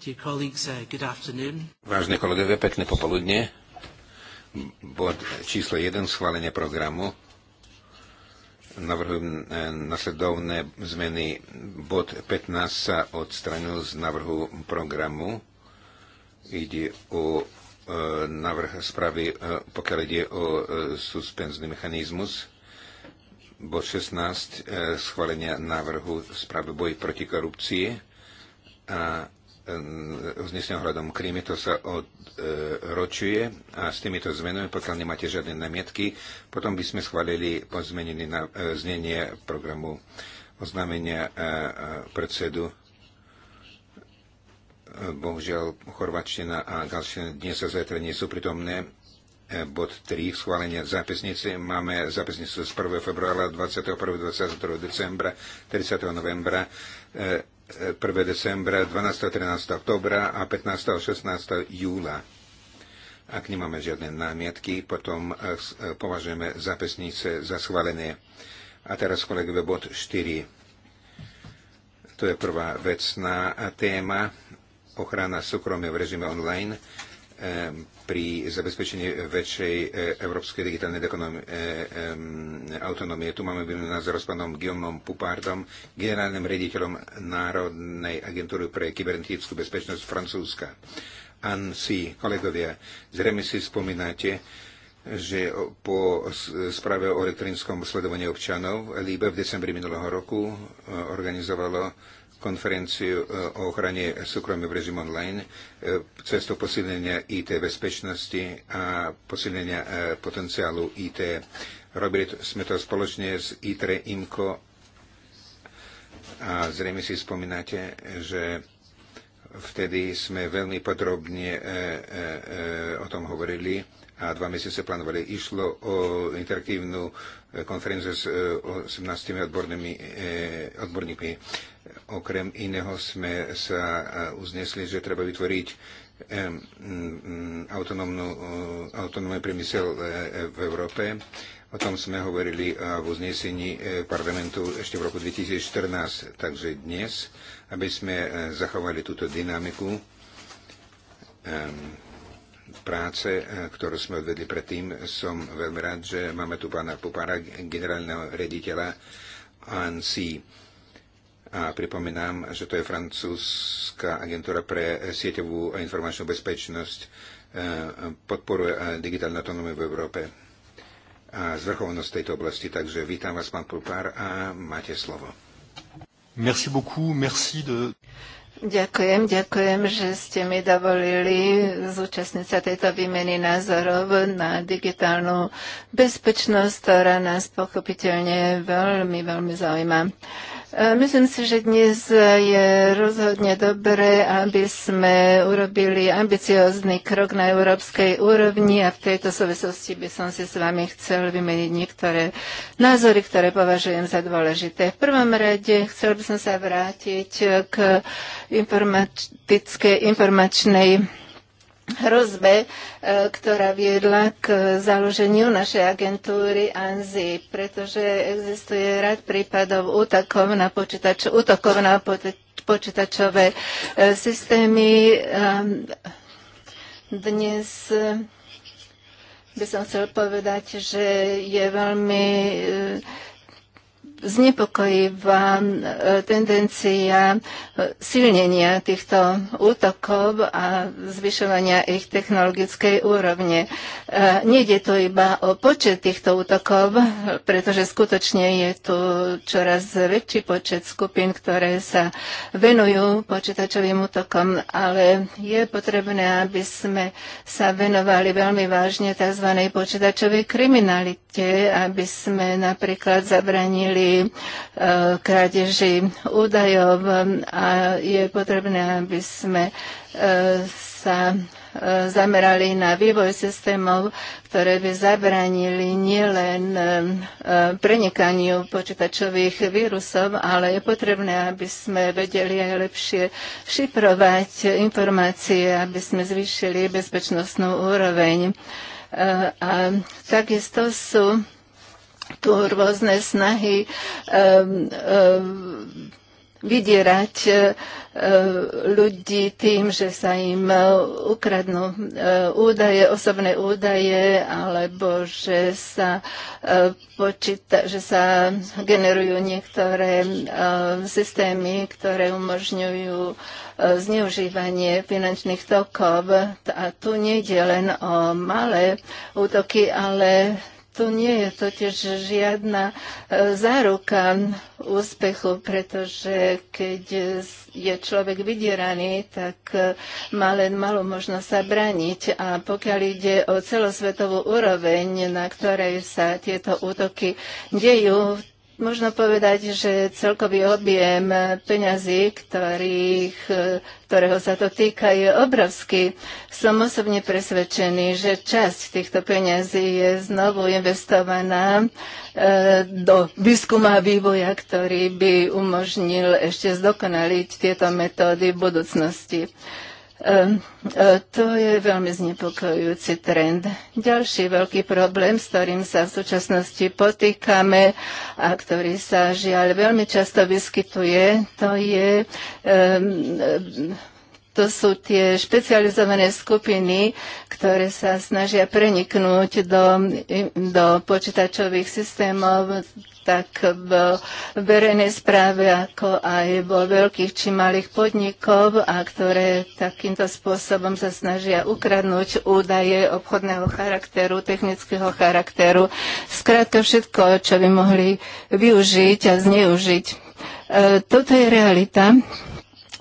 Uh, Vážne kolegovia, pekné popoludne. Bod číslo 1, schválenie programu. Navrhujem e, nasledovné zmeny. Bod 15 sa odstranil z navrhu programu. Ide o e, navrh správy, e, pokiaľ ide o suspenzný mechanizmus. Bod 16, schválenia návrhu správy boj proti korupcii a E, uznesenia ohľadom Krymy, to sa odročuje e, a s týmito zmenami, pokiaľ nemáte žiadne namietky, potom by sme schválili pozmenené na e, znenie programu oznámenia predsedu. Bohužiaľ, chorvačtina a galština dnes a zajtra nie sú pritomné. Bod 3, schválenie zápisnice. Máme zápisnicu z 1. februára, 21. 22. decembra, 30. novembra. 1. decembra, 12. 13. oktobra a 15. 16. júla. Ak nemáme žiadne námietky, potom eh, eh, považujeme zápisnice za schválené. A teraz, kolegové, bod 4. To je prvá vecná eh, téma, ochrana súkromia v režime online pri zabezpečení väčšej e, európskej digitálnej e, autonómie. Tu máme výmenu názor s pánom Guillaumeom Pupardom, generálnym rediteľom Národnej agentúry pre kybernetickú bezpečnosť Francúzska. ANSI, kolegovia, zrejme si spomínate, že po správe o elektronickom sledovaní občanov Líbe v decembri minulého roku e, organizovalo konferenciu e, o ochrane súkromia v režim online e, cestou posilnenia IT bezpečnosti a posilnenia e, potenciálu IT. Robili sme to spoločne s ITRE IMCO a zrejme si spomínate, že vtedy sme veľmi podrobne o tom hovorili a dva mesiace plánovali. Išlo o interaktívnu konferencie s 18 e, odbornými, e, odborníkmi. Okrem iného sme sa e, uznesli, že treba vytvoriť autonómny priemysel v Európe. O tom sme hovorili v uznesení parlamentu ešte v roku 2014. Takže dnes, aby sme zachovali túto dynamiku, práce, e, ktorú sme odvedli predtým. Som veľmi rád, že máme tu pána Pupára, generálneho rediteľa ANSI. A pripomínam, že to je francúzska agentúra pre sieťovú a informačnú bezpečnosť, e, podporuje e, digitálne autonómiu v Európe a zvrchovanosť tejto oblasti. Takže vítam vás, pán Pupár, a máte slovo. Merci beaucoup, merci de... Ďakujem, ďakujem, že ste mi dovolili zúčastniť sa tejto výmeny názorov na digitálnu bezpečnosť, ktorá nás pochopiteľne veľmi, veľmi zaujíma. E, myslím si, že dnes je rozhodne dobré, aby sme urobili ambiciózny krok na európskej úrovni a v tejto súvislosti by som si s vami chcel vymeniť niektoré názory, ktoré považujem za dôležité. V prvom rade chcel by som sa vrátiť k informatickej, informačnej hrozbe, e, ktorá viedla k založeniu našej agentúry ANZI, pretože existuje rad prípadov útokov na, počítač, útokov na počítačové e, systémy. E, dnes by som chcel povedať, že je veľmi znepokojivá e, tendencia e, silnenia týchto útokov a zvyšovania ich technologickej úrovne. E, Nede to iba o počet týchto útokov, pretože skutočne je tu čoraz väčší počet skupín, ktoré sa venujú počítačovým útokom, ale je potrebné, aby sme sa venovali veľmi vážne tzv. počítačovej kriminalite, aby sme napríklad zabranili E, krádeži údajov a je potrebné, aby sme e, sa e, zamerali na vývoj systémov, ktoré by zabranili nielen prenikaniu počítačových vírusov, ale je potrebné, aby sme vedeli aj lepšie šifrovať informácie, aby sme zvýšili bezpečnostnú úroveň. A takisto sú tu rôzne snahy um, um, vydierať uh, ľudí tým, že sa im uh, ukradnú uh, údaje, osobné údaje, alebo že sa, počíta, že sa generujú niektoré systémy, ktoré umožňujú zneužívanie finančných tokov. A tu nejde len o malé útoky, ale tu nie je totiž žiadna e, záruka úspechu, pretože keď je človek vydieraný, tak e, má len malú možnosť sa braniť. A pokiaľ ide o celosvetovú úroveň, na ktorej sa tieto útoky dejú, Možno povedať, že celkový objem peňazí, ktorých, ktorého sa to týka, je obrovský. Som osobne presvedčený, že časť týchto peňazí je znovu investovaná e, do výskuma a vývoja, ktorý by umožnil ešte zdokonaliť tieto metódy v budúcnosti. Ehm, eh, to je veľmi znepokojujúci trend. Ďalší veľký problém, s ktorým sa v súčasnosti potýkame a ktorý sa žiaľ veľmi často vyskytuje, to je um, to sú tie špecializované skupiny, ktoré sa snažia preniknúť do, do počítačových systémov tak v verejnej správe, ako aj vo veľkých či malých podnikov, a ktoré takýmto spôsobom sa snažia ukradnúť údaje obchodného charakteru, technického charakteru. Skrátka všetko, čo by mohli využiť a zneužiť. E, toto je realita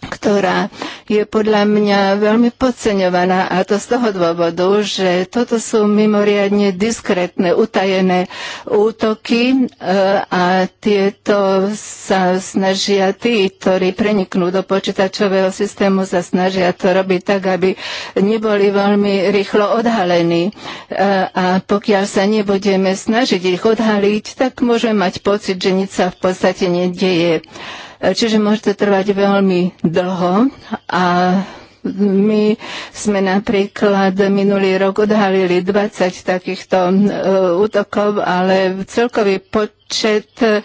ktorá je podľa mňa veľmi podceňovaná a to z toho dôvodu, že toto sú mimoriadne diskrétne, utajené útoky e, a tieto sa snažia tí, ktorí preniknú do počítačového systému, sa snažia to robiť tak, aby neboli veľmi rýchlo odhalení. E, a pokiaľ sa nebudeme snažiť ich odhaliť, tak môžeme mať pocit, že nič sa v podstate nedieje. Čiže môže to trvať veľmi dlho a my sme napríklad minulý rok odhalili 20 takýchto e, útokov, ale celkový počet počet e,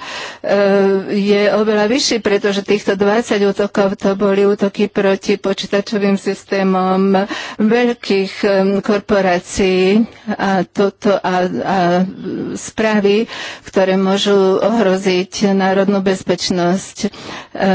je oveľa vyšší, pretože týchto 20 útokov to boli útoky proti počítačovým systémom veľkých e, korporácií a, toto, a, a správy, ktoré môžu ohroziť národnú bezpečnosť. E,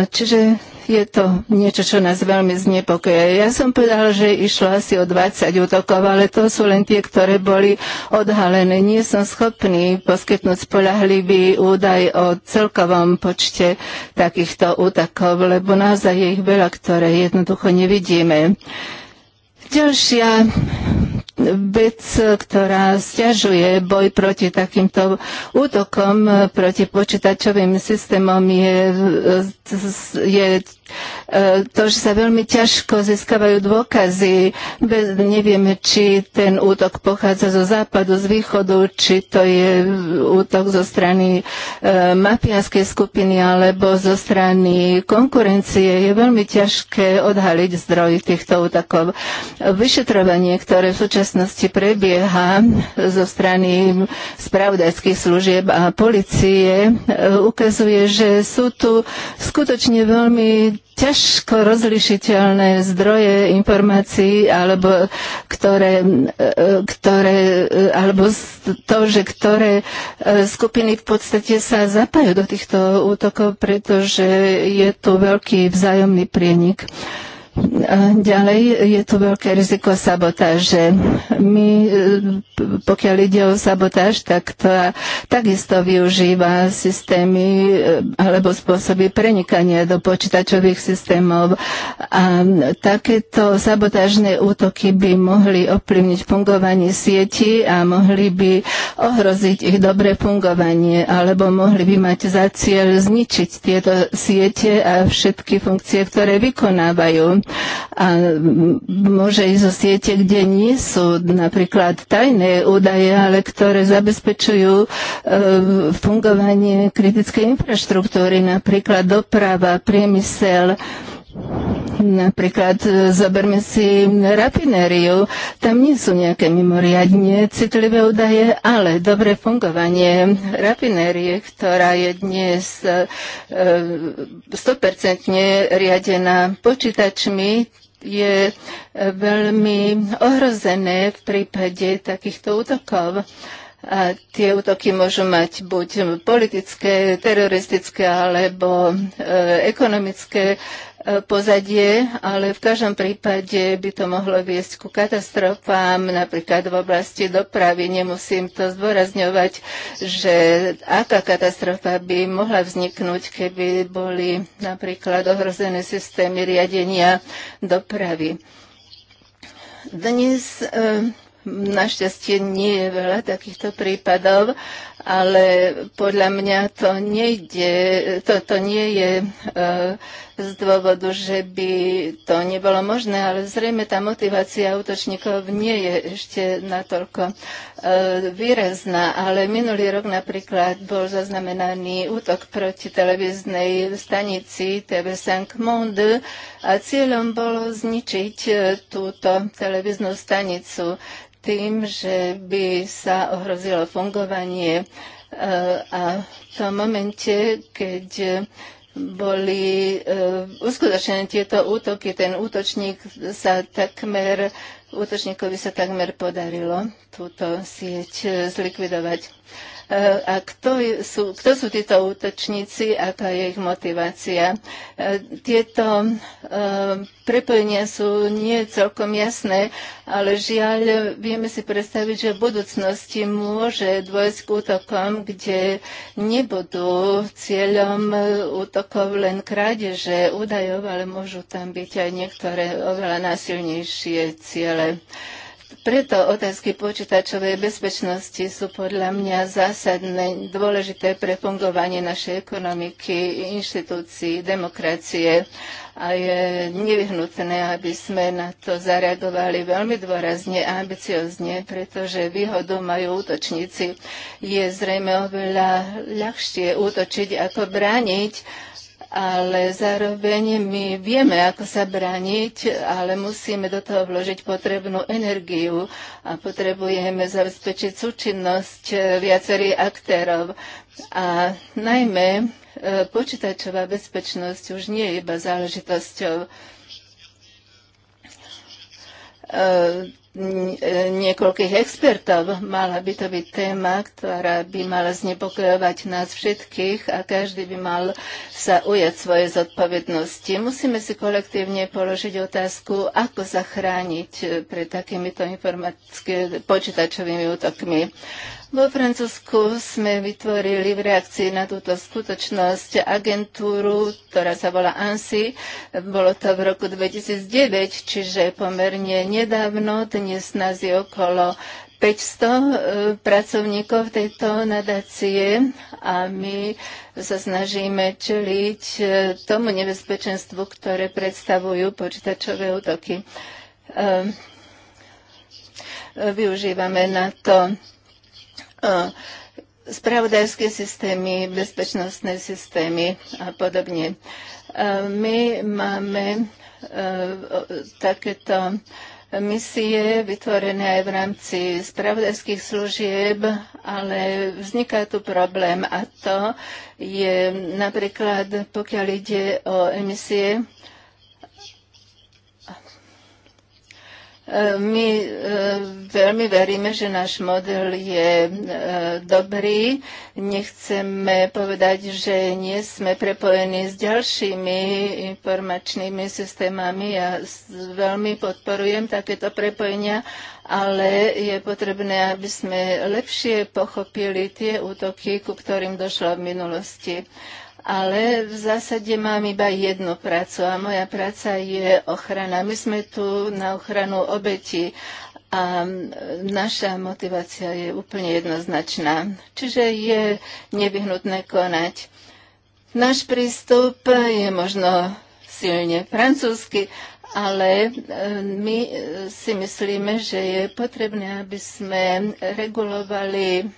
čiže je to niečo, čo nás veľmi znepokoje. Ja som povedala, že išlo asi o 20 útokov, ale to sú len tie, ktoré boli odhalené. Nie som schopný poskytnúť spolahlivý dobrý údaj o celkovom počte takýchto útakov, lebo naozaj je ich veľa, ktoré jednoducho nevidíme. Ďalšia vec, ktorá stiažuje boj proti takýmto útokom proti počítačovým systémom je, je E, to, že sa veľmi ťažko získavajú dôkazy. Bez, nevieme, či ten útok pochádza zo západu, z východu, či to je útok zo strany e, mafiánskej skupiny alebo zo strany konkurencie. Je veľmi ťažké odhaliť zdroj týchto útokov. Vyšetrovanie, ktoré v súčasnosti prebieha zo strany spravodajských služieb a policie, e, ukazuje, že sú tu skutočne veľmi ťažko rozlišiteľné zdroje informácií, alebo ktoré, ktoré alebo to, že ktoré e, skupiny v podstate sa zapájajú do týchto útokov, pretože je tu veľký vzájomný prienik. Uh, Ďalej je tu veľké riziko sabotáže. My, e, pokiaľ ide o sabotáž, tak to takisto využíva systémy e, alebo spôsoby prenikania do počítačových systémov. A takéto sabotážne útoky by mohli ovplyvniť fungovanie sieti a mohli by ohroziť ich dobré fungovanie alebo mohli by mať za cieľ zničiť tieto siete a všetky funkcie, ktoré vykonávajú a môže ísť o siete, kde nie sú napríklad tajné údaje, ale ktoré zabezpečujú e, fungovanie kritickej infraštruktúry, napríklad doprava, priemysel, Napríklad e, zoberme si rafinériu. Tam nie sú nejaké mimoriadne citlivé údaje, ale dobre fungovanie rafinérie, ktorá je dnes 100% e, e, riadená počítačmi, je veľmi ohrozené v prípade takýchto útokov. A tie útoky môžu mať buď politické, teroristické alebo e, ekonomické pozadie, ale v každom prípade by to mohlo viesť ku katastrofám, napríklad v oblasti dopravy. Nemusím to zdôrazňovať, že aká katastrofa by mohla vzniknúť, keby boli napríklad ohrozené systémy riadenia dopravy. Dnes e, Našťastie nie je veľa takýchto prípadov, ale podľa mňa to, nejde, to, to nie je eh, z dôvodu, že by to nebolo možné, ale zrejme tá motivácia útočníkov nie je ešte natoľko eh, výrazná, ale minulý rok napríklad bol zaznamenaný útok proti televíznej stanici TV 5 Monde a cieľom bolo zničiť eh, túto televíznu stanicu tým, že by sa ohrozilo fungovanie e, a v tom momente, keď boli e, uskutočnené tieto útoky, ten útočník sa takmer, útočníkovi sa takmer podarilo túto sieť zlikvidovať. A kto sú, kto sú títo útočníci, aká je ich motivácia? E, tieto e, prepojenia sú nie celkom jasné, ale žiaľ, vieme si predstaviť, že v budúcnosti môže dôjsť k útokom, kde nebudú cieľom e, útokov len krádeže údajov, ale môžu tam byť aj niektoré oveľa násilnejšie ciele. Preto otázky počítačovej bezpečnosti sú podľa mňa zásadné, dôležité pre fungovanie našej ekonomiky, inštitúcií, demokracie a je nevyhnutné, aby sme na to zareagovali veľmi dôrazne a ambiciozne, pretože výhodu majú útočníci. Je zrejme oveľa ľahšie útočiť, ako brániť ale zároveň my vieme, ako sa brániť, ale musíme do toho vložiť potrebnú energiu a potrebujeme zabezpečiť súčinnosť viacerých aktérov. A najmä e, počítačová bezpečnosť už nie je iba záležitosťou e, E, niekoľkých expertov. Mala by to byť téma, ktorá by mala znepokojovať nás všetkých a každý by mal sa ujať svoje zodpovednosti. Musíme si kolektívne položiť otázku, ako zachrániť e, pred takýmito počítačovými útokmi. Vo Francúzsku sme vytvorili v reakcii na túto skutočnosť agentúru, ktorá sa volá ANSI. Bolo to v roku 2009, čiže pomerne nedávno. Dnes nás je okolo 500 e, pracovníkov tejto nadácie a my sa snažíme čeliť e, tomu nebezpečenstvu, ktoré predstavujú počítačové útoky. E, využívame na to spravodajské systémy, bezpečnostné systémy a podobne. My máme e, takéto misie vytvorené aj v rámci spravodajských služieb, ale vzniká tu problém a to je napríklad, pokiaľ ide o emisie, My e, veľmi veríme, že náš model je e, dobrý. Nechceme povedať, že nie sme prepojení s ďalšími informačnými systémami. Ja veľmi podporujem takéto prepojenia, ale je potrebné, aby sme lepšie pochopili tie útoky, ku ktorým došlo v minulosti ale v zásade mám iba jednu prácu a moja práca je ochrana. My sme tu na ochranu obeti a naša motivácia je úplne jednoznačná. Čiže je nevyhnutné konať. Náš prístup je možno silne francúzsky, ale eh, my si myslíme, že je potrebné, aby sme regulovali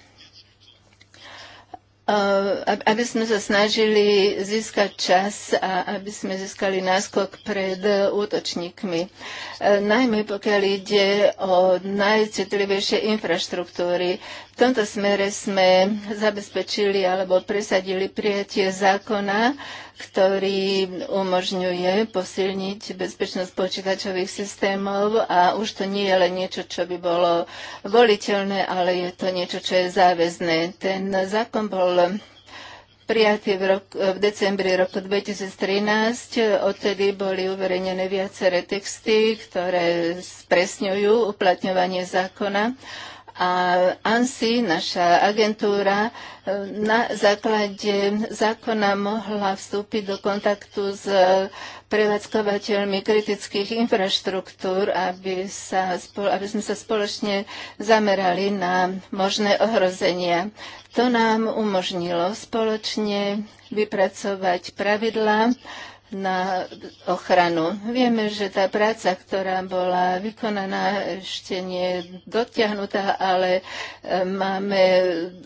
Uh, aby sme sa snažili získať čas a aby sme získali náskok pred uh, útočníkmi. Uh, najmä pokiaľ ide o najcitlivejšie infraštruktúry, v tomto smere sme zabezpečili alebo presadili prijatie zákona, ktorý umožňuje posilniť bezpečnosť počítačových systémov a už to nie je len niečo, čo by bolo voliteľné, ale je to niečo, čo je záväzné. Ten zákon bol prijatý v, roku, v decembri roku 2013. Odtedy boli uverejnené viaceré texty, ktoré spresňujú uplatňovanie zákona a ANSI, naša agentúra, e, na základe zákona mohla vstúpiť do kontaktu s prevádzkovateľmi kritických infraštruktúr, aby, sa, aby sme sa spoločne zamerali na možné ohrozenia. To nám umožnilo spoločne vypracovať pravidlá, na ochranu. Vieme, že tá práca, ktorá bola vykonaná, ešte nie je dotiahnutá, ale e, máme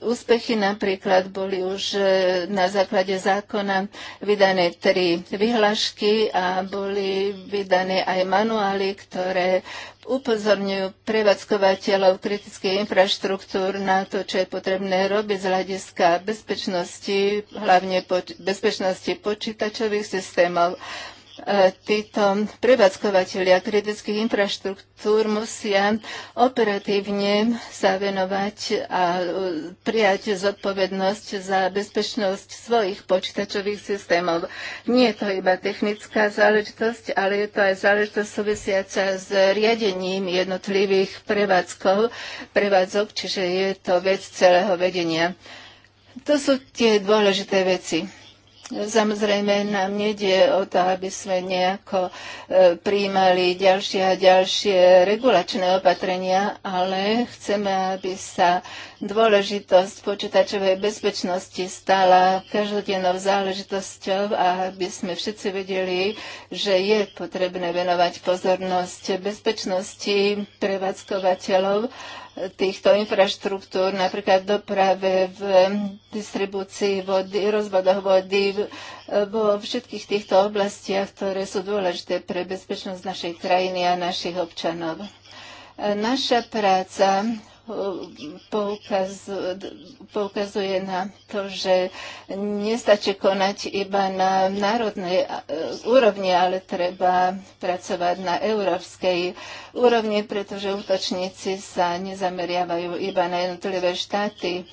úspechy. Napríklad boli už e, na základe zákona vydané tri vyhlašky a boli vydané aj manuály, ktoré upozorňujú prevádzkovateľov kritickej infraštruktúr na to, čo je potrebné robiť z hľadiska bezpečnosti, hlavne poč- bezpečnosti počítačových systémov títo prevádzkovateľia kritických infraštruktúr musia operatívne sa venovať a e, prijať zodpovednosť za bezpečnosť svojich počítačových systémov. Nie je to iba technická záležitosť, ale je to aj záležitosť súvisiaca s riadením jednotlivých prevádzkov, prevádzok, čiže je to vec celého vedenia. To sú tie dôležité veci. Samozrejme, nám nejde o to, aby sme nejako e, príjmali ďalšie a ďalšie regulačné opatrenia, ale chceme, aby sa dôležitosť počítačovej bezpečnosti stala každodennou záležitosťou a aby sme všetci vedeli, že je potrebné venovať pozornosť bezpečnosti prevádzkovateľov týchto infraštruktúr, napríklad v doprave, v distribúcii vody, rozvodoch vody, vo všetkých týchto oblastiach, ktoré sú dôležité pre bezpečnosť našej krajiny a našich občanov. Naša práca poukazuje na to, že nestačí konať iba na národnej e, úrovni, ale treba pracovať na európskej úrovni, pretože útočníci sa nezameriavajú iba na jednotlivé štáty. E,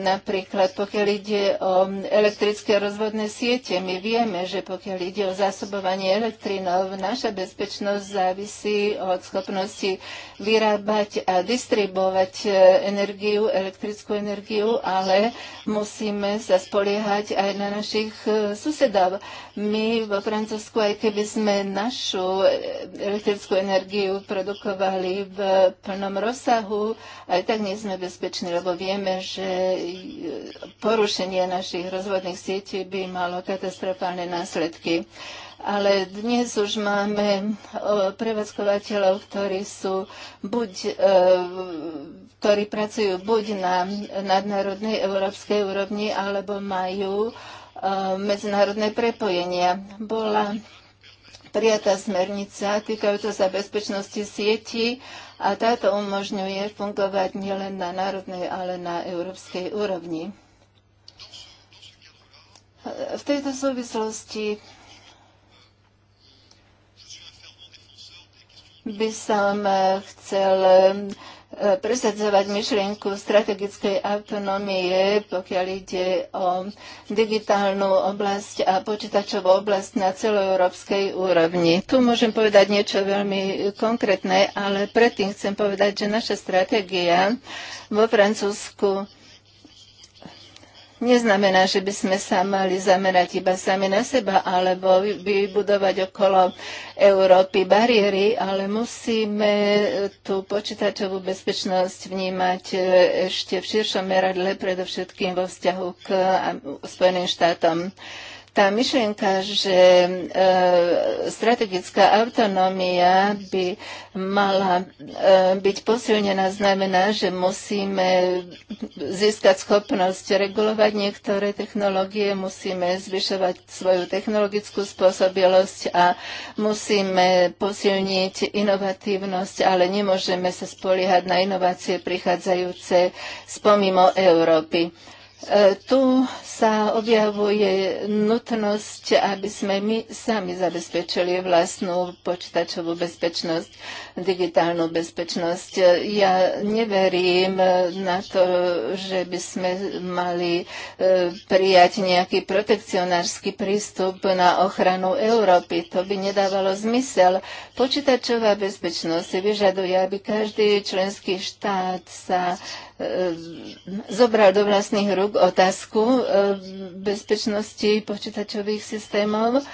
napríklad, pokiaľ ide o elektrické rozvodné siete, my vieme, že pokiaľ ide o zásobovanie elektrinov, naša bezpečnosť závisí od schopnosti vyrábať a distribuovať vyrábať e, energiu, elektrickú energiu, ale musíme sa spoliehať aj na našich e, susedov. My vo Francúzsku, aj keby sme našu e, elektrickú energiu produkovali v plnom rozsahu, aj tak nie sme bezpeční, lebo vieme, že porušenie našich rozvodných sietí by malo katastrofálne následky ale dnes už máme e, prevádzkovateľov, ktorí sú buď, e, ktorí pracujú buď na nadnárodnej európskej úrovni, alebo majú e, medzinárodné prepojenia. Bola prijatá smernica týkajúca sa bezpečnosti sieti a táto umožňuje fungovať nielen na národnej, ale na európskej úrovni. V tejto súvislosti by som eh, chcel eh, presadzovať myšlienku strategickej autonómie, pokiaľ ide o digitálnu oblasť a počítačovú oblasť na celoeurópskej úrovni. Tu môžem povedať niečo veľmi konkrétne, ale predtým chcem povedať, že naša stratégia vo Francúzsku neznamená, že by sme sa mali zamerať iba sami na seba alebo vybudovať okolo Európy bariéry, ale musíme tú počítačovú bezpečnosť vnímať e, ešte v širšom meradle, predovšetkým vo vzťahu k Spojeným štátom. Tá myšlienka, že e, strategická autonómia by mala e, byť posilnená, znamená, že musíme získať schopnosť regulovať niektoré technológie, musíme zvyšovať svoju technologickú spôsobilosť a musíme posilniť inovatívnosť, ale nemôžeme sa spoliehať na inovácie prichádzajúce spomimo Európy. E, tu sa objavuje nutnosť, aby sme my sami zabezpečili vlastnú počítačovú bezpečnosť, digitálnu bezpečnosť. Ja neverím na to, že by sme mali e, prijať nejaký protekcionársky prístup na ochranu Európy. To by nedávalo zmysel. Počítačová bezpečnosť vyžaduje, aby každý členský štát sa zobral do vlastných rúk otázku e, bezpečnosti počítačových systémov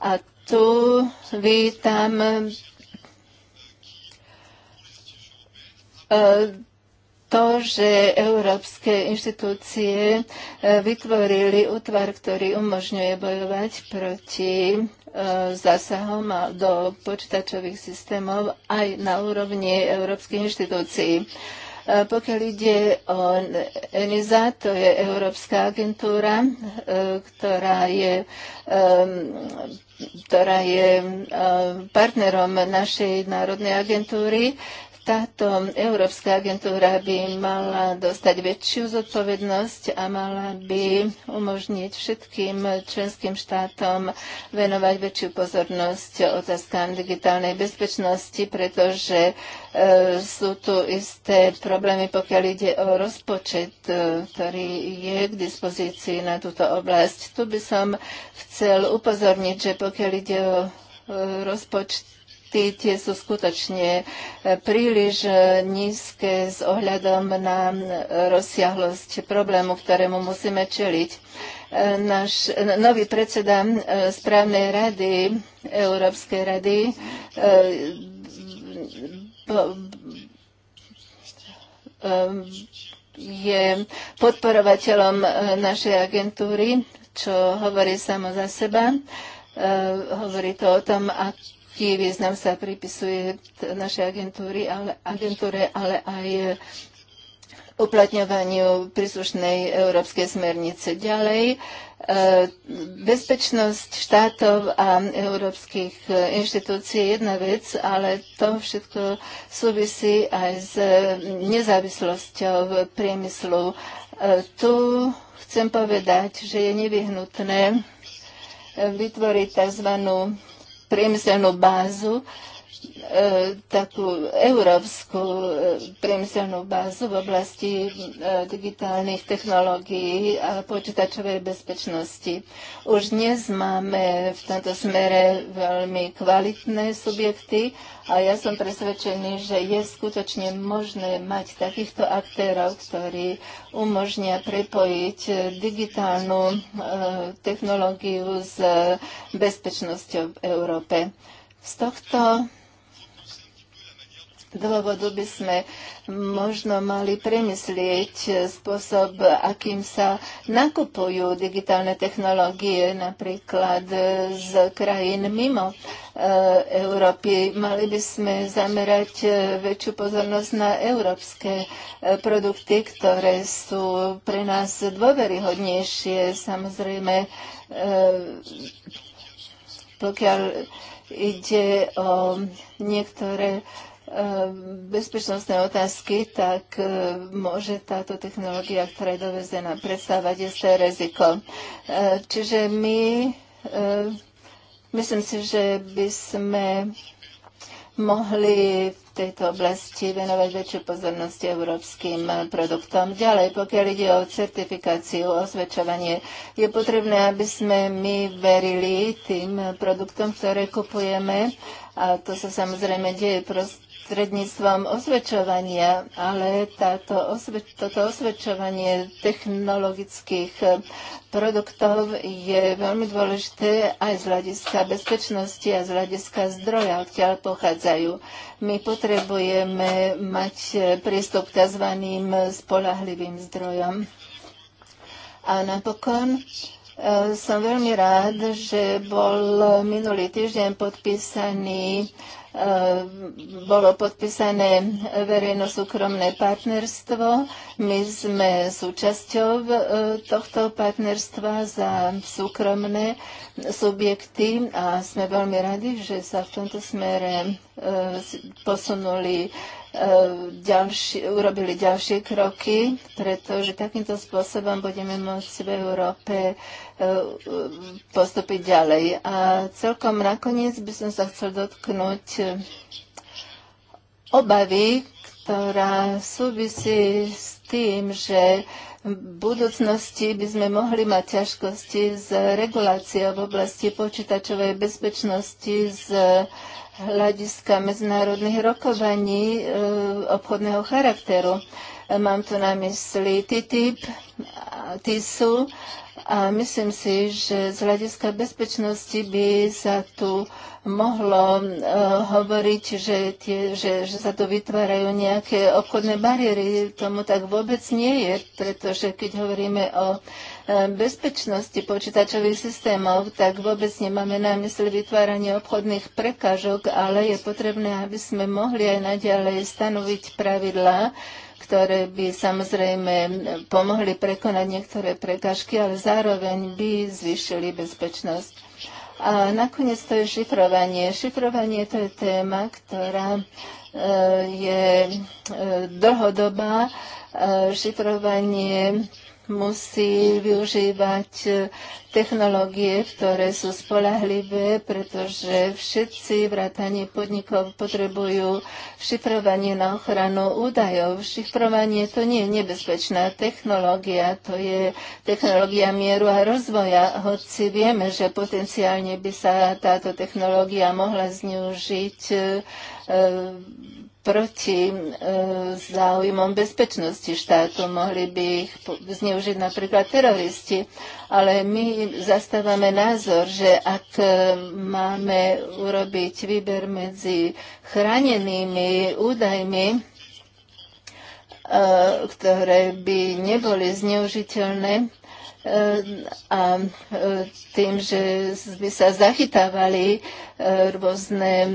a tu vítam e, to, že európske inštitúcie e, vytvorili útvar, ktorý umožňuje bojovať proti zásahom do počítačových systémov aj na úrovni európskych inštitúcií. E, pokiaľ ide o ENISA, to je Európska agentúra, e, ktorá je e, ktorá je partnerom našej národnej agentúry. Táto Európska agentúra by mala dostať väčšiu zodpovednosť a mala by umožniť všetkým členským štátom venovať väčšiu pozornosť otázkám digitálnej bezpečnosti, pretože e, sú tu isté problémy, pokiaľ ide o rozpočet, e, ktorý je k dispozícii na túto oblasť. Tu by som chcel upozorniť, že pokiaľ ide o e, rozpočet, mzdy tie sú skutočne e, príliš e, nízke s ohľadom na e, rozsiahlosť problému, ktorému musíme čeliť. Náš nový predseda správnej rady, Európskej rady, je podporovateľom našej agentúry, čo hovorí samo za seba. Hovorí to o tom, ako veľký význam sa pripisuje našej agentúry, ale, agentúre, ale aj uplatňovaniu príslušnej európskej smernice. Ďalej, e, bezpečnosť štátov a európskych e, inštitúcií je jedna vec, ale to všetko súvisí aj s e, nezávislosťou priemyslu. Tu chcem povedať, že je nevyhnutné vytvoriť tzv priemyselnú bázu, e, takú európsku e, priemyselnú bázu v oblasti e, digitálnych technológií a počítačovej bezpečnosti. Už dnes máme v tomto smere veľmi kvalitné subjekty a ja som presvedčený, že je skutočne možné mať takýchto aktérov, ktorí umožnia prepojiť eh, digitálnu eh, technológiu s eh, bezpečnosťou v Európe. Z tohto dôvodu by sme možno mali premyslieť spôsob, akým sa nakupujú digitálne technológie napríklad z krajín mimo e, Európy. Mali by sme zamerať e, väčšiu pozornosť na európske e, produkty, ktoré sú pre nás dôveryhodnejšie. Samozrejme, pokiaľ ide o niektoré bezpečnostné otázky, tak môže táto technológia, ktorá je dovezená, predstávať isté riziko. Čiže my, myslím si, že by sme mohli v tejto oblasti venovať väčšiu pozornosť európskym produktom. Ďalej, pokiaľ ide o certifikáciu, osvedčovanie, je potrebné, aby sme my verili tým produktom, ktoré kupujeme a to sa samozrejme deje prost prostredníctvom osvedčovania, ale táto osve, toto osvedčovanie technologických eh, produktov je veľmi dôležité aj z hľadiska bezpečnosti a z hľadiska zdroja, odkiaľ pochádzajú. My potrebujeme mať eh, prístup k tzv. spolahlivým zdrojom. A napokon Eh, som veľmi rád, že bol minulý týždeň podpísaný eh, bolo podpísané verejno-súkromné partnerstvo. My sme súčasťou eh, tohto partnerstva za súkromné subjekty a sme veľmi radi, že sa v tomto smere posunuli ďalší, urobili ďalšie kroky, pretože takýmto spôsobom budeme môcť v Európe e, postupiť ďalej. A celkom nakoniec by som sa chcel dotknúť e, obavy, ktorá súvisí s tým, že v budúcnosti by sme mohli mať ťažkosti s reguláciou v oblasti počítačovej bezpečnosti, s hľadiska medzinárodných rokovaní e, obchodného charakteru. Mám tu na mysli TTIP, TISU a myslím si, že z hľadiska bezpečnosti by sa tu mohlo uh, hovoriť, že, tie, že, že sa tu vytvárajú nejaké obchodné bariéry. Tomu tak vôbec nie je, pretože keď hovoríme o eh, bezpečnosti počítačových systémov, tak vôbec nemáme na mysli vytváranie obchodných prekážok, ale je potrebné, aby sme mohli aj naďalej stanoviť pravidlá, ktoré by samozrejme pomohli prekonať niektoré prekažky, ale zároveň by zvýšili bezpečnosť. A nakoniec to je šifrovanie. Šifrovanie to je téma, ktorá e, je e, dlhodobá. E, šifrovanie musí využívať e, technológie, ktoré sú spolahlivé, pretože všetci vrátanie podnikov potrebujú šifrovanie na ochranu údajov. Šifrovanie to nie je nebezpečná technológia, to je technológia mieru a rozvoja, hoci vieme, že potenciálne by sa táto technológia mohla zneužiť e, proti e, záujmom bezpečnosti štátu. Mohli by ich zneužiť napríklad teroristi. Ale my zastávame názor, že ak e, máme urobiť výber medzi chránenými údajmi, e, ktoré by neboli zneužiteľné, a tým, že by sa zachytávali e, rôzne e,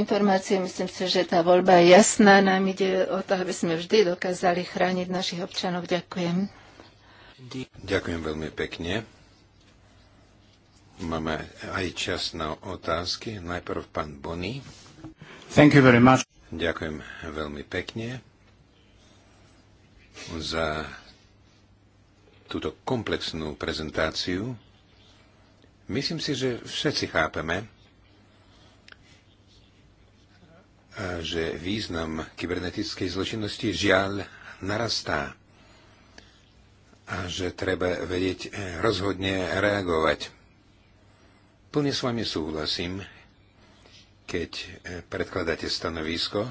informácie, myslím si, že tá voľba je jasná. Nám ide o to, aby sme vždy dokázali chrániť našich občanov. Ďakujem. Ďakujem veľmi pekne. Máme aj čas na otázky. Najprv pán Bonny. Thank you very much. Ďakujem veľmi pekne za túto komplexnú prezentáciu. Myslím si, že všetci chápeme, e, že význam kybernetickej zločinnosti žiaľ narastá a že treba vedieť e, rozhodne reagovať. Plne s vami súhlasím, keď e, predkladáte stanovisko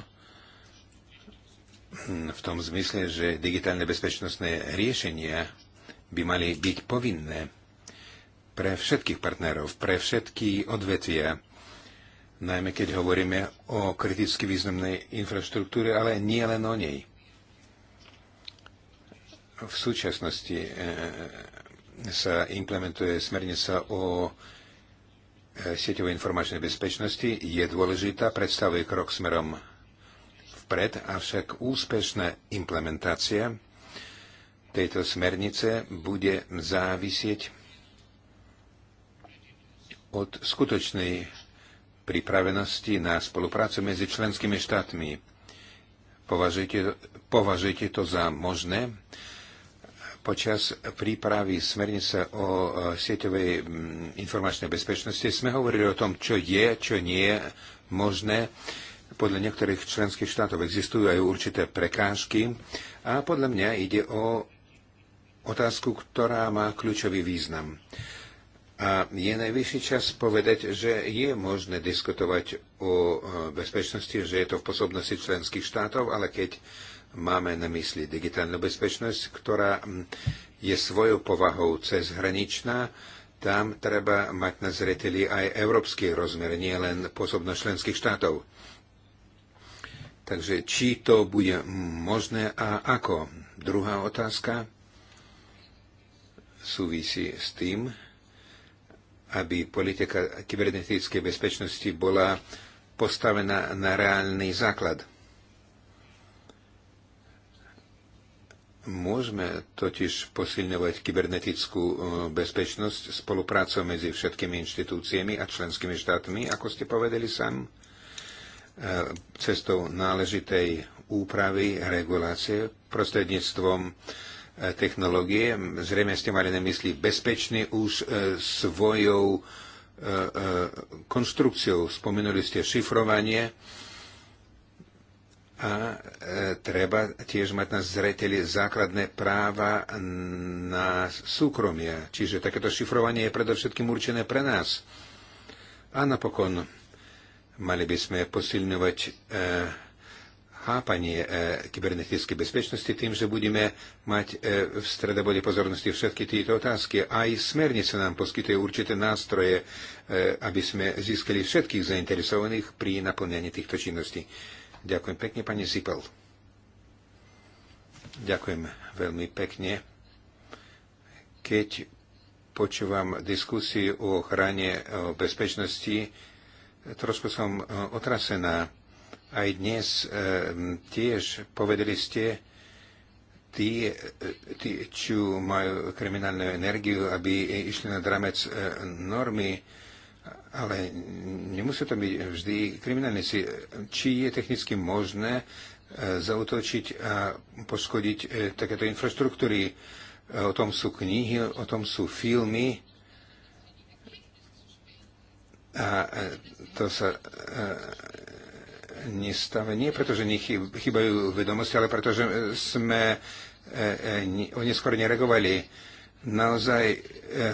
v tom zmysle, že digitálne bezpečnostné riešenia by mali byť povinné pre všetkých partnerov, pre všetky odvetvia, najmä keď hovoríme o kriticky významnej infraštruktúre, ale nie len o nej. V súčasnosti e, sa implementuje smernica o e, sieťovej informačnej bezpečnosti, je dôležitá, predstavuje krok smerom vpred, avšak úspešná implementácia tejto smernice bude závisieť od skutočnej pripravenosti na spoluprácu medzi členskými štátmi. Považujte, považujte to za možné? Počas prípravy smernice o sieťovej informačnej bezpečnosti sme hovorili o tom, čo je, čo nie je možné. Podľa niektorých členských štátov existujú aj určité prekážky a podľa mňa ide o otázku, ktorá má kľúčový význam. A je najvyšší čas povedať, že je možné diskutovať o e, bezpečnosti, že je to v posobnosti členských štátov, ale keď máme na mysli digitálnu bezpečnosť, ktorá je svojou povahou cezhraničná, tam treba mať na zreteli aj európsky rozmer, nie len posobnosť členských štátov. Takže či to bude možné a ako? Druhá otázka súvisí s tým, aby politika kybernetickej bezpečnosti bola postavená na reálny základ. Môžeme totiž posilňovať kybernetickú e, bezpečnosť spoluprácou medzi všetkými inštitúciami a členskými štátmi, ako ste povedali sám, e, cestou náležitej úpravy, regulácie, prostredníctvom E, technológie. Zrejme ste mali na mysli bezpečný už e, svojou e, konstrukciou. Spomenuli ste šifrovanie a treba tiež mať na zreteli základné práva na súkromie. Čiže takéto šifrovanie je predovšetkým určené pre nás. A napokon mali by sme posilňovať chápanie e, kybernetickej bezpečnosti tým, že budeme mať e, v stredobode pozornosti všetky tieto otázky. Aj smernica nám poskytuje určité nástroje, e, aby sme získali všetkých zainteresovaných pri naplňaní týchto činností. Ďakujem pekne, pani Sipel. Ďakujem veľmi pekne. Keď počúvam diskusiu o ochrane o bezpečnosti, trošku som e, otrasená aj dnes eh, tiež povedali ste, tí, eh, tí čo majú kriminálnu energiu, aby išli na dramec eh, normy, ale nemusí to byť vždy kriminálne. Či je technicky možné zautočiť a poškodiť takéto infraštruktúry? O tom sú knihy, o tom sú filmy. A to sa nestave nie preto, že chýbajú vedomosti, ale preto, že e, sme e, e, neskôr nereagovali. Naozaj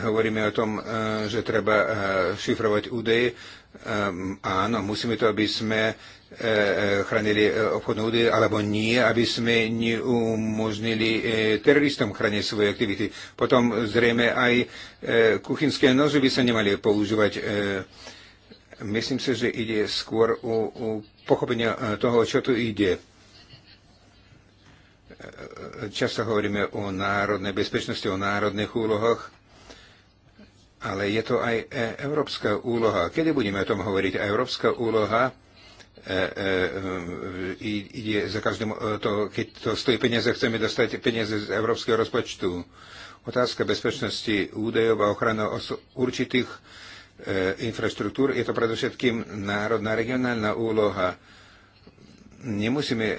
hovoríme o tom, že treba šifrovať údaje. Ehm, áno, musíme to, aby sme chránili obchodné údaje, alebo nie, aby sme neumožnili teroristom chrániť svoje aktivity. Potom zrejme aj kuchynské nože by sa nemali používať Myslím si, že ide skôr o pochopenia e, toho, čo tu ide. E, e, často hovoríme o národnej bezpečnosti, o národných úlohách, ale je to aj európska úloha. Kedy budeme o tom hovoriť? A európska úloha ide za každým to, keď to stojí peniaze, chceme dostať peniaze z európskeho rozpočtu. Otázka bezpečnosti údajov a ochrana určitých E, infraštruktúr. Je to predovšetkým národná regionálna úloha. Nemusíme, e,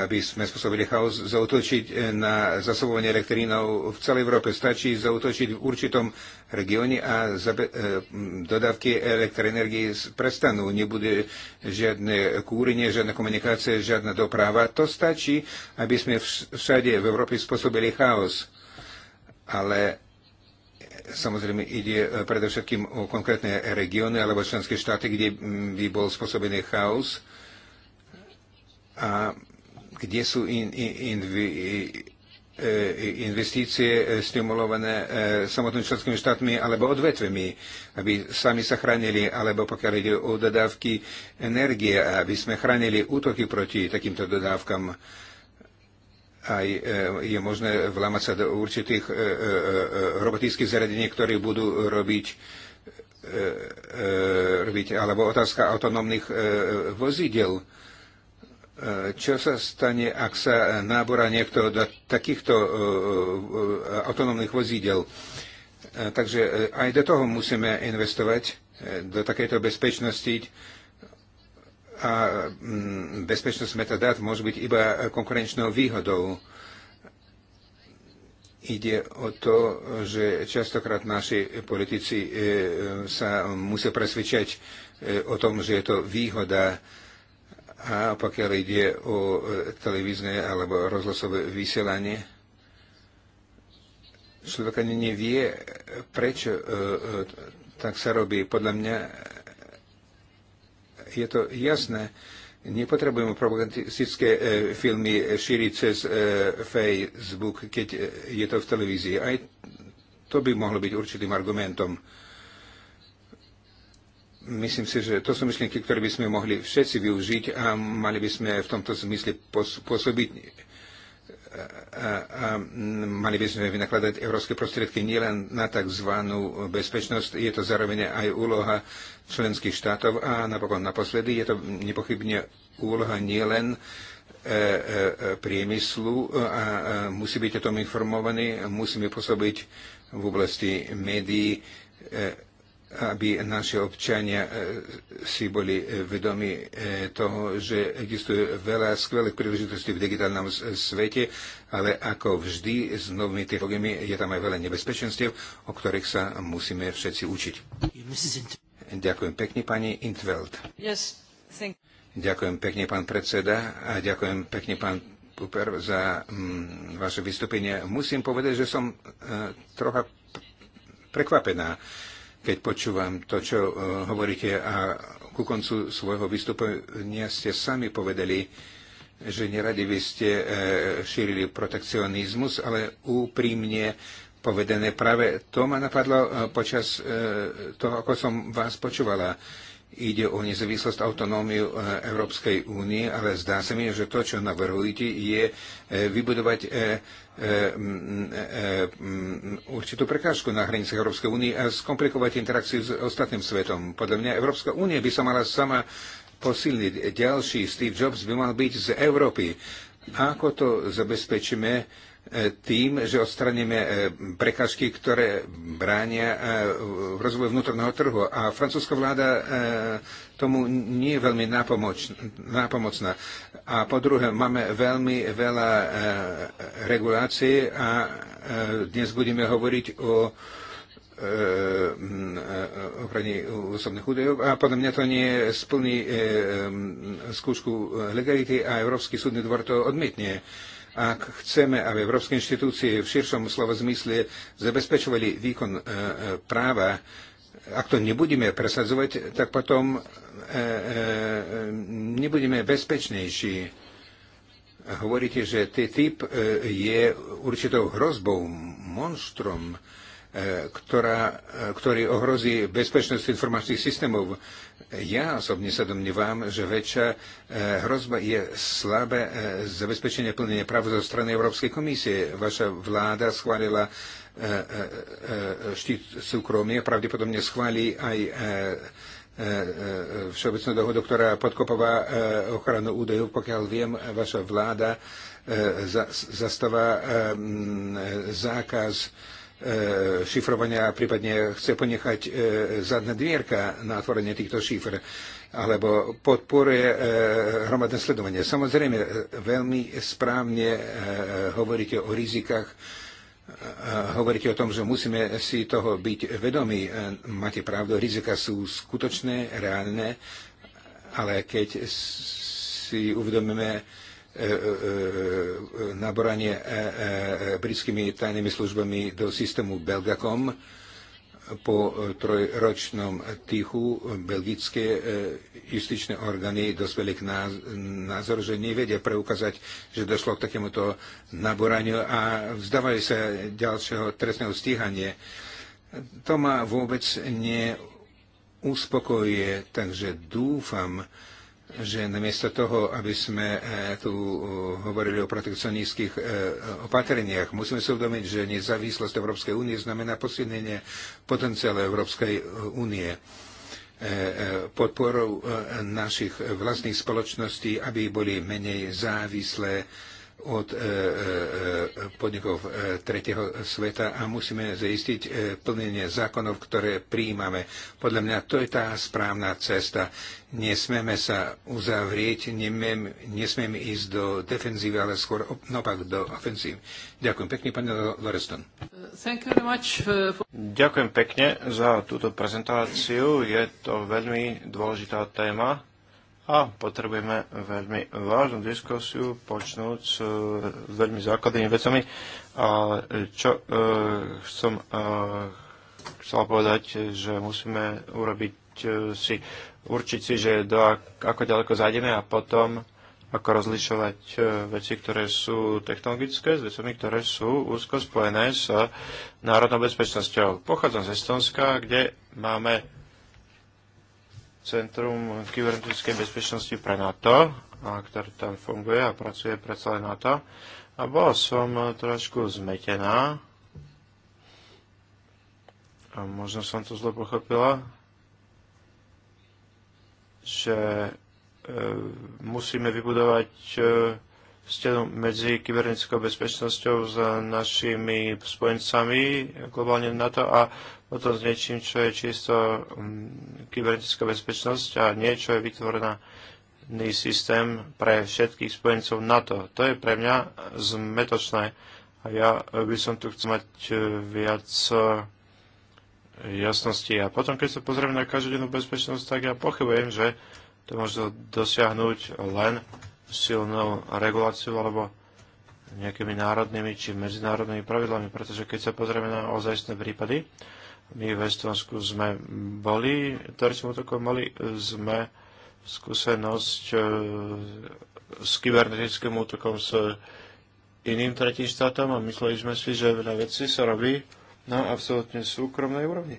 aby sme spôsobili chaos, zautočiť e, na zasobovanie elektrínou v celej Európe. Stačí zautočiť v určitom regióne a dodávky elektroenergie prestanú. Nebude žiadne kúrenie, žiadna komunikácia, žiadna doprava. To stačí, aby sme všade v Európe spôsobili chaos. Ale Samozrejme, ide e, predovšetkým o konkrétne regióny alebo členské štáty, kde by bol spôsobený chaos a kde sú in, in, in, e, investície e, stimulované samotnými členskými štátmi alebo odvetvemi, aby sami sa chránili, alebo pokiaľ ide o dodávky energie, aby sme chránili útoky proti takýmto dodávkam aj e, je možné vlámať sa do určitých e, e, robotických zariadení, ktoré budú robiť robiť, alebo otázka autonómnych vozidel. Čo sa stane, ak sa nábora niekto do takýchto autonómnych vozidel? Takže aj do toho musíme investovať, do takejto bezpečnosti a mm, bezpečnosť metadát môže byť iba konkurenčnou výhodou. Ide o to, že častokrát naši politici e, sa musia presvedčať e, o tom, že je to výhoda a pokiaľ ide o e, televízne alebo rozhlasové vysielanie, človek ani nevie, prečo tak sa robí. Podľa mňa je to jasné. Nepotrebujeme propagandistické e, filmy šíriť cez e, Facebook, keď e, je to v televízii. Aj to by mohlo byť určitým argumentom. Myslím si, že to sú myšlienky, ktoré by sme mohli všetci využiť a mali by sme v tomto zmysle pôsobiť a mali by sme vynakladať európske prostriedky nielen na tzv. bezpečnosť, je to zároveň aj úloha členských štátov a napokon naposledy je to nepochybne úloha nielen e, e, priemyslu a musí byť o tom informovaný, musíme pôsobiť v oblasti médií, e, aby naši občania e, si boli e, vedomi e, toho, že existuje veľa skvelých príležitostí v digitálnom svete, ale ako vždy s novými technológiami je tam aj veľa nebezpečenstiev, o ktorých sa musíme všetci učiť. Ďakujem pekne, pani Intveld. Yes, ďakujem pekne, pán predseda, a ďakujem pekne, pán Puper, za mm, vaše vystúpenie. Musím povedať, že som e, trocha prekvapená. E, keď počúvam to, čo eh, hovoríte a ku koncu svojho vystúpenia ste sami povedali, že neradi by ste eh, šírili protekcionizmus, ale úprimne povedené práve to ma napadlo eh, počas toho, ako som vás počúvala Ide o nezávislosť autonómiu e, Európskej únie, ale zdá sa mi, že to, čo navrhujete, je e, vybudovať e, určitú prekážku na hranicách Európskej únie a skomplikovať interakciu s ostatným svetom. Podľa mňa Európska únia by sa mala sama posilniť. Ďalší Steve Jobs by mal byť z Európy. Ako to zabezpečíme? E, tým, že odstraníme e, prekažky, ktoré bránia e, v rozvoju vnútorného trhu. A francúzska vláda tomu nie je veľmi nápomocná. A po druhé, máme veľmi veľa regulácií a dnes budeme hovoriť o ochrane osobných údajov a podľa mňa to nie splní skúšku legality a Európsky súdny dvor to odmietne. Ak chceme, aby európske inštitúcie v širšom slovo zmysle zabezpečovali výkon e, e, práva, ak to nebudeme presadzovať, tak potom e, nebudeme bezpečnejší. Hovoríte, že ten typ je určitou hrozbou, monštrom, ktorá, ktorý ohrozí bezpečnosť informačných systémov. Ja osobne sa domnívam, že väčšia e, hrozba je slabé e, zabezpečenie plnenia práv zo strany Európskej komisie. Vaša vláda schválila e, štít súkromie, pravdepodobne schválí aj všeobecnú dohodu, ktorá podkopová ochranu údajov. Pokiaľ viem, vaša vláda zastáva zákaz E, šifrovania a prípadne chce ponechať e, zadné dvierka na otvorenie týchto šifr alebo podporuje e, hromadné sledovanie. Samozrejme, veľmi správne hovoríte o rizikách, hovoríte o tom, že musíme si toho byť vedomí. Máte pravdu, rizika sú skutočné, reálne, ale keď si uvedomíme, E, e, e, naboranie britskými tajnými službami do systému Belgacom. Po trojročnom tichu belgické justičné orgány dospeli k názoru, že nevedia preukázať, že došlo k takémuto naboraniu a vzdávajú sa ďalšieho trestného stíhania. To ma vôbec neuspokojuje, takže dúfam, že namiesto toho, aby sme e, tu e, hovorili o protekcionistických e, opatreniach, musíme si uvedomiť, že nezávislosť Európskej únie znamená posilnenie potenciálu Európskej únie podporou našich vlastných spoločností, aby boli menej závislé od e, e, e, podnikov tretieho sveta a musíme zaistiť plnenie zákonov, ktoré prijímame. Podľa mňa to je tá správna cesta. Nesmieme sa uzavrieť, nesmieme ísť do defenzívy, ale skôr naopak do ofenzív. Ďakujem pekne, pani Loreston. Uh, Ďakujem pekne za túto prezentáciu. Je to veľmi dôležitá téma a potrebujeme veľmi vážnu diskusiu, počnúť s veľmi základnými vecami. A čo e, som e, chcel povedať, že musíme urobiť e, si, určiť si, že do, ako ďaleko zájdeme a potom ako rozlišovať e, veci, ktoré sú technologické s vecami, ktoré sú úzko spojené s národnou bezpečnosťou. Pochádzam z Estonska, kde máme Centrum kybernetickej bezpečnosti pre NATO, a ktoré tam funguje a pracuje pre celé NATO. A bola som trošku zmetená. A možno som to zle pochopila, že e, musíme vybudovať e, stenu medzi kybernetickou bezpečnosťou s našimi spojencami globálne NATO a potom s niečím, čo je čisto mm, kybernetická bezpečnosť a niečo je vytvorený systém pre všetkých spojencov NATO. To je pre mňa zmetočné a ja by som tu chcel mať e, viac e, jasnosti. A potom, keď sa pozrieme na každodennú bezpečnosť, tak ja pochybujem, že to možno dosiahnuť len silnou reguláciou alebo nejakými národnými či medzinárodnými pravidlami, pretože keď sa pozrieme na ozajstné prípady, my v Estonsku sme boli sme útokom, mali sme skúsenosť e, s kybernetickým útokom s iným tretím štátom a mysleli sme si, že veľa veci sa robí na absolútne súkromnej úrovni.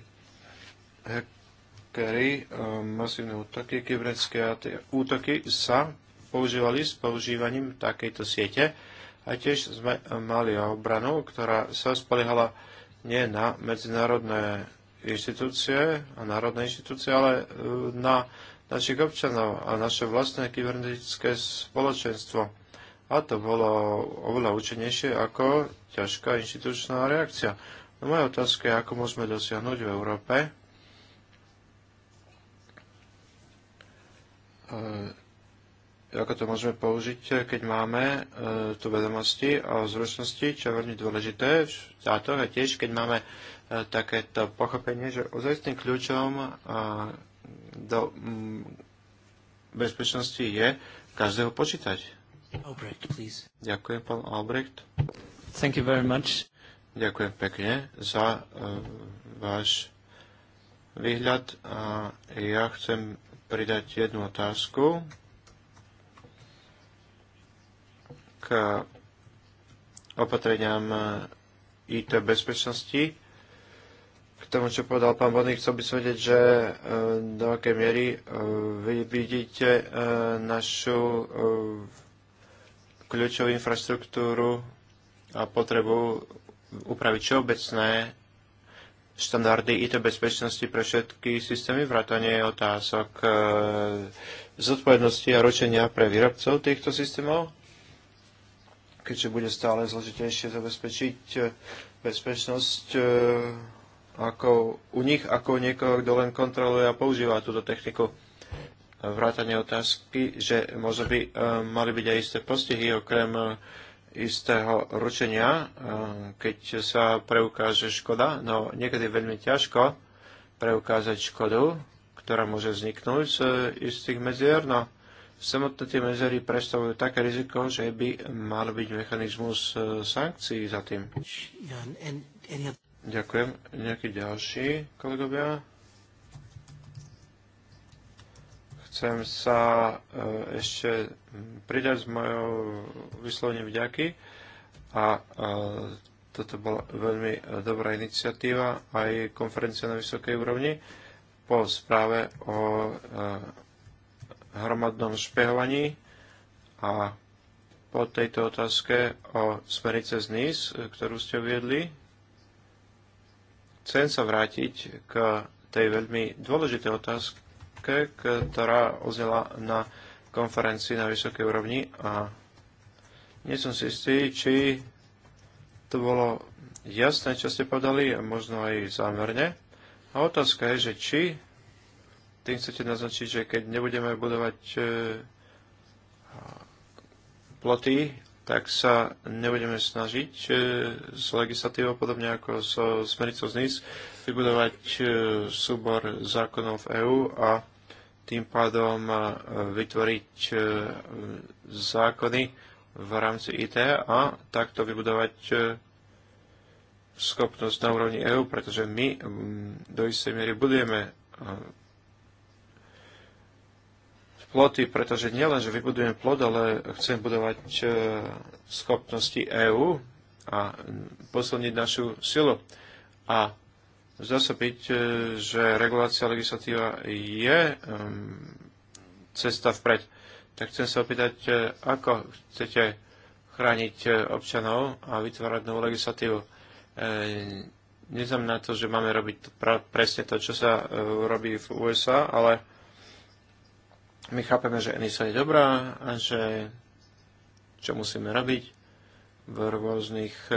Hackery, e, masívne útoky, kybernetické útoky sa používali s používaním takejto siete a tiež sme mali obranu, ktorá sa spoliehala nie na medzinárodné inštitúcie a národné inštitúcie, ale e, na našich občanov a naše vlastné kybernetické spoločenstvo. A to bolo oveľa účinnejšie ako ťažká inštitučná reakcia. No moja otázka je, ako môžeme dosiahnuť v Európe e, ako to môžeme použiť, keď máme e, tu vedomosti o zručnosti, čo je veľmi dôležité to a tiež, keď máme e, takéto pochopenie, že ozajstným kľúčom e, do mm, bezpečnosti je každého počítať. Albrecht, please. Ďakujem, pán Albrecht. Thank you very much. Ďakujem pekne za e, váš výhľad. A ja chcem pridať jednu otázku k opatreniam IT bezpečnosti. K tomu, čo povedal pán Bodný, chcel by som vedieť, že e, do akej miery e, vy vidíte e, našu kľúčovú infraštruktúru a potrebu upraviť všeobecné štandardy IT bezpečnosti pre všetky systémy, vrátanie otázok zodpovednosti a ručenia pre výrobcov týchto systémov keďže bude stále zložitejšie zabezpečiť e, bezpečnosť e, ako u nich, ako u niekoho, kto len kontroluje a používa túto techniku. Vrátanie otázky, že možno by e, mali byť aj isté postihy, okrem istého ručenia, keď sa preukáže škoda, no niekedy je veľmi ťažko preukázať škodu, ktorá môže vzniknúť z istých medzier, no Samotné tie medzery predstavujú také riziko, že by mal byť mechanizmus e, sankcií za tým. Ďakujem. Nejakí ďalší kolegovia? Chcem sa e, ešte pridať s mojou vyslovne vďaky a e, toto bola veľmi dobrá iniciatíva, aj konferencia na vysokej úrovni po správe o hromadnom špehovaní a po tejto otázke o smerice z NIS, ktorú ste uviedli, chcem sa vrátiť k tej veľmi dôležitej otázke, ktorá ozela na konferencii na vysokej úrovni a nie som si istý, či to bolo jasné, čo ste podali, možno aj zámerne. A otázka je, že či tým chcete naznačiť, že keď nebudeme budovať e, ploty, tak sa nebudeme snažiť e, s legislatívou, podobne ako s so smericou z NIS, vybudovať e, súbor zákonov EÚ a tým pádom vytvoriť zákony v rámci IT a takto vybudovať schopnosť na úrovni EÚ, pretože my do istej miery budujeme ploty, pretože nielen, že vybudujem plod, ale chcem budovať e, schopnosti EÚ a posilniť našu silu. A zdá sa byť, e, že regulácia legislatíva je cesta vpred. Tak chcem sa opýtať, e, ako chcete chrániť občanov a vytvárať novú legislatívu. Neznamená to, že máme robiť presne to, čo sa robí v USA, ale my chápeme, že ENISA je dobrá a že čo musíme robiť v rôznych e,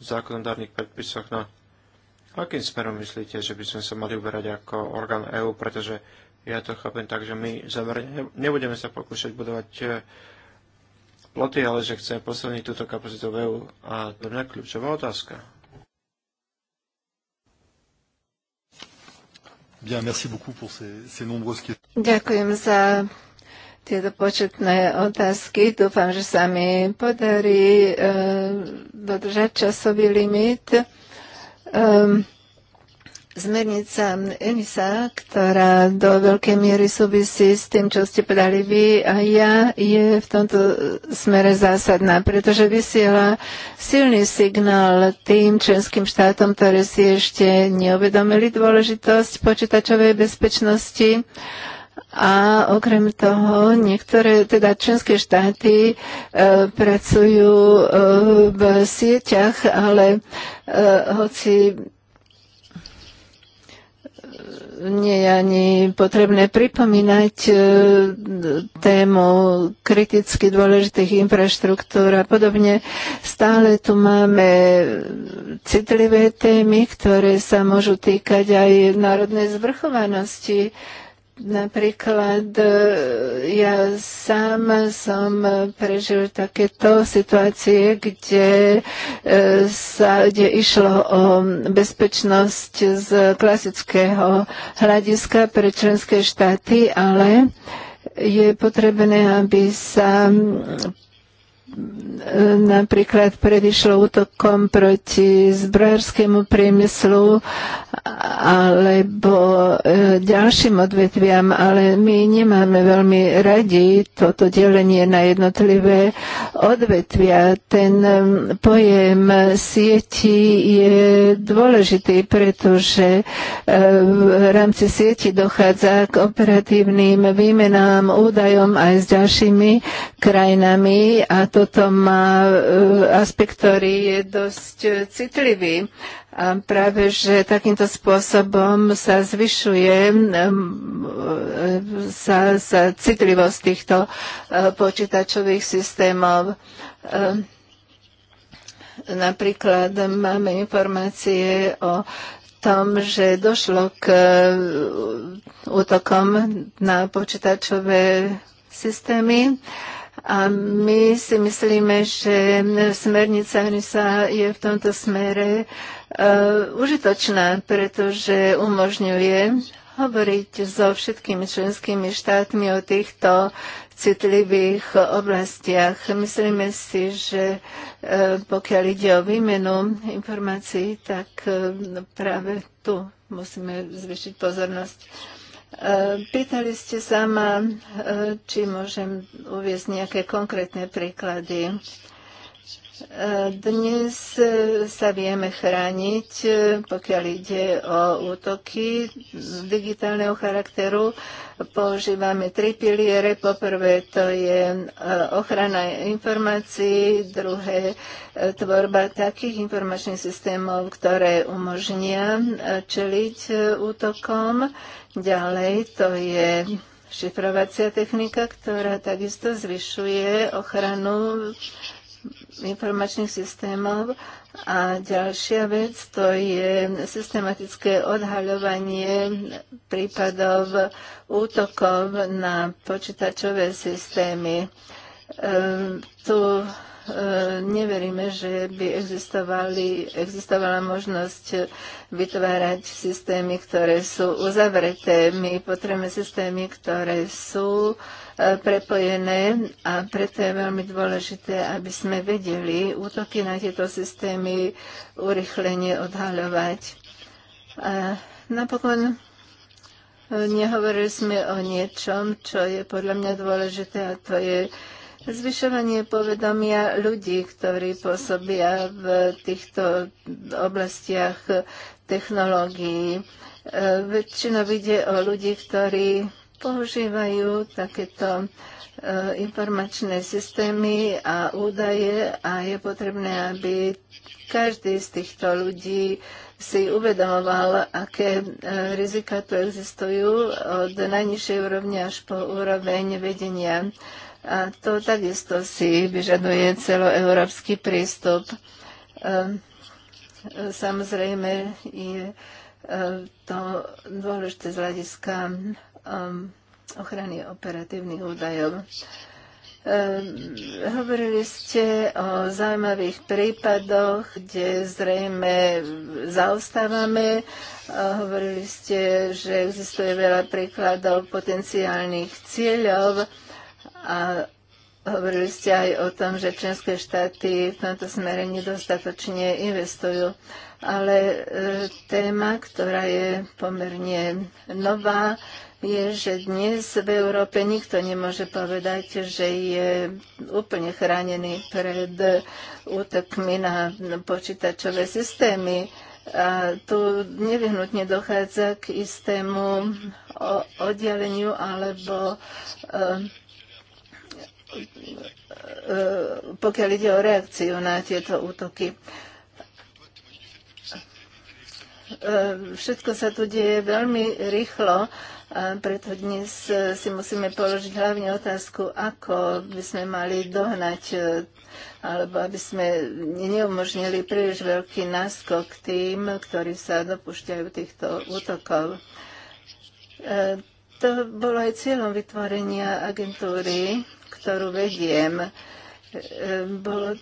zákonodárnych predpisoch. No, akým smerom myslíte, že by sme sa mali uberať ako orgán EÚ, pretože ja to chápem tak, že my záver nebudeme sa pokúšať budovať e, ploty, ale že chceme posilniť túto kapacitu v EÚ. A to je kľúčová otázka. Ďakujem za tieto početné otázky. Dúfam, že sa mi podarí eh, dodržať časový limit. E, Zmernica EMISA, ktorá do veľkej miery súvisí s tým, čo ste povedali vy a ja, je v tomto smere zásadná, pretože vysiela silný signál tým členským štátom, ktoré si ešte neuvedomili dôležitosť počítačovej bezpečnosti a okrem toho niektoré teda členské štáty e, pracujú e, v sieťach, ale e, hoci nie je ani potrebné pripomínať e, tému kriticky dôležitých infraštruktúr a podobne. Stále tu máme citlivé témy, ktoré sa môžu týkať aj národnej zvrchovanosti Napríklad e, ja sám som prežil takéto situácie, kde, e, sa, kde išlo o bezpečnosť z klasického hľadiska pre členské štáty, ale je potrebné, aby sa napríklad predišlo útokom proti zbrojárskému priemyslu alebo e, ďalším odvetviam, ale my nemáme veľmi radi toto delenie na jednotlivé odvetvia. Ten pojem sieti je dôležitý, pretože e, v rámci sieti dochádza k operatívnym výmenám, údajom aj s ďalšími krajinami a to toto má e, aspekt, ktorý je dosť citlivý. A práve, že takýmto spôsobom sa zvyšuje e, sa, sa citlivosť týchto e, počítačových systémov. Napríklad máme informácie o tom, že došlo k útokom na počítačové systémy. Uh, a my si myslíme, že smernica sa je v tomto smere uh, užitočná, pretože umožňuje hovoriť so všetkými členskými štátmi o týchto citlivých oblastiach. Myslíme si, že e, pokiaľ ide o výmenu informácií, tak e, práve tu musíme zvyšiť pozornosť. Eh, pýtali ste sa ma, eh, či môžem uviezť nejaké konkrétne príklady. Dnes sa vieme chrániť, pokiaľ ide o útoky digitálneho charakteru. Používame tri piliere. Poprvé to je e, ochrana informácií, druhé e, tvorba takých informačných systémov, ktoré umožnia e, čeliť útokom. Ďalej to je šifrovacia technika, ktorá takisto zvyšuje ochranu informačných systémov. A ďalšia vec to je systematické odhaľovanie prípadov útokov na počítačové systémy. Ehm, tu E, neveríme, že by existovala možnosť vytvárať systémy, ktoré sú uzavreté. My potrebujeme systémy, ktoré sú e, prepojené a preto je veľmi dôležité, aby sme vedeli útoky na tieto systémy urychlenie odhaľovať. A napokon e, nehovorili sme o niečom, čo je podľa mňa dôležité a to je Zvyšovanie povedomia ľudí, ktorí pôsobia v týchto oblastiach technológií. Väčšinou ide o ľudí, ktorí používajú takéto e, informačné systémy a údaje a je potrebné, aby každý z týchto ľudí si uvedomoval, aké e, rizika tu existujú od najnižšej úrovne až po úroveň vedenia a to takisto si vyžaduje celoeurópsky prístup. Ehm, samozrejme je e, to dôležité z hľadiska ehm, ochrany operatívnych údajov. Ehm, hovorili ste o zaujímavých prípadoch, kde zrejme zaostávame. E, hovorili ste, že existuje veľa príkladov potenciálnych cieľov a hovorili ste aj o tom, že členské štáty v tomto smere nedostatočne investujú. Ale e, téma, ktorá je pomerne nová, je, že dnes v Európe nikto nemôže povedať, že je úplne chránený pred útokmi na počítačové systémy. A tu nevyhnutne dochádza k istému oddeleniu alebo e, E, pokiaľ ide o reakciu na tieto útoky. E, všetko sa tu deje veľmi rýchlo, a preto dnes e, si musíme položiť hlavne otázku, ako by sme mali dohnať alebo aby sme neumožnili príliš veľký náskok tým, ktorí sa dopúšťajú týchto útokov. To bolo aj cieľom vytvorenia agentúry ktorú vediem. E, bolo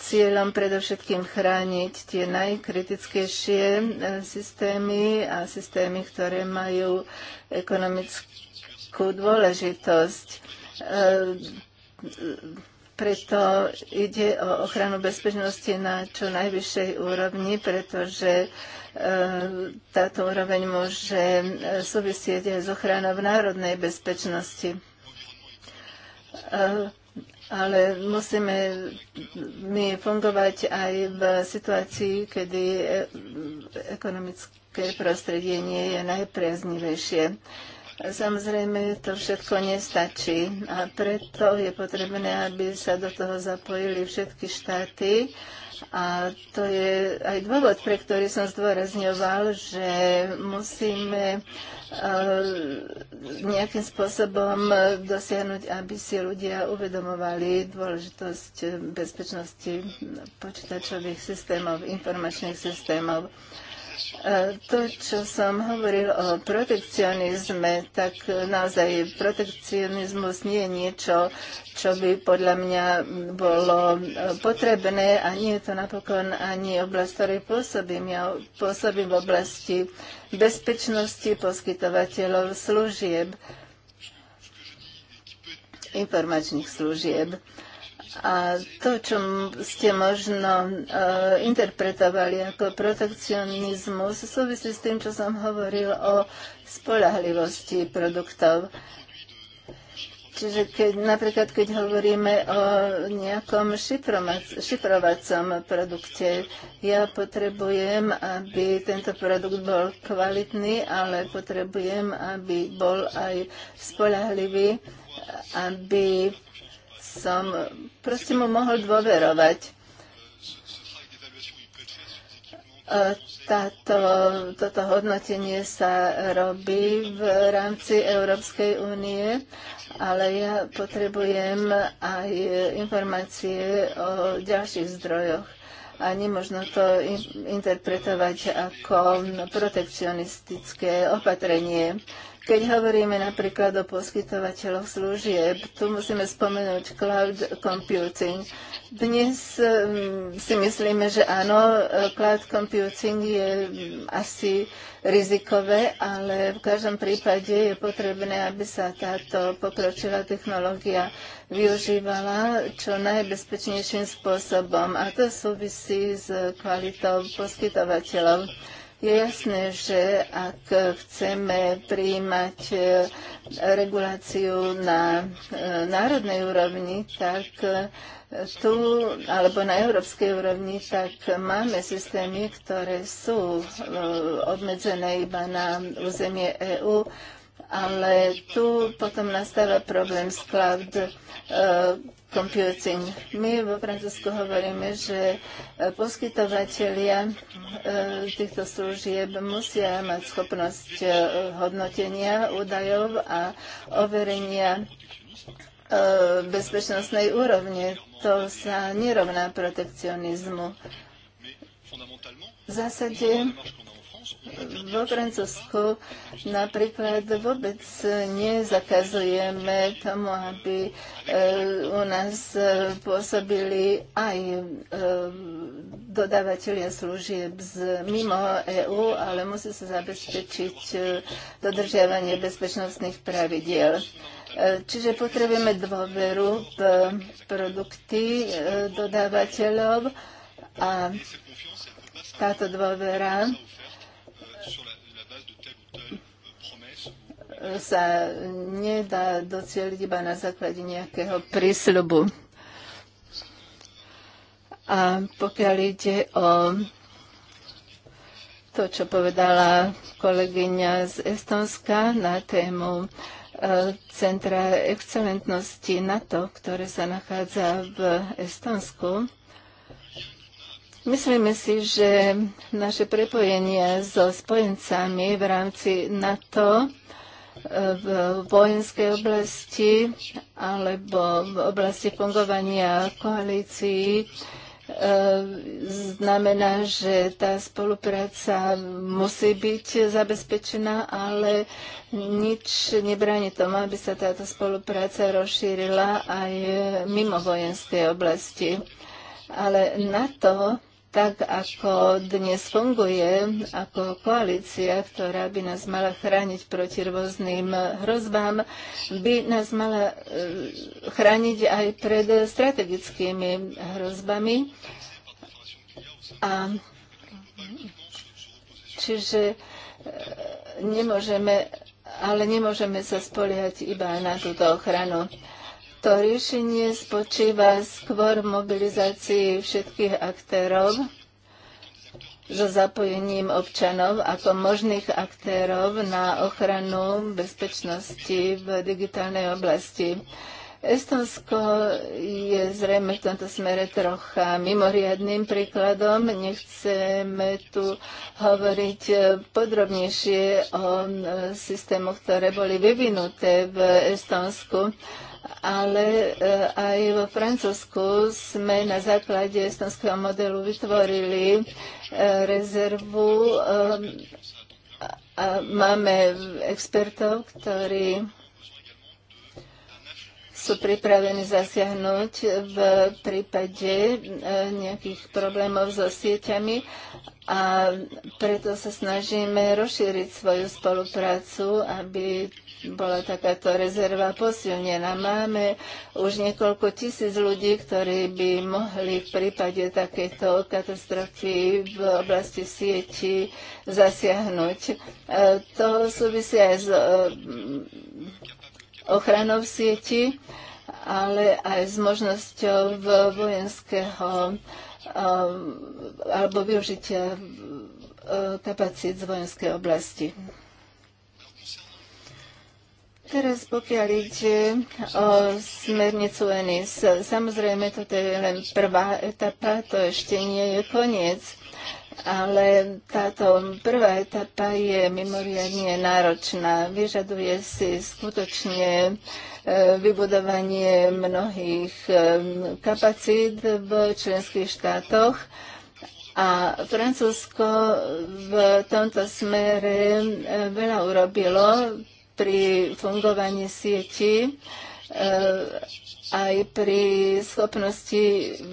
cieľom predovšetkým chrániť tie najkritickejšie e, systémy a systémy, ktoré majú ekonomickú dôležitosť. E, preto ide o ochranu bezpečnosti na čo najvyššej úrovni, pretože táto úroveň môže súvisieť aj s ochranou národnej bezpečnosti ale musíme my fungovať aj v situácii, kedy e, ekonomické prostredie nie je najpriaznivejšie. Samozrejme, to všetko nestačí a preto je potrebné, aby sa do toho zapojili všetky štáty a to je aj dôvod, pre ktorý som zdôrazňoval, že musíme E, nejakým spôsobom e, dosiahnuť, aby si ľudia uvedomovali dôležitosť e, bezpečnosti počítačových systémov, informačných systémov. E, to, čo som hovoril o protekcionizme, tak naozaj protekcionizmus nie je niečo, čo by podľa mňa bolo e, potrebné a nie je to napokon ani oblasť, ktorej pôsobím. Ja pôsobím v oblasti bezpečnosti poskytovateľov služieb, informačných služieb. A to, čo ste možno uh, interpretovali ako protekcionizmus, súvisí s tým, čo som hovoril o spolahlivosti produktov. Čiže keď, napríklad, keď hovoríme o nejakom šifrovacom produkte, ja potrebujem, aby tento produkt bol kvalitný, ale potrebujem, aby bol aj spolahlivý, aby som proste mu mohol dôverovať. E, táto, toto hodnotenie sa robí v rámci Európskej únie, ale ja potrebujem aj informácie o ďalších zdrojoch a nemožno to interpretovať ako protekcionistické opatrenie. Keď hovoríme napríklad o poskytovateľoch služieb, tu musíme spomenúť cloud computing. Dnes mm, si myslíme, že áno, cloud computing je mm, asi rizikové, ale v každom prípade je potrebné, aby sa táto pokročilá technológia využívala čo najbezpečnejším spôsobom. A to súvisí s kvalitou poskytovateľov. Je jasné, že ak chceme prijímať eh, reguláciu na eh, národnej úrovni, tak eh, tu alebo na európskej úrovni, tak máme systémy, ktoré sú obmedzené iba na územie EÚ, ale tu potom nastáva problém s cloud computing. My vo Francúzsku hovoríme, že e, poskytovateľia e, týchto služieb musia mať schopnosť e, hodnotenia údajov a overenia bezpečnostnej úrovne. To sa nerovná protekcionizmu. V zásade vo Francúzsku napríklad vôbec nezakazujeme tomu, aby e, u nás pôsobili aj e, dodávateľia služieb z mimo EÚ, ale musí sa zabezpečiť e, dodržiavanie bezpečnostných pravidiel. Čiže potrebujeme dôveru v produkty dodávateľov a táto dôvera sa nedá docieliť iba na základe nejakého prísľubu. A pokiaľ ide o to, čo povedala kolegyňa z Estonska na tému e, Centra excelentnosti NATO, ktoré sa nachádza v Estonsku. Myslíme si, že naše prepojenie so spojencami v rámci NATO v vojenskej oblasti alebo v oblasti fungovania koalícií e, znamená, že tá spolupráca musí byť zabezpečená, ale nič nebráni tomu, aby sa táto spolupráca rozšírila aj mimo vojenskej oblasti. Ale na to tak ako dnes funguje ako koalícia, ktorá by nás mala chrániť proti rôznym hrozbám, by nás mala e, chrániť aj pred strategickými hrozbami. A čiže e, nemôžeme, ale nemôžeme sa spoliehať iba na túto ochranu. To riešenie spočíva skôr v mobilizácii všetkých aktérov so zapojením občanov ako možných aktérov na ochranu bezpečnosti v digitálnej oblasti. Estonsko je zrejme v tomto smere trocha mimoriadným príkladom. Nechceme tu hovoriť podrobnejšie o systémoch, ktoré boli vyvinuté v Estonsku ale e, aj vo Francúzsku sme na základe estonského modelu vytvorili e, rezervu e, a máme expertov, ktorí sú pripravení zasiahnuť v prípade nejakých problémov so sieťami a preto sa snažíme rozšíriť svoju spoluprácu, aby bola takáto rezerva posilnená. Máme už niekoľko tisíc ľudí, ktorí by mohli v prípade takéto katastrofy v oblasti sieti zasiahnuť. E, to súvisí aj s e, ochranou sieti, ale aj s možnosťou vojenského e, alebo využitia kapacít z vojenskej oblasti. Teraz pokiaľ ide o smernicu ENIS, samozrejme toto je len prvá etapa, to ešte nie je koniec, ale táto prvá etapa je mimoriadne náročná. Vyžaduje si skutočne e, vybudovanie mnohých e, kapacít v členských štátoch. A Francúzsko v tomto smere e, veľa urobilo pri fungovaní sieti e, aj pri schopnosti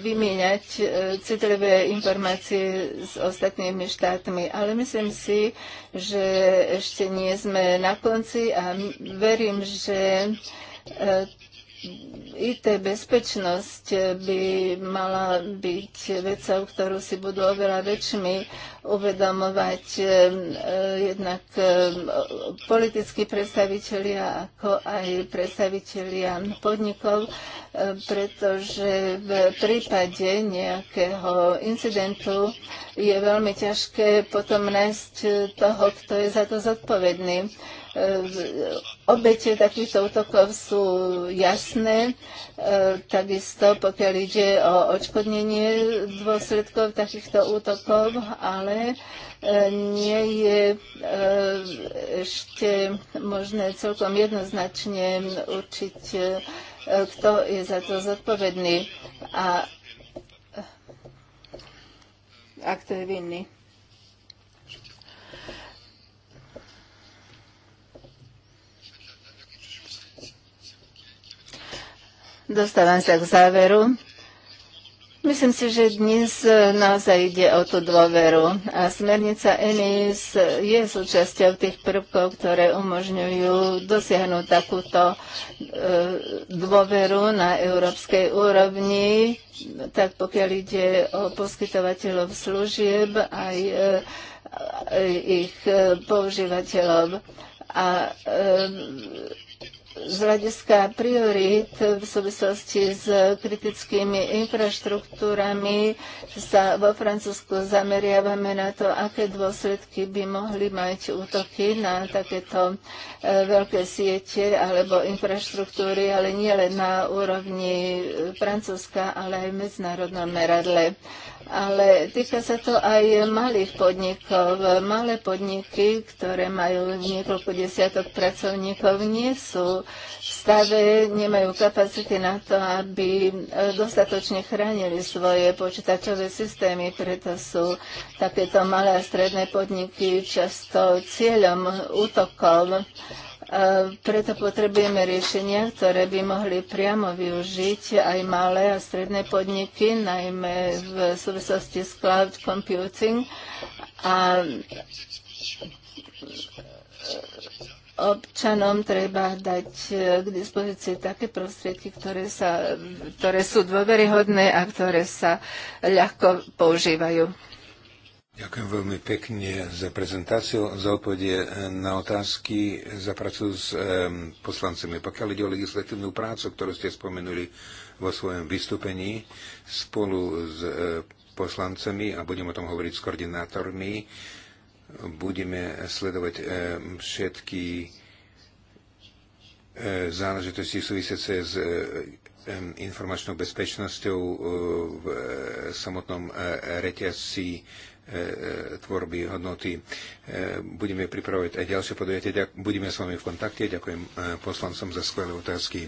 vymieňať e, citlivé informácie s ostatnými štátmi. Ale myslím si, že ešte nie sme na konci a verím, že e, IT bezpečnosť by mala byť vecou, ktorú si budú oveľa väčšmi uvedomovať eh, eh, jednak eh, politickí predstavitelia, ako aj predstavitelia podnikov, pretože v prípade nejakého incidentu je veľmi ťažké potom nájsť toho, kto je za to zodpovedný. E, obete takýchto útokov sú jasné, e, takisto pokiaľ ide o odškodnenie dôsledkov takýchto útokov, ale e, nie je ešte možné celkom jednoznačne určiť, kto je za to zodpovedný a, a kto je vinný. Dostávam sa k záveru. Myslím si, že dnes naozaj ide o tú dôveru. A smernica ENIS je súčasťou tých prvkov, ktoré umožňujú dosiahnuť takúto e, dôveru na európskej úrovni, tak pokiaľ ide o poskytovateľov služieb aj e, ich e, používateľov. A z hľadiska priorít v súvislosti s kritickými infraštruktúrami sa vo Francúzsku zameriavame na to, aké dôsledky by mohli mať útoky na takéto e, veľké siete alebo infraštruktúry, ale nie len na úrovni e, Francúzska, ale aj v medzinárodnom meradle ale týka sa to aj malých podnikov. Malé podniky, ktoré majú niekoľko desiatok pracovníkov, nie sú v stave, nemajú kapacity na to, aby e, dostatočne chránili svoje počítačové systémy, preto sú takéto malé a stredné podniky často cieľom útokov E, preto potrebujeme riešenia, ktoré by mohli priamo využiť aj malé a stredné podniky, najmä v súvislosti s cloud computing a občanom treba dať e, k dispozícii také prostriedky, ktoré, sa, ktoré sú dôveryhodné a ktoré sa ľahko používajú. Ďakujem veľmi pekne za prezentáciu, za odpovede e, na otázky, za prácu s um, poslancami. Pokiaľ ide o legislatívnu prácu, ktorú ste spomenuli vo svojom vystúpení spolu s e, poslancami, a budem o tom hovoriť s koordinátormi, budeme sledovať všetky e, záležitosti súvisiace s informačnou bezpečnosťou v samotnom reťazci E, e, tvorby hodnoty. E, budeme pripravovať aj ďalšie podujatia. Budeme s vami v kontakte. Ďakujem poslancom za skvelé otázky.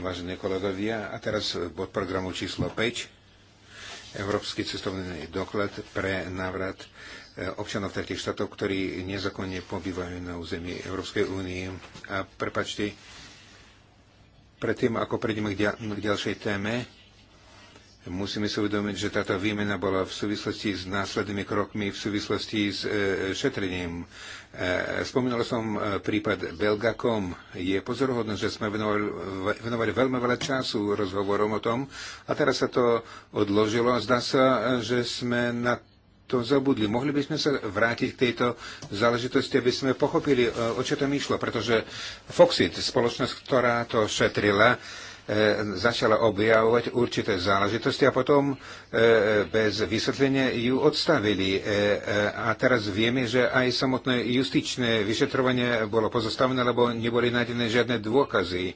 Vážené kolegovia, a teraz bod programu číslo 5. Európsky cestovný doklad pre návrat občanov tretich štátov, ktorí nezakonne pobývajú na území Európskej únie. A prepačte, predtým, ako prejdeme k, ďal- k ďalšej téme, Musíme si uvedomiť, že táto výmena bola v súvislosti s následnými krokmi, v súvislosti s e, šetrením. E, spomínal som e, prípad Belgakom. Je pozorohodné, že sme venovali, venovali veľmi veľa času rozhovorom o tom a teraz sa to odložilo a zdá sa, že sme na to zabudli. Mohli by sme sa vrátiť k tejto záležitosti, aby sme pochopili, o čo tam išlo, pretože Foxit, spoločnosť, ktorá to šetrila, E, začala objavovať určité záležitosti a potom e, bez vysvetlenia ju odstavili. E, a teraz vieme, že aj samotné justičné vyšetrovanie bolo pozostavené, lebo neboli nájdené žiadne dôkazy.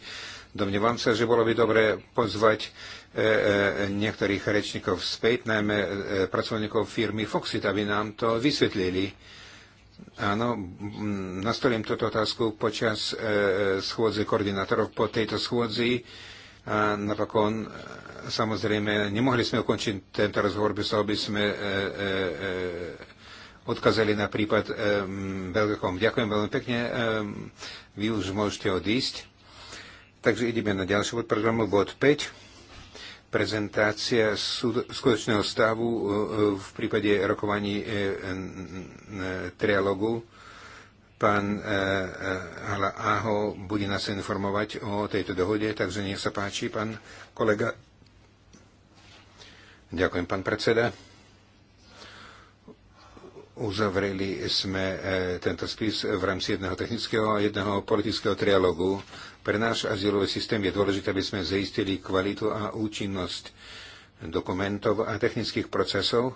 Domnievam sa, že bolo by dobre pozvať niektorých rečníkov späť, najmä pracovníkov firmy Foxit, aby nám to vysvetlili. Áno, nastolím túto otázku počas schôdze koordinátorov po tejto schôdzi a napokon, e, samozrejme, nemohli sme ukončiť tento rozhovor bez toho, aby sme e, e, e odkazali na prípad e, Belgekom. Ďakujem veľmi pekne. E, vy už môžete odísť. Takže ideme na ďalší bod programu, bod 5. Prezentácia skutočného stavu e, v prípade rokovaní e, e, trialogu Pán eh, eh, Hala Aho bude nás informovať o tejto dohode, takže nech sa páči, pán kolega. Ďakujem, pán predseda. Uzavreli sme eh, tento spis v rámci jedného technického a jedného politického trialogu. Pre náš azylový systém je dôležité, aby sme zaistili kvalitu a účinnosť dokumentov a technických procesov,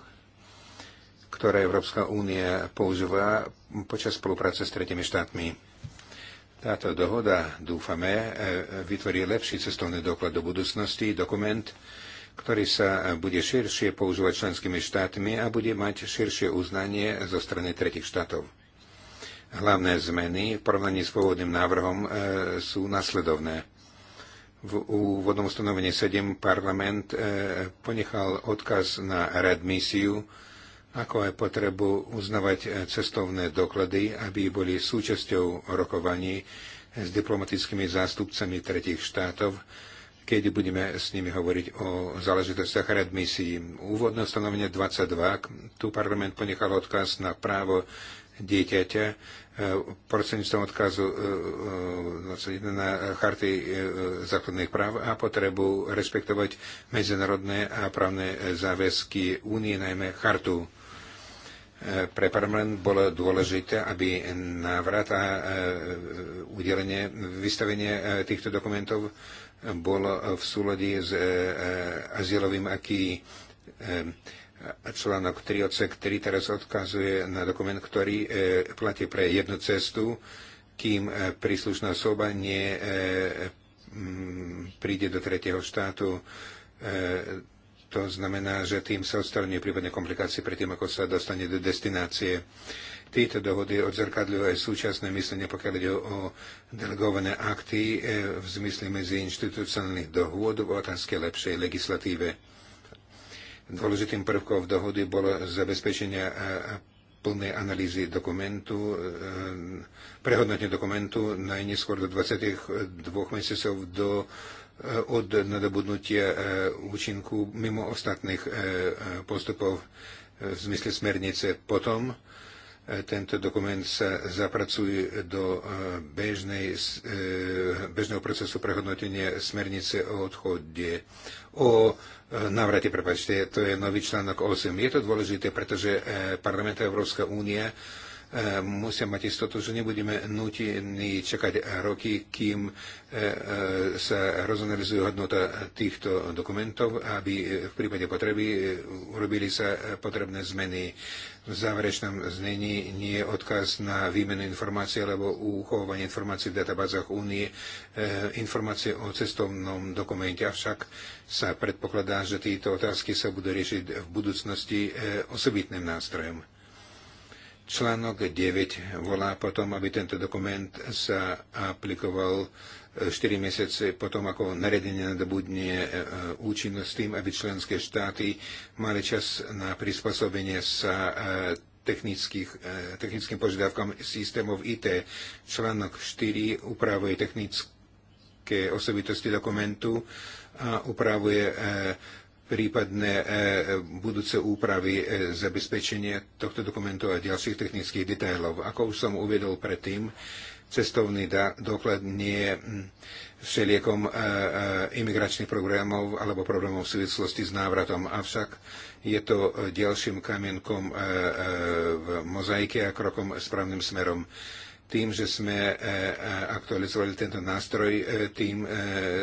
ktoré Európska únia používa počas spolupráce s tretimi štátmi. Táto dohoda, dúfame, e, vytvorí lepší cestovný doklad do budúcnosti, dokument, ktorý sa bude širšie používať členskými štátmi a bude mať širšie uznanie zo strany tretich štátov. Hlavné zmeny v porovnaní s pôvodným návrhom e, sú nasledovné. V úvodnom ustanovení 7 parlament e, ponechal odkaz na readmisiu, ako aj potrebu uznavať e, cestovné doklady, aby boli súčasťou rokovaní s diplomatickými zástupcami tretich štátov, keď budeme s nimi hovoriť o záležitostiach readmisií. Úvodné stanovenie 22, tu parlament ponechal odkaz na právo dieťaťa e, prostredníctvom odkazu e, na charty základných práv a potrebu respektovať medzinárodné a právne záväzky únie, najmä chartu pre parlament bolo dôležité, aby návrat a e, udelenie, vystavenie e, týchto dokumentov bolo v súlodi s e, azylovým aký článok 3 odsek ktorý teraz odkazuje na dokument, ktorý platí pre jednu cestu, kým príslušná osoba nie príde do tretieho štátu to znamená, že tým sa odstraňujú prípadne komplikácie predtým, ako sa dostane do destinácie. Tieto dohody odzrkadľujú aj súčasné myslenie, pokiaľ ide o delegované akty e, v zmysle medzi inštitucionálnych dohôd v otázke lepšej legislatíve. Dôležitým prvkom dohody bolo zabezpečenie e, plnej analýzy dokumentu, e, prehodnotenie dokumentu najneskôr do 22 mesiacov do Eh, od nadobudnutia eh, účinku mimo ostatných eh, postupov v zmysle smernice. Potom tento dokument sa zapracuje do bežnej, bežného procesu prehodnotenia smernice o odchode, o navrate, prepačte, to je nový článok 8. Je to dôležité, pretože parlament Európska únia Ehm, musia mať istotu, že nebudeme nutení čakať roky, kým e, e, sa rozanalizuje hodnota týchto dokumentov, aby e, v prípade potreby urobili sa potrebné zmeny. V záverečnom znení nie je odkaz na výmenu informácií alebo uchovanie informácií v databázach únie, informácie o cestovnom dokumente, avšak sa predpokladá, že tieto otázky sa budú riešiť v budúcnosti osobitným nástrojom. Článok 9 volá potom, aby tento dokument sa aplikoval 4 e, mesiace potom, ako naredenie nadobudne e, účinnosť tým, aby členské štáty mali čas na prispôsobenie sa e, technickým požiadavkám systémov IT. Článok 4 upravuje technické osobitosti dokumentu a upravuje e, prípadné e, budúce úpravy e, zabezpečenie tohto dokumentu a ďalších technických detailov. Ako už som uvedol predtým, cestovný doklad nie je všeliekom e, imigračných programov alebo problémov v súvislosti s návratom. Avšak je to ďalším kamienkom v mozaike a krokom správnym smerom. Tým, že sme e, e, aktualizovali tento nástroj, e, tým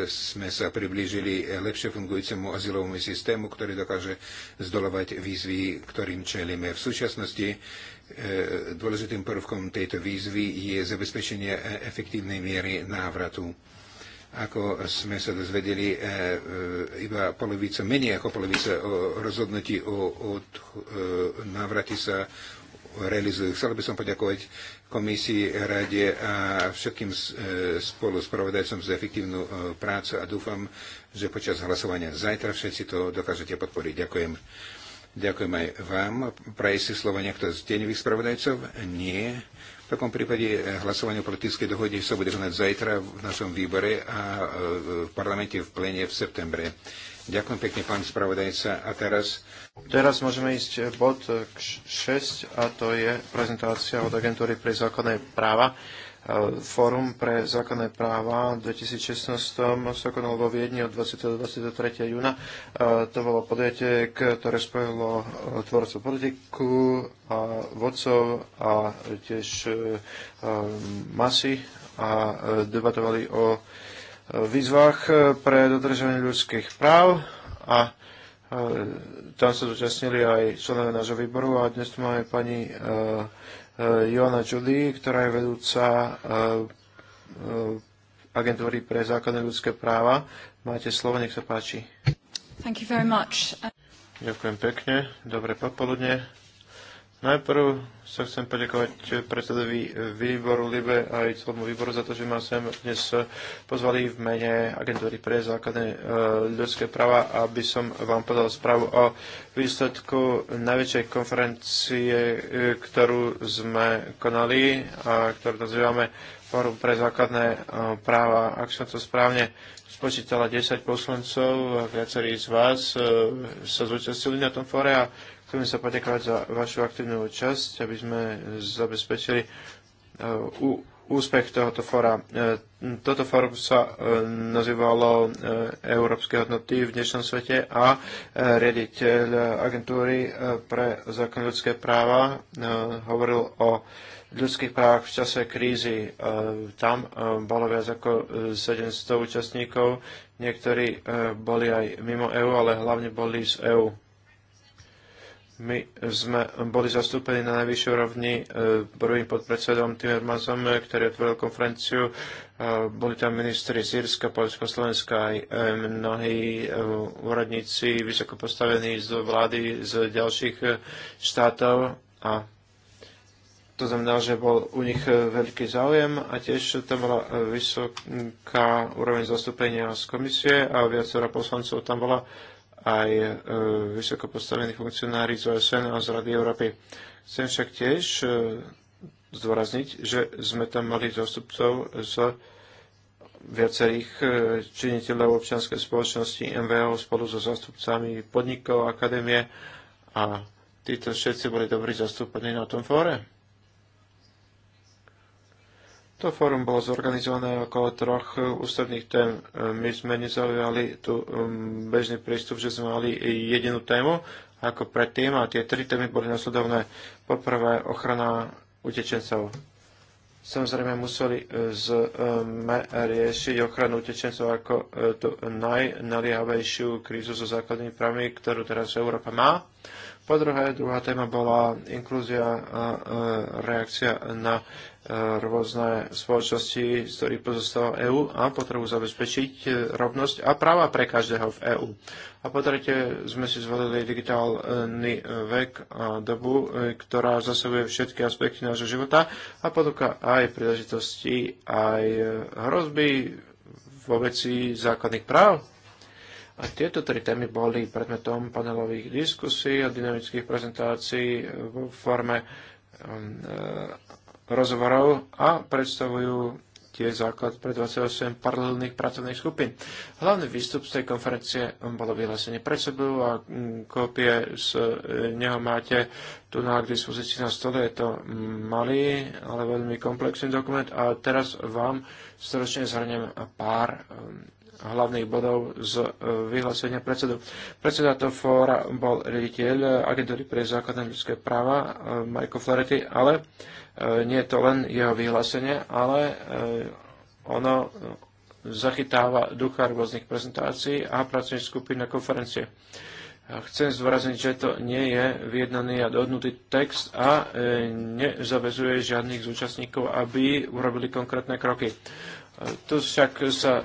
sme sa priblížili lepšie fungujúcemu azylovému systému, ktorý dokáže zdolovať výzvy, ktorým čelíme. V súčasnosti dôležitým prvkom tejto výzvy je zabezpečenie efektívnej miery návratu ako sme sa dozvedeli, iba polovica, menej ako polovica rozhodnutí o, o, sa realizujú. Chcel by som poďakovať komisii, rade a všetkým e, spolu spravodajcom za efektívnu e, prácu a dúfam, že počas hlasovania zajtra všetci to dokážete podporiť. Ďakujem. Ďakujem aj vám. Praje si slovo niekto z deňových spravodajcov? Nie. V takom prípade hlasovanie o politickej dohode sa bude konať zajtra v našom výbore a e, v parlamente v plene v septembre. Ďakujem pekne, pán spravodajca. A teraz? Teraz môžeme ísť bod 6 a to je prezentácia od agentúry pre základné práva. E, Fórum pre základné práva v 2016 sa konalo vo Viedni od 20. do 23. júna. E, to bolo podujatie, ktoré spojilo e, tvorcov politiku a vodcov a tiež masy a debatovali o výzvach eh, pre dodržovanie ľudských práv a eh, tam sa zúčastnili aj členové nášho výboru a dnes tu máme pani eh, Joana Judy, ktorá je vedúca agentúry pre základné ľudské práva. Máte slovo, nech sa páči. Thank you very much. Ďakujem pekne, dobre popoludne. Najprv sa chcem poďakovať predsedovi výboru Libe a aj celému výboru za to, že ma sem dnes pozvali v mene agentúry pre základné e, ľudské práva, aby som vám podal správu o výsledku najväčšej konferencie, e, ktorú sme konali a ktorú nazývame Fórum pre základné e, práva. Ak som to správne spočítala 10 poslancov, viacerí z vás sa zúčastnili na tom fóre a Chcem sa poďakovať za vašu aktívnu časť, aby sme zabezpečili e, úspech tohoto fóra. E, toto fórum sa e, nazývalo Európske hodnoty v dnešnom svete a riaditeľ agentúry pre zákon ľudské práva hovoril o ľudských právach v čase krízy. Tam bolo viac ako 700 účastníkov. Niektorí boli aj mimo EÚ, ale hlavne boli z EÚ. My sme boli zastúpení na najvyššej úrovni e, prvým podpredsedom Timmermansom, e, ktorý otvoril konferenciu. E, boli tam ministri z Polska, Slovenska aj mnohí úradníci vysoko postavení z vlády z ďalších štátov a to znamená, že bol u nich veľký záujem a tiež tam bola vysoká úroveň zastúpenia z komisie a viacero poslancov tam bola aj e, vysoko postavení funkcionári z OSN a z Rady Európy. Chcem však tiež e, zdôrazniť, že sme tam mali zástupcov z viacerých e, činiteľov občianskej spoločnosti MVO spolu so zástupcami podnikov, akadémie a títo všetci boli dobrí zastúpení na tom fóre. To fórum bolo zorganizované okolo troch ústredných tém. My sme nezaujali tu um, bežný prístup, že sme mali jedinú tému ako predtým a tie tri témy boli nasledovné. Poprvé ochrana utečencov. Samozrejme museli e, sme riešiť ochranu utečencov ako e, tú najnaliehavejšiu krízu so základnými právmi, ktorú teraz Európa má. Po druhé, druhá téma bola inklúzia a reakcia na e, rôzne spoločnosti, z ktorých pozostáva EÚ a potrebu zabezpečiť e, rovnosť a práva pre každého v EÚ. A po tretie sme si zvolili digitálny e, vek a dobu, ktorá zasobuje všetky aspekty nášho života a podúka aj príležitosti, aj hrozby vo veci základných práv a tieto tri témy boli predmetom panelových diskusí a dynamických prezentácií v forme um, e, rozhovorov a predstavujú tie základ pre 28 paralelných pracovných skupín. Hlavný výstup z tej konferencie um, bolo vyhlásenie pred sebou a um, kópie z e, neho máte tu na k dispozícii na stole. Je to malý, ale veľmi komplexný dokument a teraz vám stročne zhrnem pár hlavných bodov z e, vyhlásenia predsedu. Predseda to fóra bol riaditeľ agentúry pre základné ľudské práva e, Marko Flaherty, ale e, nie je to len jeho vyhlásenie, ale ono zachytáva ducha rôznych prezentácií a pracovných skupín na konferencie. Chcem zdôrazniť, že to nie je vyjednaný a dohodnutý text a nezavezuje žiadnych zúčastníkov, aby urobili konkrétne kroky. Tu však sa e,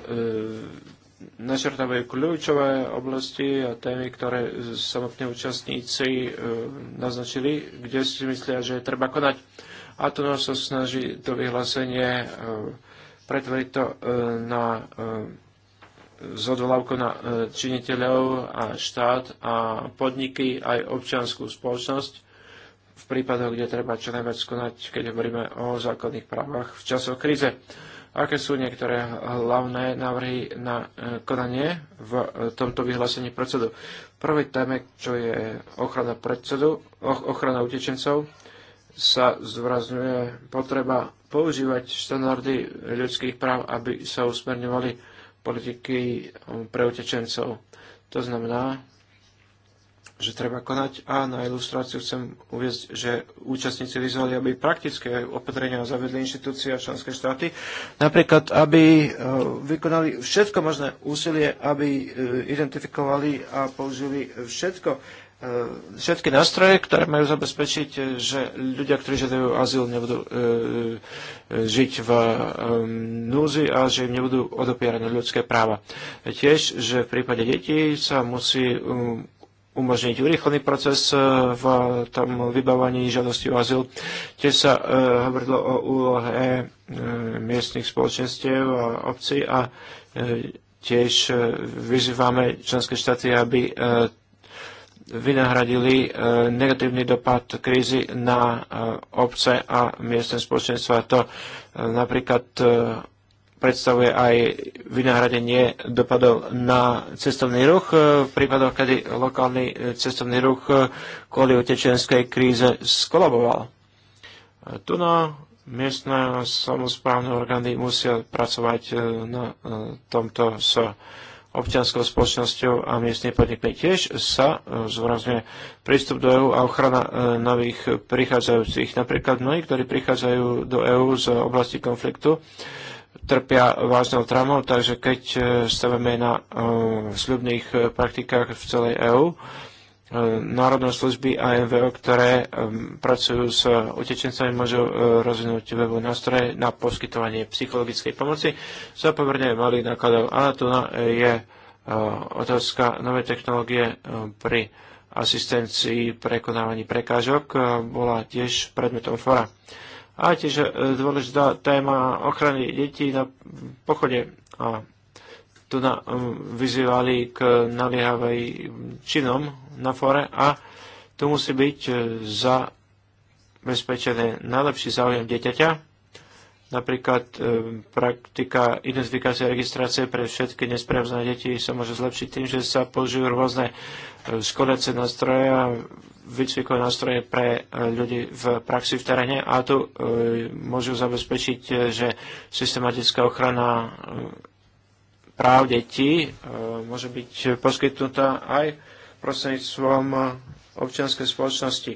načrtávajú kľúčové oblasti a témy, ktoré samotní účastníci e, naznačili, kde si myslia, že treba konať. A to nás sa snaží to vyhlásenie e, pretvoriť to na e, odvolávkou na činiteľov a štát a podniky aj občianskú spoločnosť v prípadoch, kde treba čo najviac konať, keď hovoríme o základných právach v časoch kríze. Aké sú niektoré hlavné návrhy na e, konanie v e, tomto vyhlásení predsedu? V prvej téme, čo je ochrana predsedu, ochrana utečencov, sa zvrazňuje potreba používať štandardy ľudských práv, aby sa usmerňovali politiky e, pre utečencov. To znamená, že treba konať a na ilustráciu chcem uviezť, že účastníci vyzvali, aby praktické opatrenia zavedli inštitúcie a členské štáty, napríklad, aby e, vykonali všetko možné úsilie, aby e, identifikovali a použili všetko, e, všetky nástroje, ktoré majú zabezpečiť, že ľudia, ktorí žiadajú azyl, nebudú e, žiť v e, núzi a že im nebudú odopierané ľudské práva. Tiež, že v prípade detí sa musí um, umožniť urýchlený proces e, v tom vybavovaní žiadosti o azyl. Tiež sa e, hovorilo o úlohe e, miestnych spoločenstiev a obcí a e, tiež e, vyzývame členské štáty, aby e, vynahradili e, negatívny dopad krízy na e, obce a miestne spoločenstva. To e, napríklad e, predstavuje aj vynahradenie dopadov na cestovný ruch e, v prípadoch, kedy lokálny e, cestovný ruch e, kvôli utečenskej kríze skolaboval. Tu na miestne samozprávne orgány musia pracovať na tomto s občianskou spoločnosťou a miestne podnikmi. Tiež sa zúrazňuje prístup do EÚ a ochrana nových prichádzajúcich. Napríklad mnohí, ktorí prichádzajú do EÚ z oblasti konfliktu, trpia vážnou traumou, takže keď e, staveme na e, sľubných e, praktikách v celej EÚ, národné služby a MVO, ktoré pracujú s utečencami, môžu rozvinúť webové nástroje na poskytovanie psychologickej pomoci za pomerne malých nákladov. A tu je otázka nové technológie pri asistencii prekonávaní prekážok bola tiež predmetom fora a tiež e, dôležitá téma ochrany detí na pochode a tu na, e, vyzývali k naliehavej činom na fore a tu musí byť e, zabezpečené najlepší záujem dieťaťa, napríklad praktika identifikácie a registrácie pre všetky nesprávne deti sa môže zlepšiť tým, že sa použijú rôzne školiace nástroje a výcvikové nástroje pre e, ľudí v praxi v teréne a tu e, môžu zabezpečiť, e, že systematická ochrana práv detí môže byť poskytnutá aj prostredníctvom občianskej spoločnosti.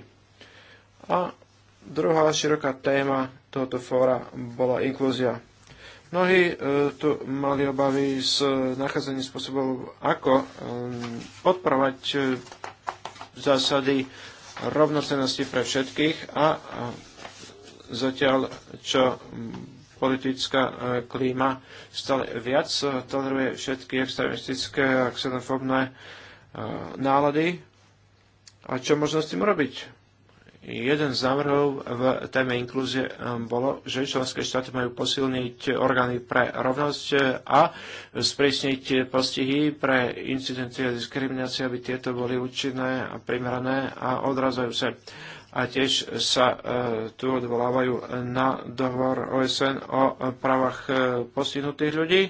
A druhá široká téma tohoto fóra bola inklúzia. Mnohí tu mali obavy z nachádzania spôsobov, ako podporovať zásady rovnocenosti pre všetkých a zatiaľ, čo politická e, klíma stále viac toleruje všetky extremistické a xenofobné e, nálady. A čo možno s tým robiť? Jeden z návrhov v téme inklúzie um, bolo, že členské štáty majú posilniť orgány pre rovnosť uh, a sprísniť postihy pre incidencie a diskriminácie, aby tieto boli účinné a primerané a odrazajú sa a tiež sa uh, tu odvolávajú na dohovor OSN o uh, právach postihnutých ľudí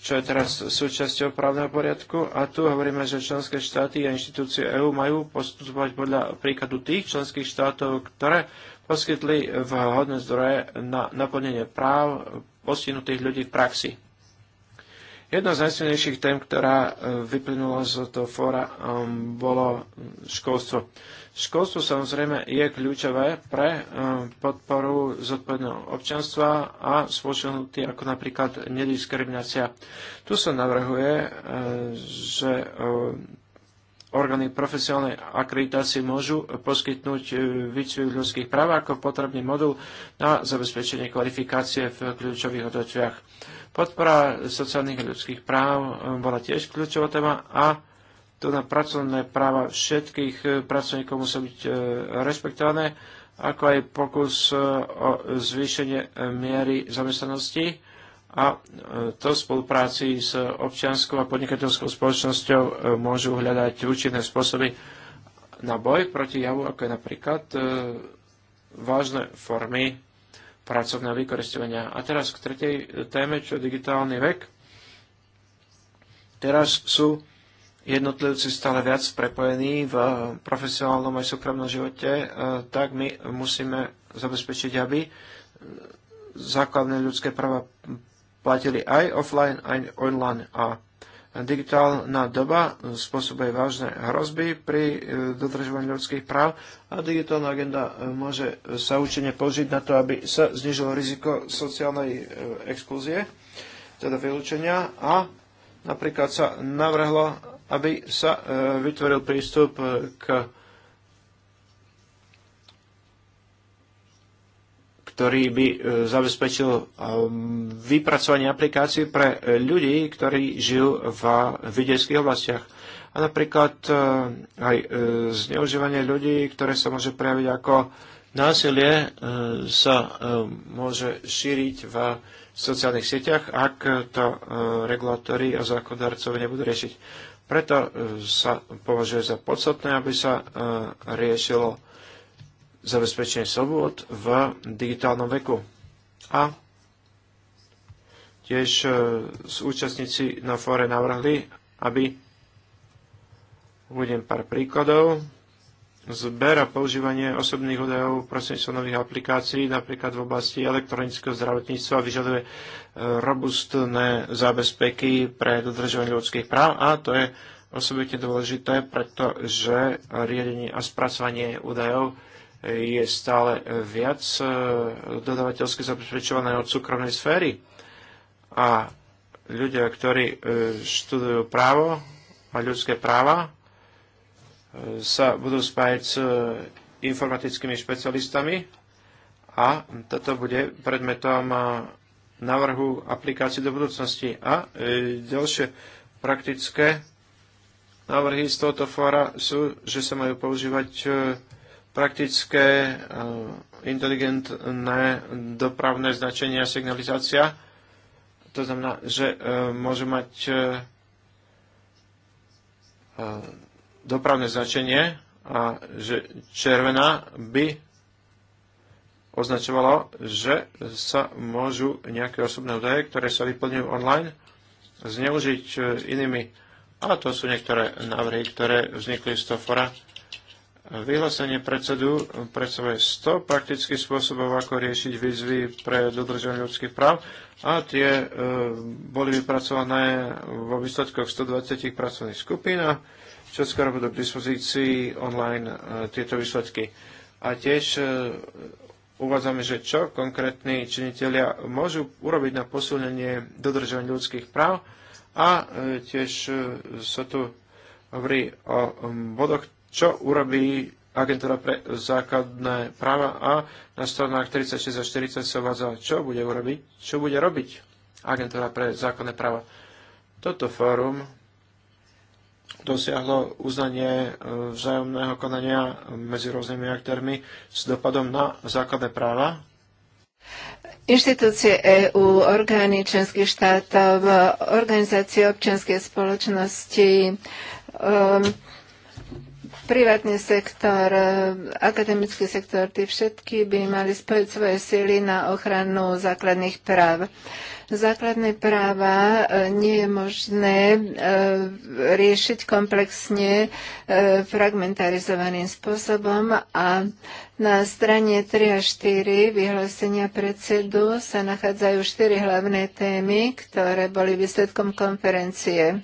čo je teraz súčasťou právneho poriadku. A tu hovoríme, že členské štáty a inštitúcie EÚ majú postupovať podľa príkladu tých členských štátov, ktoré poskytli vhodné zdroje na naplnenie práv postihnutých ľudí v praxi. Jedna z najsilnejších tém, ktorá e, vyplynula z toho fóra, e, bolo školstvo. Školstvo samozrejme je kľúčové pre e, podporu zodpovedného občanstva a spoločnosti ako napríklad nediskriminácia. Tu sa navrhuje, že orgány profesionálnej akreditácie môžu poskytnúť výcvik ľudských práv ako potrebný modul na zabezpečenie kvalifikácie v kľúčových odvetviach. Podpora sociálnych a ľudských práv eh, bola tiež kľúčová téma a to na pracovné práva všetkých eh, pracovníkov musia byť eh, rešpektované, ako aj pokus o zvýšenie miery zamestnanosti a to v spolupráci s občianskou a podnikateľskou spoločnosťou môžu hľadať účinné spôsoby na boj proti javu, ako je napríklad vážne formy pracovného vykoristovania. A teraz k tretej téme, čo je digitálny vek. Teraz sú jednotlivci stále viac prepojení v profesionálnom aj súkromnom živote, e, tak my musíme zabezpečiť, aby základné ľudské práva platili aj offline, aj online. A Digitálna doba spôsobuje vážne hrozby pri e, dodržovaní ľudských práv a digitálna agenda e, môže sa účinne použiť na to, aby sa znižilo riziko sociálnej e, exkluzie, teda vylúčenia a napríklad sa navrhlo, aby sa vytvoril prístup k ktorý by e, zabezpečil e, vypracovanie aplikácií pre ľudí, ktorí žijú v vidieckých oblastiach. A napríklad e, aj zneužívanie ľudí, ktoré sa môže prejaviť ako násilie, sa môže šíriť v sociálnych sieťach, ak to regulátori a zákonodarcovia nebudú riešiť. Preto sa považuje za podstatné, aby sa riešilo zabezpečenie slobod v digitálnom veku. A tiež e, účastníci na fóre navrhli, aby uvediem pár príkladov. Zber a používanie osobných údajov prostredníctvom nových aplikácií, napríklad v oblasti elektronického zdravotníctva, vyžaduje e, robustné zábezpeky pre dodržovanie ľudských práv a to je osobitne dôležité, pretože riadenie a spracovanie údajov je stále viac e, dodavateľsky zabezpečované od súkromnej sféry. A ľudia, ktorí e, študujú právo a ľudské práva, e, sa budú spájať s informatickými špecialistami a toto bude predmetom navrhu aplikácií do budúcnosti. A ďalšie praktické návrhy z tohoto fóra sú, že sa majú používať praktické, eh, inteligentné dopravné značenie a signalizácia. To znamená, že eh, môže mať eh, dopravné značenie a že červená by označovalo, že sa môžu nejaké osobné údaje, ktoré sa vyplňujú online, zneužiť inými. A to sú niektoré návrhy, ktoré vznikli z toho fora Vyhlásenie predsedu predstavuje 100 praktických spôsobov, ako riešiť výzvy pre dodržanie ľudských práv a tie e, boli vypracované vo výsledkoch 120 pracovných skupín a skoro budú k dispozícii online e, tieto výsledky. A tiež e, uvádzame, že čo konkrétni činitelia môžu urobiť na posilnenie dodržania ľudských práv a e, tiež e, sa tu hovorí o bodoch, čo urobí agentúra pre základné práva a na stranách 36 a 40 sa uvádza, čo bude urobiť, čo bude robiť agentúra pre základné práva. Toto fórum dosiahlo uznanie e, vzájomného konania medzi rôznymi aktérmi s dopadom na základné práva, Inštitúcie EÚ, orgány členských štátov, organizácie občianskej spoločnosti, um, privátny sektor, e, akademický sektor, tie všetky by mali spojiť svoje síly na ochranu základných práv. Základné práva e, nie je možné e, riešiť komplexne fragmentarizovaným spôsobom a na strane 3 a 4 vyhlásenia predsedu sa nachádzajú štyri hlavné témy, ktoré boli výsledkom konferencie.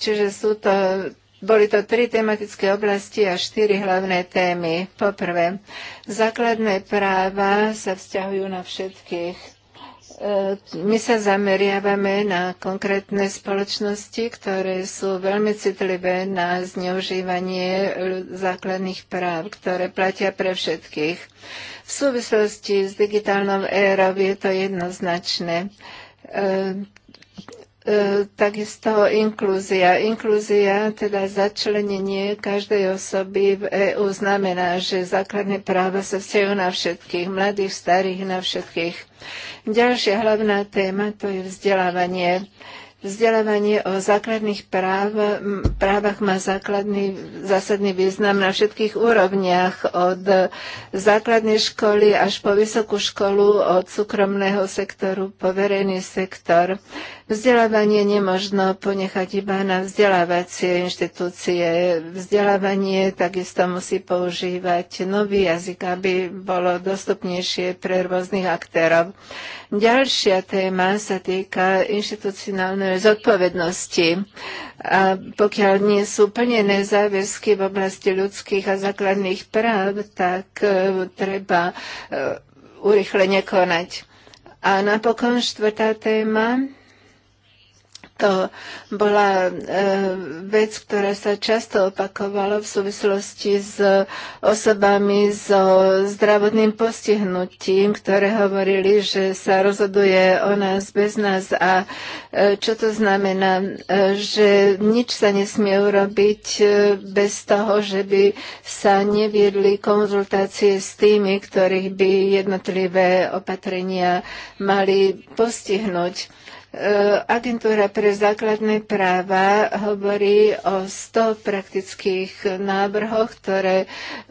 Čiže sú to boli to tri tematické oblasti a štyri hlavné témy. Poprvé, základné práva sa vzťahujú na všetkých e, my sa zameriavame na konkrétne spoločnosti, ktoré sú veľmi citlivé na zneužívanie základných práv, ktoré platia pre všetkých. V súvislosti s digitálnou érou je to jednoznačné e, E, takisto inklúzia. Inklúzia, teda začlenenie každej osoby v EÚ znamená, že základné práva sa vzťahujú na všetkých, mladých, starých, na všetkých. Ďalšia hlavná téma to je vzdelávanie. Vzdelávanie o základných práv, právach má základný, zásadný význam na všetkých úrovniach, od základnej školy až po vysokú školu, od súkromného sektoru po verejný sektor. Vzdelávanie nemožno ponechať iba na vzdelávacie inštitúcie. Vzdelávanie takisto musí používať nový jazyk, aby bolo dostupnejšie pre rôznych aktérov. Ďalšia téma sa týka inštitucionálnej zodpovednosti. A pokiaľ nie sú plnené záväzky v oblasti ľudských a základných práv, tak e, treba uh, e, urychlene konať. A napokon štvrtá téma to bola e, vec, ktorá sa často opakovala v súvislosti s osobami so zdravotným postihnutím, ktoré hovorili, že sa rozhoduje o nás bez nás a e, čo to znamená, e, že nič sa nesmie urobiť bez toho, že by sa neviedli konzultácie s tými, ktorých by jednotlivé opatrenia mali postihnúť. E, agentúra pre základné práva hovorí o 100 praktických návrhoch, ktoré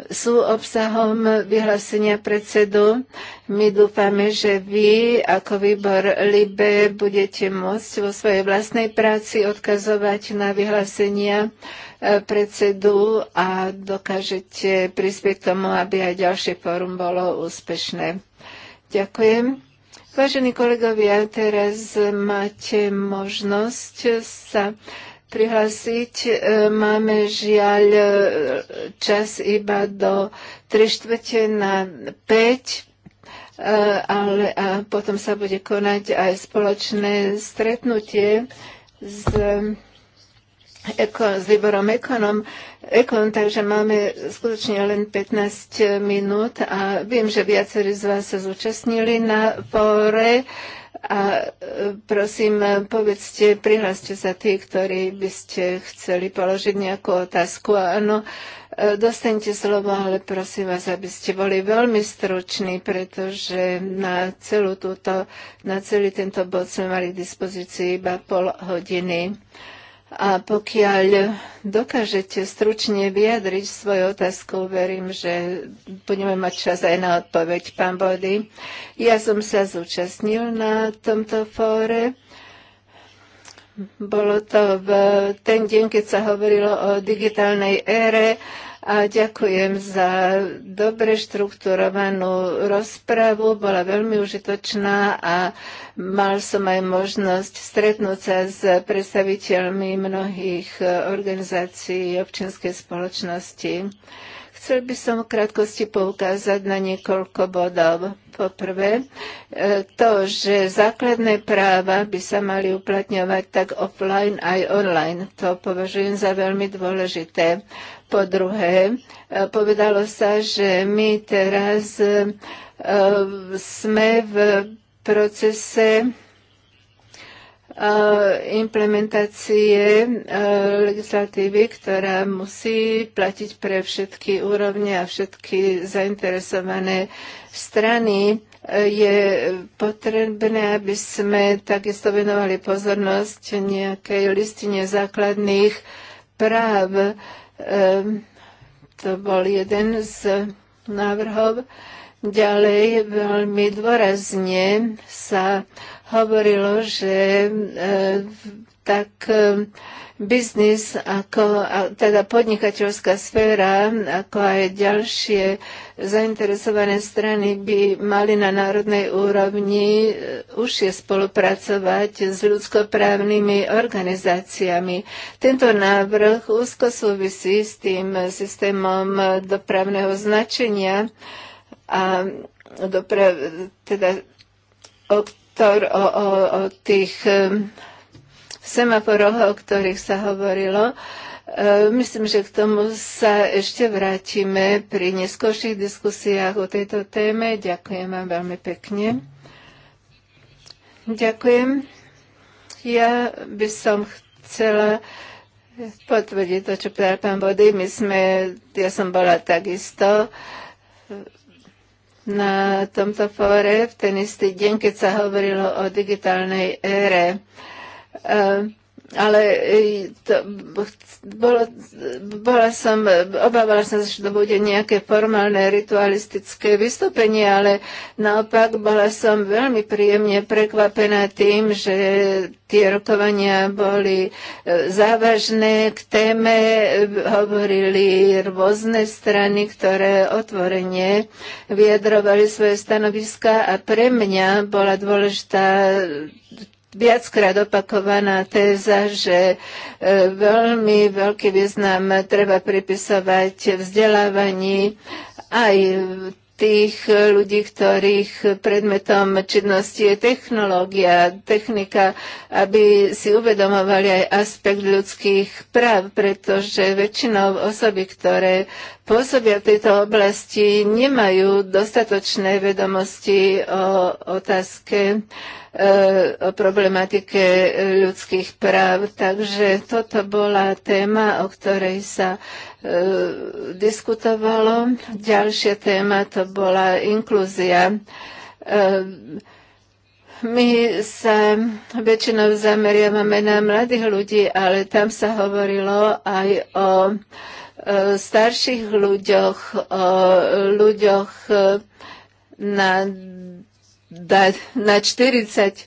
sú obsahom vyhlásenia predsedu. My dúfame, že vy ako výbor LIBE budete môcť vo svojej vlastnej práci odkazovať na vyhlásenia e, predsedu a dokážete prispieť tomu, aby aj ďalšie fórum bolo úspešné. Ďakujem. Vážení kolegovia, teraz máte možnosť sa prihlásiť. Máme žiaľ e, čas iba do 3 štvrte na 5 e, ale a potom sa bude konať aj spoločné stretnutie s Eko, s výborom Ekonom, Ekon, takže máme skutočne len 15 minút a viem, že viacerí z vás sa zúčastnili na fóre a e, prosím, povedzte, prihláste sa tí, ktorí by ste chceli položiť nejakú otázku. Áno, e, dostanete slovo, ale prosím vás, aby ste boli veľmi struční, pretože na, celú túto, na celý tento bod sme mali k dispozícii iba pol hodiny. A pokiaľ dokážete stručne vyjadriť svoju otázku, verím, že budeme mať čas aj na odpoveď, pán Body. Ja som sa zúčastnil na tomto fóre. Bolo to v ten deň, keď sa hovorilo o digitálnej ére a ďakujem za dobre štrukturovanú rozpravu, bola veľmi užitočná a mal som aj možnosť stretnúť sa s predstaviteľmi mnohých e, organizácií občianskej spoločnosti. Chcel by som v krátkosti poukázať na niekoľko bodov. Poprvé, e, to, že základné práva by sa mali uplatňovať tak offline aj online. To považujem za veľmi dôležité. Po druhé, e, povedalo sa, že my teraz e, sme v procese e, implementácie legislatívy, ktorá musí platiť pre všetky úrovne a všetky zainteresované strany. Je potrebné, aby sme takisto venovali pozornosť nejakej listine základných práv. To bol jeden z návrhov. Ďalej veľmi dôrazne sa hovorilo, že tak ehm, biznis, ako, teda podnikateľská sféra, ako aj ďalšie zainteresované strany by mali na národnej úrovni je spolupracovať s ľudskoprávnymi organizáciami. Tento návrh úzko súvisí s tým systémom dopravného značenia a doprav, teda, o, o, o, o tých ehm, semaforoch, o ktorých sa hovorilo. E, myslím, že k tomu sa ešte vrátime pri neskôrších diskusiách o tejto téme. Ďakujem vám veľmi pekne. Ďakujem. Ja by som chcela potvrdiť to, čo povedal pán Body. My sme, ja som bola takisto na tomto fóre v ten istý deň, keď sa hovorilo o digitálnej ére. Eh, ale eh, to, bolo, bola som, obávala som, že to bude nejaké formálne ritualistické vystúpenie, ale naopak bola som veľmi príjemne prekvapená tým, že tie rokovania boli eh, závažné k téme, hovorili rôzne strany, ktoré otvorene vyjadrovali svoje stanoviska a pre mňa bola dôležitá viackrát opakovaná téza, že e, veľmi veľký význam treba pripisovať vzdelávaní aj tých e, ľudí, ktorých predmetom činnosti je technológia, technika, aby si uvedomovali aj aspekt ľudských práv, pretože väčšinou osoby, ktoré pôsobia v tejto oblasti, nemajú dostatočné vedomosti o otázke e, o problematike ľudských práv. Takže toto bola téma, o ktorej sa E, diskutovalo. Ďalšia téma to bola inklúzia. E, my sa väčšinou zameriavame na mladých ľudí, ale tam sa hovorilo aj o e, starších ľuďoch, o ľuďoch na, na 40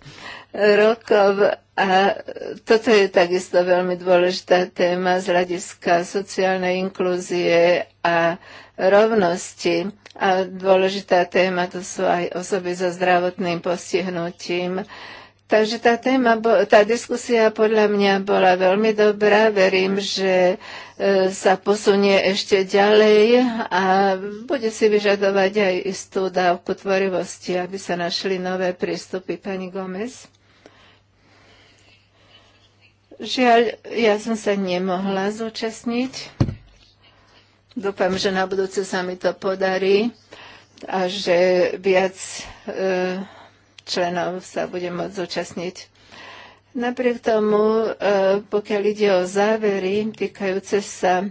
rokov a toto je takisto veľmi dôležitá téma z hľadiska sociálnej inklúzie a rovnosti. A dôležitá téma to sú aj osoby so zdravotným postihnutím. Takže tá, téma, tá diskusia podľa mňa bola veľmi dobrá. Verím, že e, sa posunie ešte ďalej a bude si vyžadovať aj istú dávku tvorivosti, aby sa našli nové prístupy. Pani Gomez. Žiaľ, ja som sa nemohla zúčastniť. Dúfam, že na budúce sa mi to podarí a že viac e, členov sa bude môcť zúčastniť. Napriek tomu, e, pokiaľ ide o závery týkajúce sa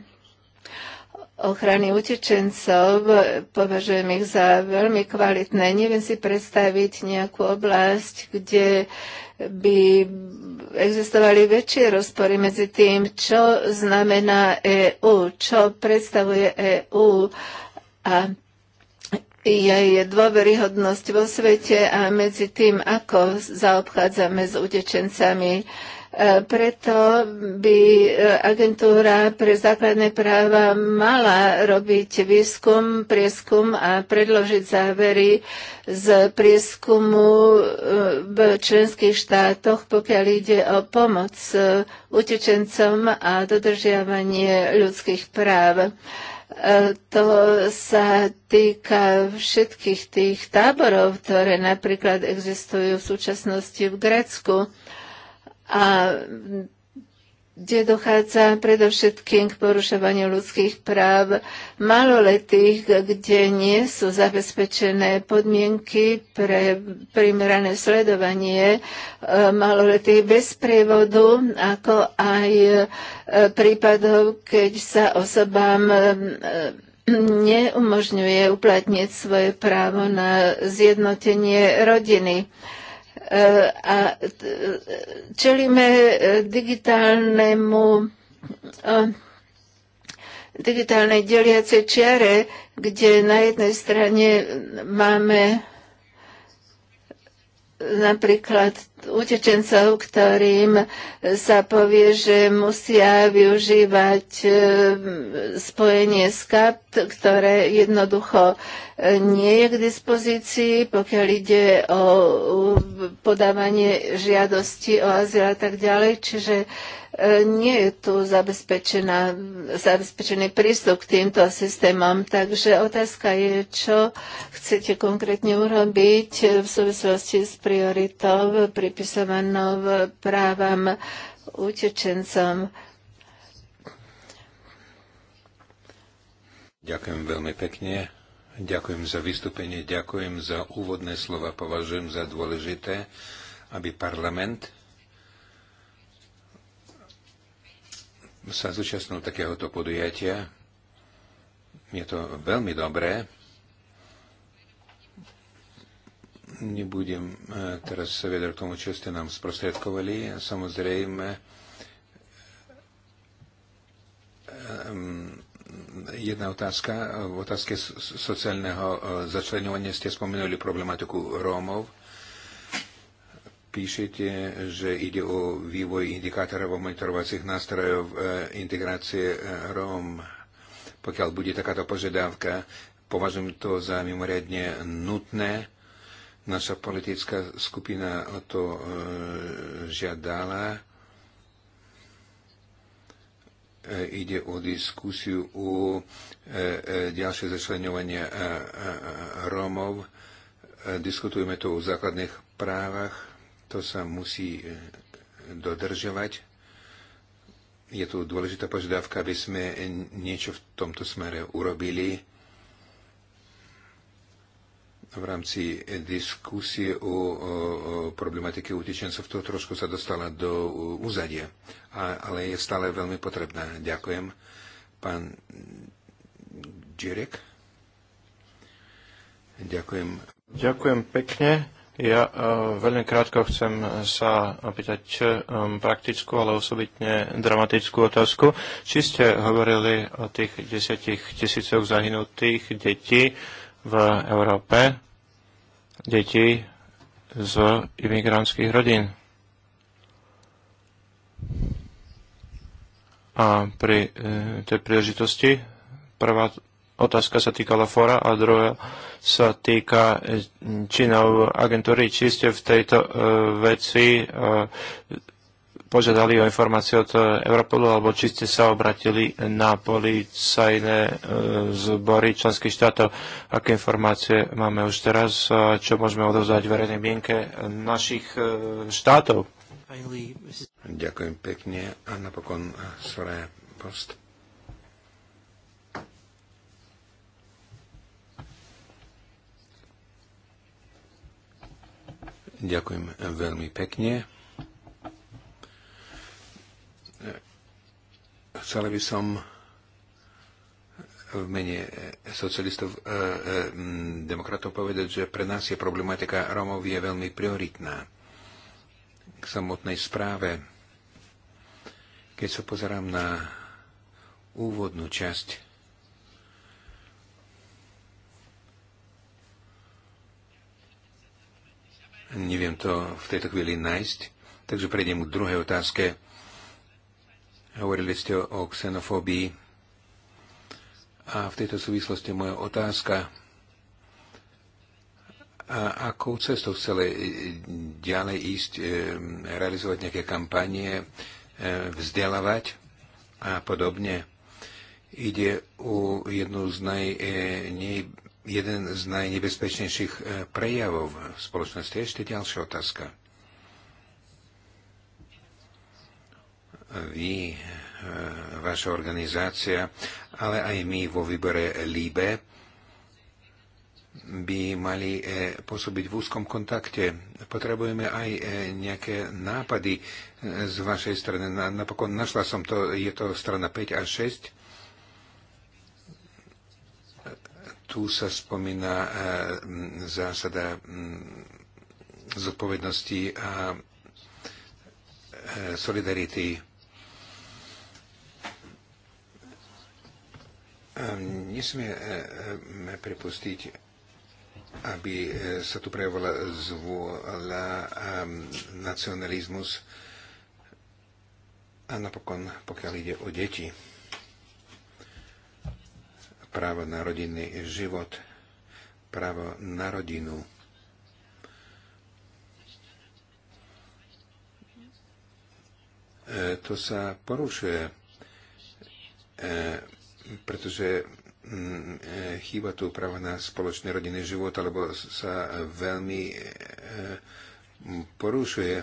ochrany utečencov. Považujem ich za veľmi kvalitné. Neviem si predstaviť nejakú oblasť, kde by existovali väčšie rozpory medzi tým, čo znamená EÚ, čo predstavuje EÚ a jej dôveryhodnosť vo svete a medzi tým, ako zaobchádzame s utečencami E, preto by e, agentúra pre základné práva mala robiť výskum, prieskum a predložiť závery z prieskumu e, v členských štátoch, pokiaľ ide o pomoc utečencom a dodržiavanie ľudských práv to sa týka všetkých tých táborov, ktoré napríklad existujú v súčasnosti v Grécku a kde dochádza predovšetkým k porušovaniu ľudských práv maloletých, kde nie sú zabezpečené podmienky pre primerané sledovanie e, maloletých bez prievodu, ako aj e, prípadov, keď sa osobám e, neumožňuje uplatniť svoje právo na zjednotenie rodiny. Eh, a eh, čelíme eh, digitálnemu digitálnej deliacej čiare, kde na jednej strane máme napríklad utečencov, ktorým sa povie, že musia využívať e, spojenie SCAP, ktoré jednoducho e, nie je k dispozícii, pokiaľ ide o podávanie žiadosti o azyl a tak ďalej. Čiže e, nie je tu zabezpečený prístup k týmto systémom. Takže otázka je, čo chcete konkrétne urobiť v súvislosti s prioritou pri pripisovanou právam utečencom. Ďakujem veľmi pekne. Ďakujem za vystúpenie, ďakujem za úvodné slova. Považujem za dôležité, aby parlament sa zúčastnil takéhoto podujatia. Je to veľmi dobré. Nebudem e, teraz sa vedieť k tomu, čo ste nám sprostredkovali. Samozrejme, e, jedna otázka. V otázke sociálneho e, začlenovania ste spomenuli problematiku Rómov. Píšete, že ide o vývoj indikátorov a monitorovacích nástrojov integrácie Róm. Pokiaľ bude takáto požiadavka, považujem to za mimoriadne nutné Naša politická skupina o to e, žiadala. E, ide o diskusiu o e, ďalšie e, Rómov. Diskutujeme to o základných právach. To sa musí dodržovať je tu dôležitá požiadavka, aby sme niečo v tomto smere urobili v rámci diskusie o, o, problematike utečencov to trošku sa dostala do úzadia, a, ale je stále veľmi potrebná. Ďakujem. Pán Džirek. Ďakujem. Ďakujem pekne. Ja uh, veľmi krátko chcem sa opýtať um, praktickú, ale osobitne dramatickú otázku. Či ste hovorili o tých desiatich tisícoch zahynutých detí, uh, v Európe deti z imigrantských rodín. A pri e, tej príležitosti prvá otázka sa týkala fora a druhá sa týka e, činov agentúry. Či ste v tejto e, veci e, požiadali o informáciu od eh, Europolu, alebo či ste sa obratili na policajné eh, zbory členských štátov. Aké informácie máme už teraz? Čo môžeme odovzdať verejnej mienke našich eh, štátov? Ďakujem pekne. A napokon svoje Post. Ďakujem veľmi pekne. Chcela by som v mene socialistov, eh, eh, demokratov povedať, že pre nás je problematika Rómov je veľmi prioritná. K samotnej správe, keď sa pozerám na úvodnú časť, neviem to v tejto chvíli nájsť, takže prejdem k druhej otázke Hovorili ste o xenofóbii. A v tejto súvislosti moja otázka. A akou cestou chceli ďalej ísť, e, realizovať nejaké kampanie, e, vzdelávať a podobne? Ide o jednu z naj, nie, jeden z najnebezpečnejších e, prejavov v spoločnosti. Ešte ďalšia otázka. vy, e, vaša organizácia, ale aj my vo výbore LIBE by mali e, pôsobiť v úzkom kontakte. Potrebujeme aj e, nejaké nápady z vašej strany. Napokon našla som to, je to strana 5 a 6. Tu sa spomína zásada mm, zodpovednosti a solidarity Ehm, Nesmieme e, pripustiť, aby e, sa tu prejavovala zvola ehm, nacionalizmus a napokon, pokiaľ ide o deti, právo na rodinný život, právo na rodinu, e, to sa porušuje pretože mm, e, chýba tu práva na spoločný rodinný život, alebo sa veľmi e, porušuje.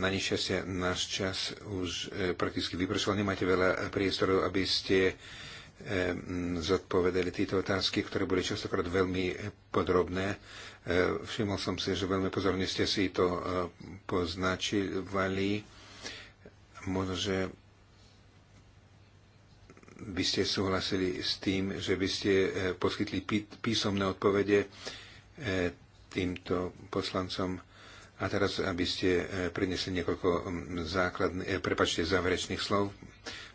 Na nešťastie náš čas už e, prakticky vypršil. Nemáte veľa priestorov, aby ste zodpovedali tieto otázky, ktoré boli častokrát veľmi podrobné. Všimol som si, že veľmi pozorne ste si to poznačovali Možno, že by ste súhlasili s tým, že by ste e, poskytli písomné odpovede e, týmto poslancom. A teraz, aby ste e, prinesli niekoľko základných, prepačte, záverečných slov,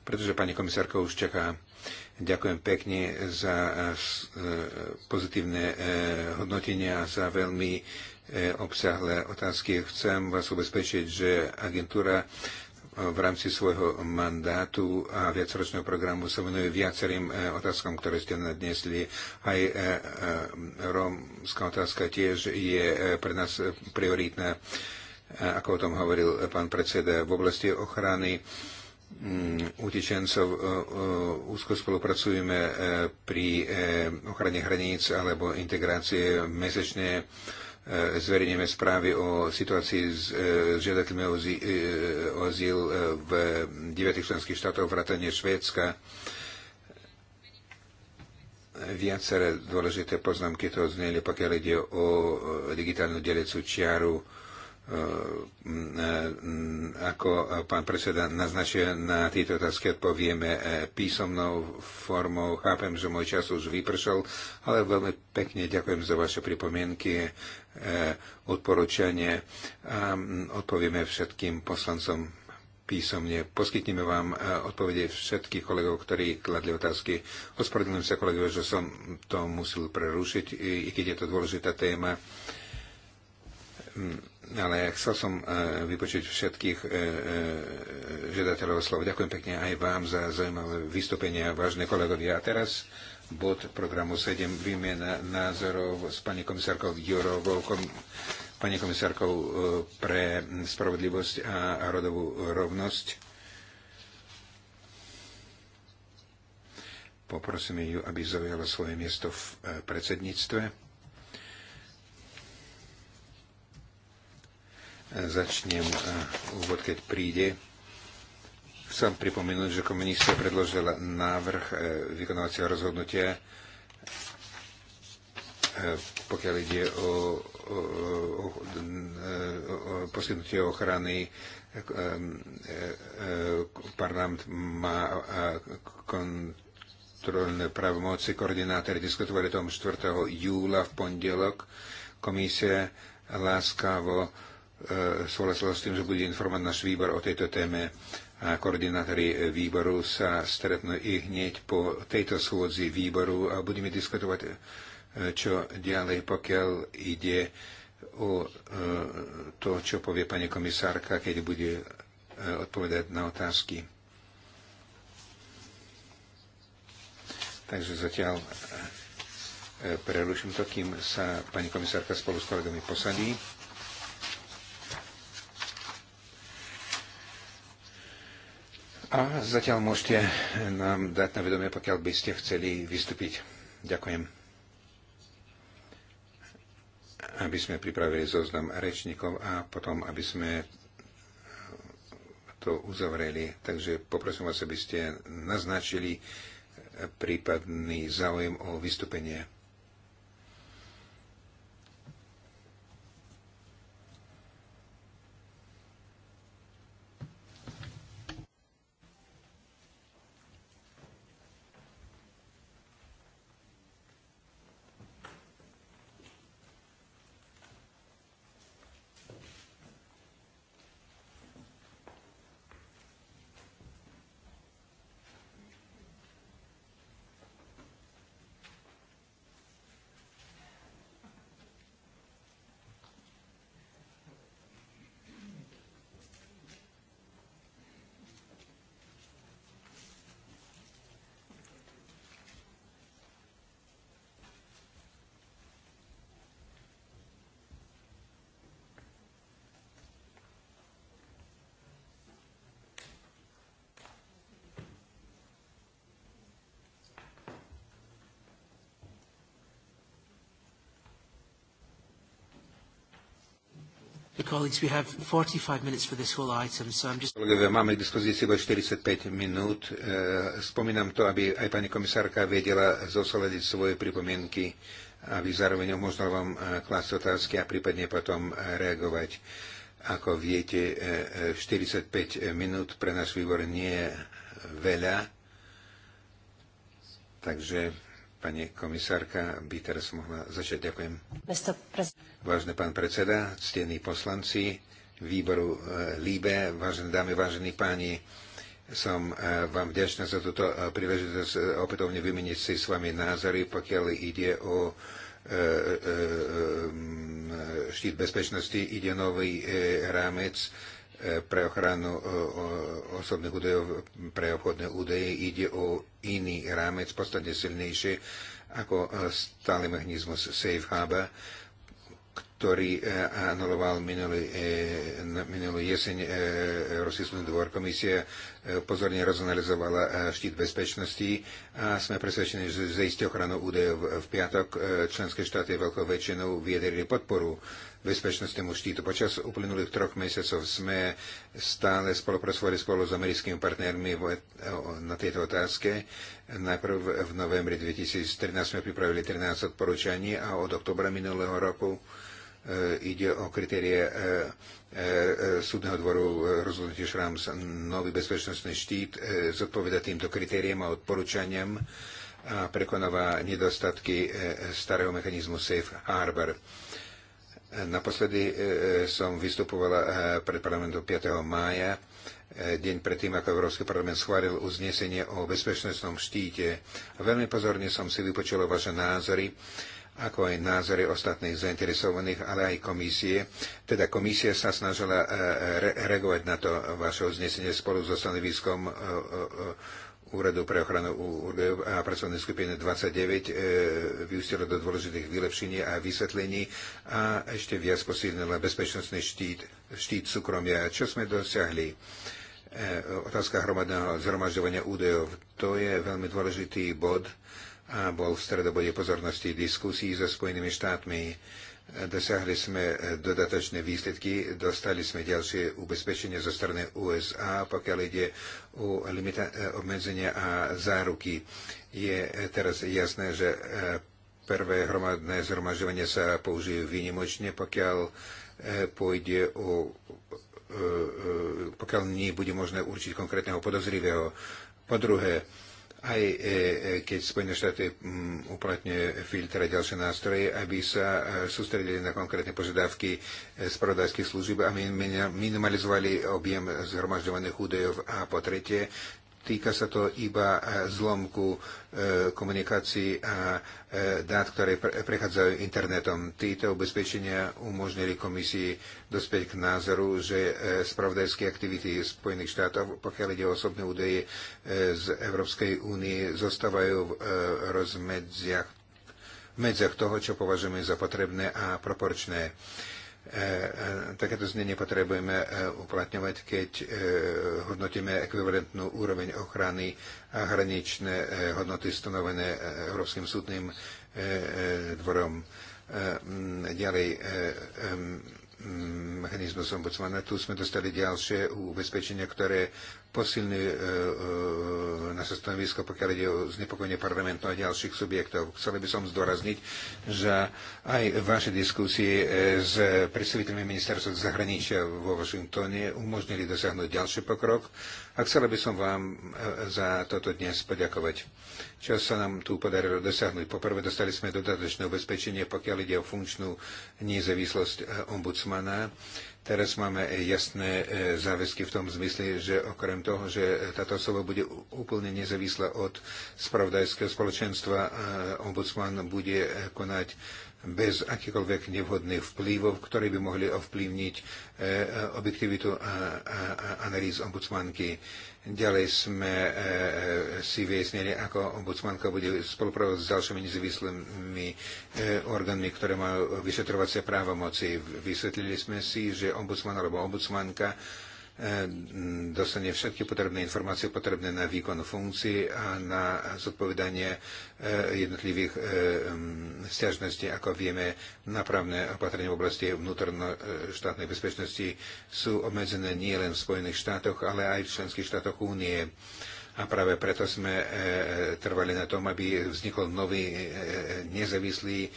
pretože pani komisárka už čaká. Ďakujem pekne za pozitívne hodnotenia a za veľmi obsahlé otázky. Chcem vás ubezpečiť, že agentúra v rámci svojho mandátu a viacročného programu sa venuje viacerým eh, otázkom, ktoré ste nadnesli. Aj eh, eh, rómska otázka tiež je pre nás prioritná, ako o tom hovoril pán predseda, v oblasti ochrany mm, utečencov úzko spolupracujeme pri ochrane hraníc alebo integrácie mesačne E, zverejneme správy o situácii s e, žiadateľmi o zi, e, o azyl v 9 členských štátoch vrátane Švédska. Viaceré dôležité poznámky to zneli, pokiaľ ide o digitálnu delecu čiaru Ehm, ako pán predseda naznačuje, na tieto otázky odpovieme e, písomnou formou. Chápem, že môj čas už vypršol, ale veľmi pekne ďakujem za vaše pripomienky, e, odporúčanie a odpovieme všetkým poslancom písomne. Poskytneme vám e, odpovede všetkých kolegov, ktorí kladli otázky. Ospravedlňujem sa kolegov, že som to musel prerušiť, i keď je to dôležitá téma ehm, ale chcel som e, vypočuť všetkých e, e, žiadateľov slov. Ďakujem pekne aj vám za zaujímavé vystúpenia, vážne kolegovia. A teraz bod programu 7, výmena názorov s pani komisárkou Jurovou, kom, pani komisárkou pre spravodlivosť a rodovú rovnosť. Poprosím ju, aby zaujala svoje miesto v predsedníctve. Začnem e, úvod, keď príde. Chcem pripomenúť, že komunista predložila návrh e, vykonávacieho rozhodnutia, e, pokiaľ ide o, o, o, o poskytnutie ochrany parlament má kontrolné pravomoci. Koordinátori diskutovali o tom 4. júla v pondelok. Komisia láskavo E, súhlasila s tým, že bude informovať náš výbor o tejto téme a koordinátori výboru sa stretnú i hneď po tejto schôdzi výboru a budeme diskutovať, e, čo ďalej, pokiaľ ide o e, to, čo povie pani komisárka, keď bude odpovedať na otázky. Takže zatiaľ preruším to, kým sa pani komisárka spolu s kolegami posadí. A zatiaľ môžete nám dať na vedomie, pokiaľ by ste chceli vystúpiť. Ďakujem. Aby sme pripravili zoznam rečníkov a potom, aby sme to uzavreli. Takže poprosím vás, aby ste naznačili prípadný záujem o vystúpenie. Kolegovia, máme k dispozícii iba 45 minút. Eh, spomínam to, aby aj pani komisárka vedela zosledať svoje pripomienky, aby zároveň umožnila vám eh, klásť otázky a prípadne potom eh, reagovať. Ako viete, 45 minút pre náš výbor nie je veľa, takže Pani komisárka by teraz mohla začať. Ďakujem. Vážne pán predseda, ctení poslanci výboru eh, Líbe, vážené dámy, vážení páni, som eh, vám vďačná za túto eh, príležitosť opätovne vymeniť si s vami názory, pokiaľ ide o mm, štít bezpečnosti, ide nový rámec pre ochranu e, osobných údajov, pre obchodné údaje ide o iný rámec, podstatne silnejšie ako e, stály mechanizmus Safe Hub, ktorý e, anuloval minulý, minulý jeseň Rosijský dvor. komisie, pozorne rozanalizovala štít bezpečnosti a sme presvedčení, že zaistí ochranu údajov v piatok členské štáty veľkou väčšinou viedeli podporu bezpečnostnému štítu. Počas uplynulých troch mesiacov sme stále spolupracovali spolu s americkými partnermi na tejto otázke. Najprv v novembri 2013 sme pripravili 13 odporúčaní a od oktobra minulého roku e, ide o kritérie e, e, súdneho dvoru rozhodnutí Šrams. Nový bezpečnostný štít zodpoveda týmto kritériem a odporúčaniam a prekonáva nedostatky starého mechanizmu Safe Harbor. Naposledy e, e, som vystupovala e, pred parlamentom 5. mája, deň predtým, ako Európsky parlament schválil uznesenie o bezpečnostnom štíte. Veľmi pozorne som si vypočul vaše názory, ako aj názory ostatných zainteresovaných, ale aj komisie. Teda komisia sa snažila re reagovať na to vaše uznesenie spolu so stanoviskom Úradu pre ochranu údajov a pracovnej skupiny 29 e, vyústilo do dôležitých vylepšení a vysvetlení a ešte viac posilnila bezpečnostný štít, štít súkromia. Čo sme dosiahli? E, otázka hromadného zhromažďovania údajov. To je veľmi dôležitý bod a bol v stredobode pozornosti diskusí so Spojenými štátmi Dosiahli sme e, dodatočné výsledky, dostali sme ďalšie ubezpečenie zo strany USA, pokiaľ ide o limita, e, obmedzenia a záruky. Je e, teraz jasné, že prvé hromadné zhromažďovanie sa použije výnimočne, pokiaľ pôjde o pokiaľ nie bude možné určiť konkrétneho podozrivého. Po druhé, aj e, e, keď Spojené štáty m, mm, uplatňuje filtre a ďalšie nástroje, aby sa e, sústredili na konkrétne požiadavky e, spravodajských služieb a minimalizovali objem zhromažďovaných údajov. A po tretie, týka sa to iba e, zlomku e, komunikácií a e, dát, ktoré prechádzajú internetom. Títo ubezpečenia umožnili komisii dospieť k názoru, že spravodajské aktivity Spojených štátov, pokiaľ ide o osobné údaje z Európskej únie, zostávajú v rozmedziach medziach toho, čo považujeme za potrebné a proporčné. E, E, e, takéto znenie potrebujeme e, uplatňovať, keď hodnotíme ekvivalentnú úroveň ochrany a hraničné hodnoty stanovené Európskym súdnym dvorom. Ďalej mechanizmus ombudsmana. Tu sme dostali ďalšie ubezpečenia, ktoré posilňuje e, naše stanovisko, pokiaľ ide o znepokojenie parlamentu a ďalších subjektov. Chcel by som zdôrazniť, že aj vaše diskusie e, s predstaviteľmi ministerstva zahraničia vo Washingtone umožnili dosiahnuť ďalší pokrok a chcel by som vám e, za toto dnes poďakovať. Čo sa nám tu podarilo dosiahnuť? Poprvé dostali sme dodatočné ubezpečenie, pokiaľ ide o funkčnú nezávislosť ombudsmana Teraz máme jasné e, záväzky v tom zmysle, že okrem toho, že táto osoba bude úplne nezávislá od spravodajského spoločenstva, e, ombudsman bude e, konať bez akýchkoľvek nevhodných vplyvov, ktoré by mohli ovplyvniť objektivitu a analýz ombudsmanky. Ďalej sme e, e, si vyjasnili, ako ombudsmanka bude spolupracovať s ďalšími nezávislými e, orgánmi, ktoré majú vyšetrovacie právomoci. Vysvetlili sme si, že ombudsman alebo ombudsmanka e, Ehm, dostane všetky potrebné informácie potrebné na výkon funkcií a na zodpovedanie eh, jednotlivých eh, mm, stiažností. Ako vieme, napravné opatrenia v oblasti vnútornoštátnej eh, bezpečnosti sú obmedzené nielen v Spojených štátoch, ale aj v členských štátoch únie. A práve preto sme e, e, trvali na tom, aby vznikol nový e, nezávislý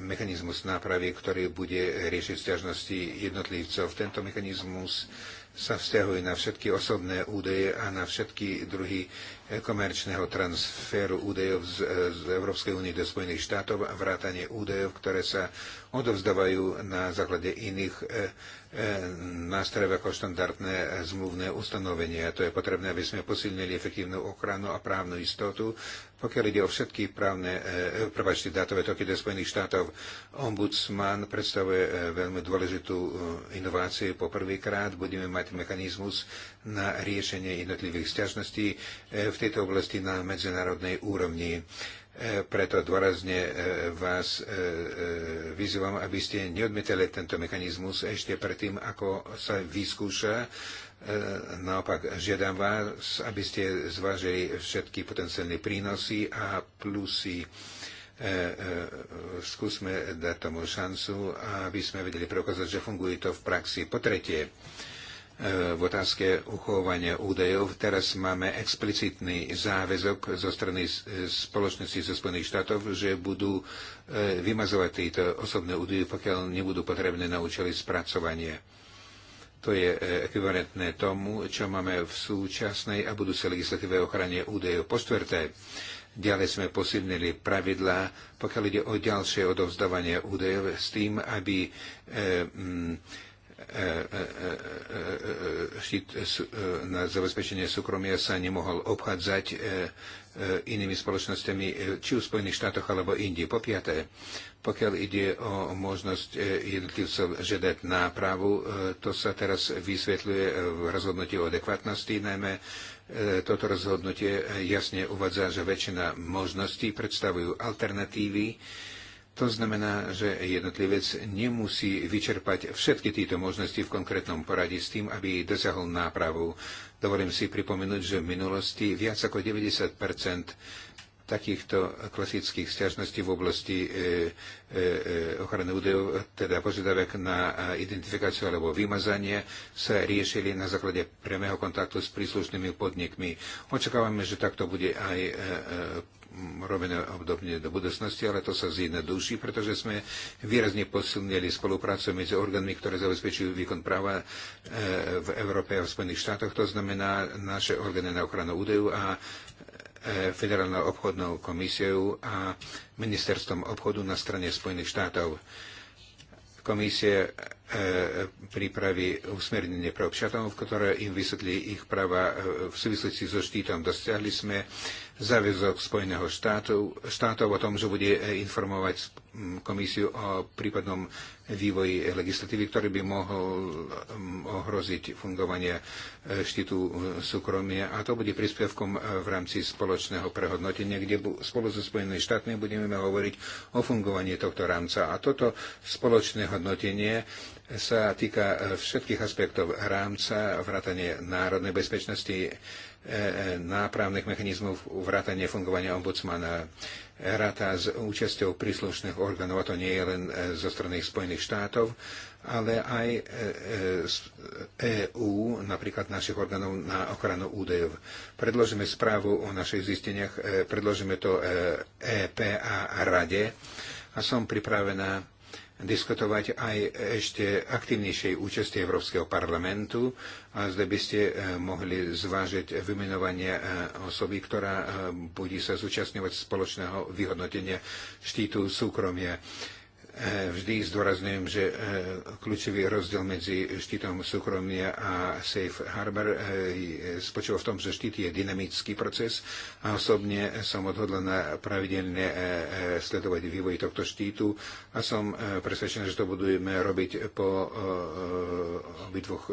mechanizmus nápravy, ktorý bude riešiť stiažnosti jednotlivcov. Tento mechanizmus sa vzťahuje na všetky osobné údaje a na všetky druhy komerčného transferu údajov z, z Európskej únie do Spojených štátov a vrátanie údajov, ktoré sa odovzdávajú na základe iných e, e, nástrojov ako štandardné zmluvné ustanovenia. To je potrebné, aby sme posilnili efektívnu ochranu a právnu istotu, pokiaľ ide o všetky právne, e, prebačte, dátové toky do Spojených štátov. Ombudsman predstavuje veľmi dôležitú inováciu. Po prvýkrát budeme mať mechanizmus na riešenie jednotlivých stiažností v tejto oblasti na medzinárodnej úrovni. E, preto dôrazne e, vás e, vyzývam, aby ste neodmietali tento mechanizmus ešte predtým, ako sa vyskúša. Naopak, žiadam vás, aby ste zvážili všetky potenciálne prínosy a plusy. Skúsme dať tomu šancu, aby sme vedeli preukázať, že funguje to v praxi. Po tretie, v otázke uchovania údajov. Teraz máme explicitný záväzok zo strany spoločnosti zo Spojených štátov, že budú e, vymazovať tieto osobné údaje, pokiaľ nebudú potrebné na účely spracovania. To je e, ekvivalentné tomu, čo máme v súčasnej a budúcej legislatíve ochrane údajov. Po štvrté, Ďalej sme posilnili pravidlá, pokiaľ ide o ďalšie odovzdávanie údajov s tým, aby e, m, štít na zabezpečenie súkromia sa nemohol obchádzať inými spoločnosťami, či v Spojených štátoch alebo Indii. Po piaté, pokiaľ ide o možnosť jednotlivcov žiadať nápravu, to sa teraz vysvetľuje v rozhodnutí o adekvátnosti, najmä toto rozhodnutie jasne uvádza, že väčšina možností predstavujú alternatívy, to znamená, že jednotlivec nemusí vyčerpať všetky tieto možnosti v konkrétnom poradí s tým, aby dosiahol nápravu. Dovolím si pripomenúť, že v minulosti viac ako 90 takýchto klasických stiažností v oblasti e, e, e, ochrany údajov, teda požiadavek na e, identifikáciu alebo vymazanie, sa riešili na základe priamého kontaktu s príslušnými podnikmi. Očakávame, že takto bude aj e, e robené obdobne do budúcnosti, ale to sa zjednoduší, pretože sme výrazne posilnili spoluprácu medzi orgánmi, ktoré zabezpečujú výkon práva e, v Európe a v Spojených štátoch. To znamená naše orgány na ochranu údajov a e, Federálnou obchodnou komisiou a Ministerstvom obchodu na strane Spojených štátov. Komisie e, pripraví usmernenie pre občanov, ktoré im vysvetlí ich práva v súvislosti so štítom. Dosiahli sme záväzok Spojeného štátov, štátov o tom, že bude informovať komisiu o prípadnom vývoji legislatívy, ktorý by mohol mm, ohroziť fungovanie e, štítu e, súkromia. A to bude príspevkom e, v rámci spoločného prehodnotenia, kde spolu so Spojenými štátmi budeme hovoriť o fungovaní tohto rámca. A toto spoločné hodnotenie sa týka všetkých aspektov rámca, vrátanie národnej bezpečnosti, nápravných mechanizmov vrátania fungovania ombudsmana Rata s účasťou príslušných orgánov, a to nie je len e, zo strany Spojených štátov, ale aj e, e, z EÚ, napríklad našich orgánov na ochranu údajov. Predložíme správu o našich zisteniach, predložíme to EP a Rade a som pripravená diskutovať aj ešte aktívnejšej účasti Európskeho parlamentu a zde by ste eh, mohli zvážiť vymenovanie eh, osoby, ktorá eh, bude sa zúčastňovať spoločného vyhodnotenia štítu súkromia. Eh, vždy zdôrazňujem, že eh, kľúčový rozdiel medzi štítom súkromia a Safe Harbor eh, spočíva v tom, že štít je dynamický proces a osobne som odhodlaná pravidelne sledovať vývoj tohto štítu a som presvedčená, že to budeme robiť po obidvoch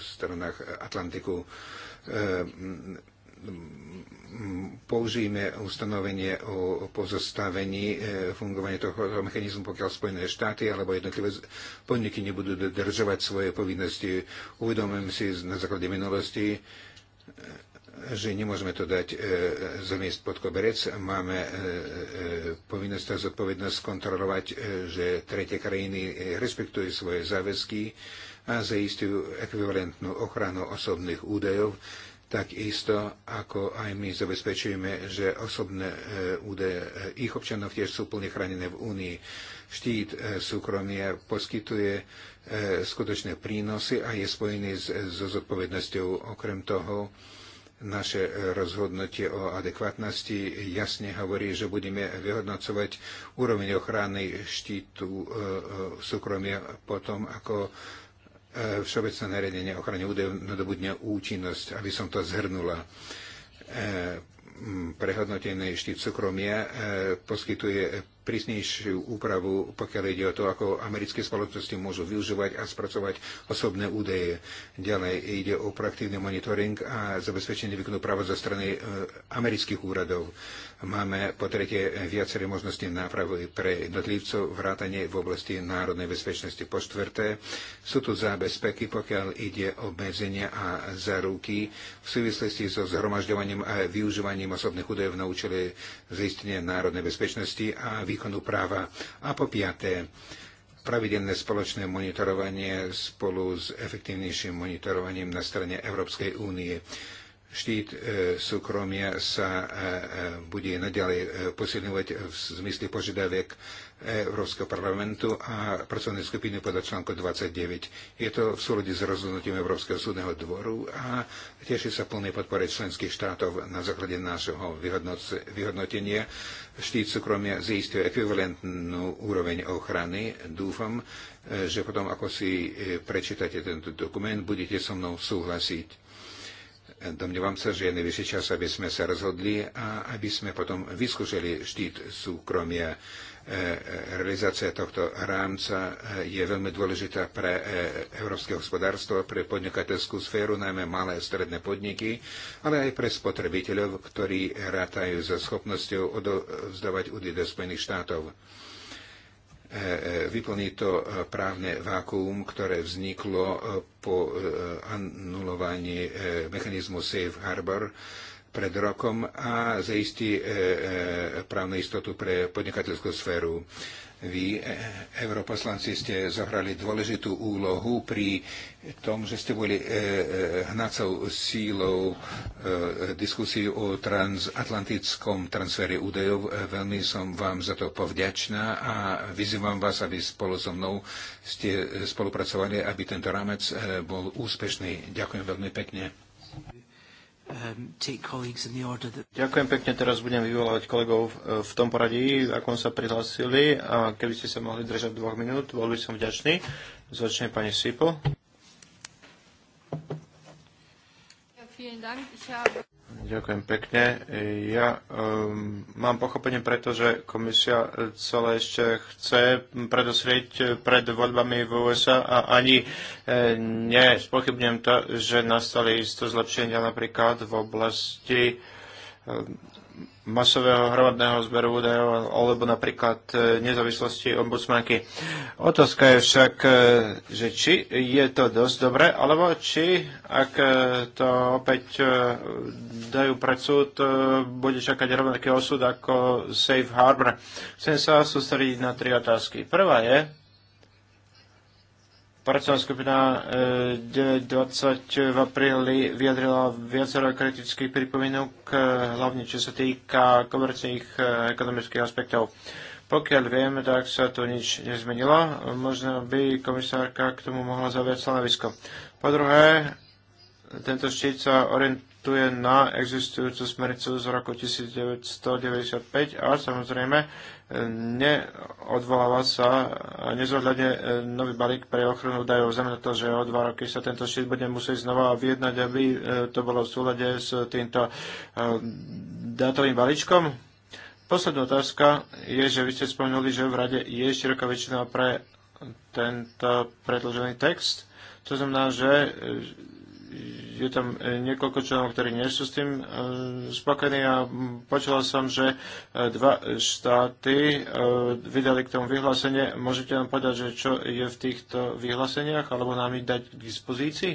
stranách Atlantiku použijeme ustanovenie o pozostavení e, fungovania tohto mechanizmu, pokiaľ Spojené štáty alebo jednotlivé podniky nebudú dodržovať svoje povinnosti. Uvedomujem si na základe minulosti, e, že nemôžeme to dať e, zamiesť pod koberec. Máme e, e, povinnosť a zodpovednosť kontrolovať, e, že tretie krajiny e, respektujú svoje záväzky a zaistujú ekvivalentnú ochranu osobných údajov Takisto ako aj my zabezpečujeme, že osobné e, údaje e, ich občanov tiež sú plne chránené v Únii. Štít e, súkromia poskytuje skutočné prínosy a je spojený so zodpovednosťou. Okrem toho, naše rozhodnutie o adekvátnosti jasne hovorí, že budeme vyhodnocovať úroveň ochrany štítu súkromia potom, ako E, všeobecné nariadenie ochrany údajov nadobudne účinnosť, aby som to zhrnula. E, Prehodnotený štít súkromia e, poskytuje prísnejšiu úpravu, pokiaľ ide o to, ako americké spoločnosti môžu využívať a spracovať osobné údaje. Ďalej ide o proaktívny monitoring a zabezpečenie výkonu práva zo strany amerických úradov. Máme po tretie viaceré možnosti nápravy pre jednotlivcov, vrátanie v oblasti národnej bezpečnosti. Po štvrté, sú tu zábezpeky, pokiaľ ide o obmedzenia a zaruky v súvislosti so zhromažďovaním a využívaním osobných údajov na účely zistenia národnej bezpečnosti a výkonu práva. A po piaté, pravidelné spoločné monitorovanie spolu s efektívnejším monitorovaním na strane Európskej únie štít e, súkromia sa e, e, bude naďalej posilňovať v zmysle požiadaviek Európskeho parlamentu a pracovnej skupiny podľa článku 29. Je to v súlade s rozhodnutím Európskeho súdneho dvoru a teší sa plnej podpore členských štátov na základe nášho vyhodnotenia. Štít súkromia zistuje ekvivalentnú úroveň ochrany. Dúfam, že potom, ako si prečítate tento dokument, budete so mnou súhlasiť Domnievam sa, že je najvyšší čas, aby sme sa rozhodli a aby sme potom vyskúšali štít súkromia. E, e, realizácia tohto rámca e, je veľmi dôležitá pre európske hospodárstvo, pre podnikateľskú sféru, najmä malé a stredné podniky, ale aj pre spotrebiteľov, ktorí rátajú so schopnosťou odovzdávať údy do Spojených štátov. E, e, vyplní to e, právne vákuum, ktoré vzniklo po anulovaní mechanizmu Safe Harbor pred rokom a zaistí právnu istotu pre podnikateľskú sféru. Vy, e, europoslanci, ste zohrali dôležitú úlohu pri tom, že ste boli e, e, hnacou sílou diskusí o transatlantickom transfere údajov. Veľmi som vám za to povďačná a vyzývam vás, aby spolu so mnou ste spolupracovali, aby tento rámec bol úspešný. Ďakujem veľmi pekne. Um, Ďakujem pekne, teraz budem vyvolávať kolegov eh, v tom poradí, v akom sa prihlásili a keby ste sa mohli držať dvoch minút, bol by som vďačný. Začne pani Sipo. Ďakujem pekne. Ja um, mám pochopenie preto, že komisia celé ešte chce predosrieť pred voľbami v USA a ani e, eh, nespochybnem to, že nastali isté zlepšenia napríklad v oblasti eh, masového hromadného zberu údajov alebo napríklad e, nezávislosti ombudsmanky. Otázka je však, e, že či je to dosť dobre, alebo či, ak e, to opäť dajú pred súd, bude čakať rovnaký osud ako Safe Harbor. Chcem sa sústrediť na tri otázky. Prvá je, Pracovná skupina 20 eh, v apríli vyjadrila viacero kritických pripomienok, eh, hlavne čo sa týka komerčných eh, ekonomických aspektov. Pokiaľ viem, tak sa tu nič nezmenilo. Možno by komisárka k tomu mohla zaviať stanovisko. Po druhé, tento štít sa orientuje na existujúcu smericu z roku 1995 a samozrejme neodvoláva sa a nezohľadne e, nový balík pre ochranu údajov. Znamená to, že o dva roky sa tento štít bude musieť znova vyjednať, aby e, to bolo v súlade s týmto e, dátovým balíčkom. Posledná otázka je, že vy ste spomenuli, že v rade je široká väčšina pre tento predložený text. To znamená, že je tam e, niekoľko členov, ktorí nie sú s tým e, spokojní a počula som, že e, dva štáty vydali k tomu vyhlásenie. Môžete nám povedať, že čo je v týchto vyhláseniach alebo nám ich dať k dispozícii?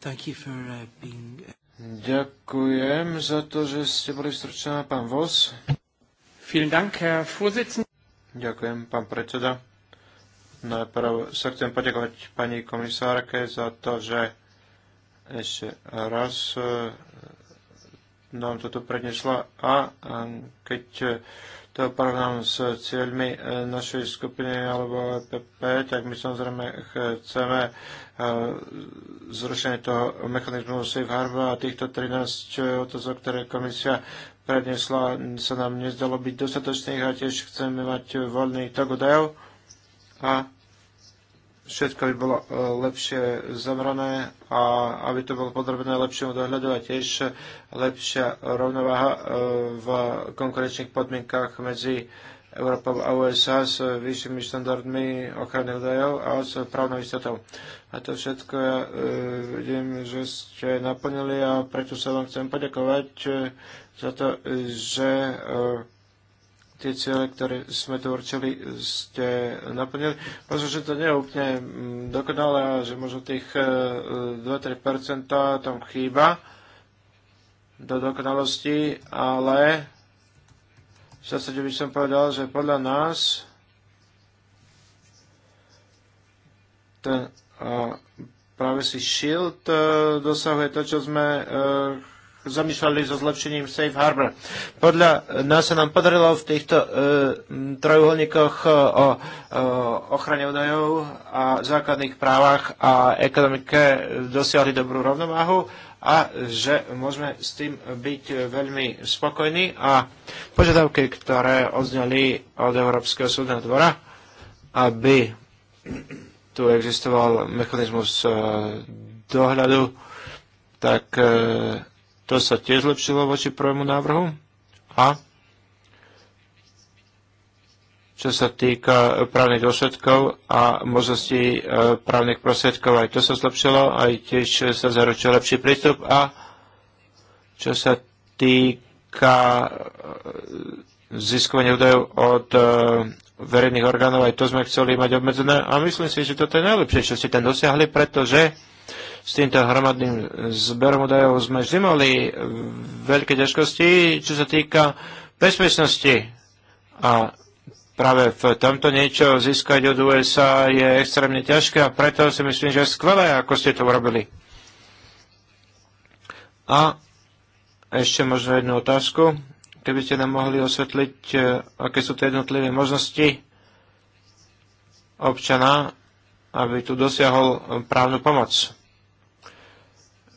Thank you for uh, being... Uh, Ďakujem za to, že ste boli stručná, pán Vos. Vielen Dank, Herr Vorsitzender. Ďakujem, pán predseda. Najprv sa chcem poďakovať pani komisárke za to, že ešte raz eh, nám toto prednesla a eh, keď to porovnám s cieľmi eh, našej skupiny alebo EPP, tak my samozrejme chceme zrušenie toho mechanizmu Safe Harbor a týchto 13 otázok, ktoré komisia prednesla, sa nám nezdalo byť dostatočných a tiež chceme mať voľný tok údajov a všetko by bolo e, lepšie zamrané a aby to bolo podrobené lepšiemu dohľadu a tiež lepšia rovnováha e, v konkurenčných podmienkách medzi Európou a USA s vyššími štandardmi ochrany údajov a s právnou istotou. A to všetko ja e, vidím, že ste naplnili a preto sa vám chcem poďakovať za to, že tie ciele, ktoré sme tu určili, ste naplnili. Možno, že to nie je úplne mm, dokonalé, že možno tých 2-3% e, e, tam chýba do dokonalosti, ale v zásade by som povedal, že podľa nás ten, práve si Shield e, dosahuje to, čo sme zamýšľali so zlepšením Safe Harbor. Podľa nás sa nám podarilo v týchto e, trojuholníkoch e, o e, ochrane údajov a základných právach a ekonomike dosiahli dobrú rovnováhu a že môžeme s tým byť veľmi spokojní a požiadavky, ktoré odzneli od Európskeho súdneho dvora, aby tu existoval mechanizmus e, dohľadu, tak e, to sa tiež zlepšilo voči prvému návrhu. A čo sa týka právnych dôsledkov a možností e, právnych prosvedkov, aj to sa zlepšilo, aj tiež sa zaručil lepší prístup. A čo sa týka e, získovania údajov od e, verejných orgánov, aj to sme chceli mať obmedzené. A myslím si, že toto je najlepšie, čo ste tam dosiahli, pretože s týmto hromadným zberom údajov sme vždy mali veľké ťažkosti, čo sa týka bezpečnosti. A práve v tomto niečo získať od USA je extrémne ťažké a preto si myslím, že je skvelé, ako ste to urobili. A ešte možno jednu otázku. Keby ste nám mohli osvetliť, e, aké sú tie jednotlivé možnosti občana, aby tu dosiahol právnu pomoc.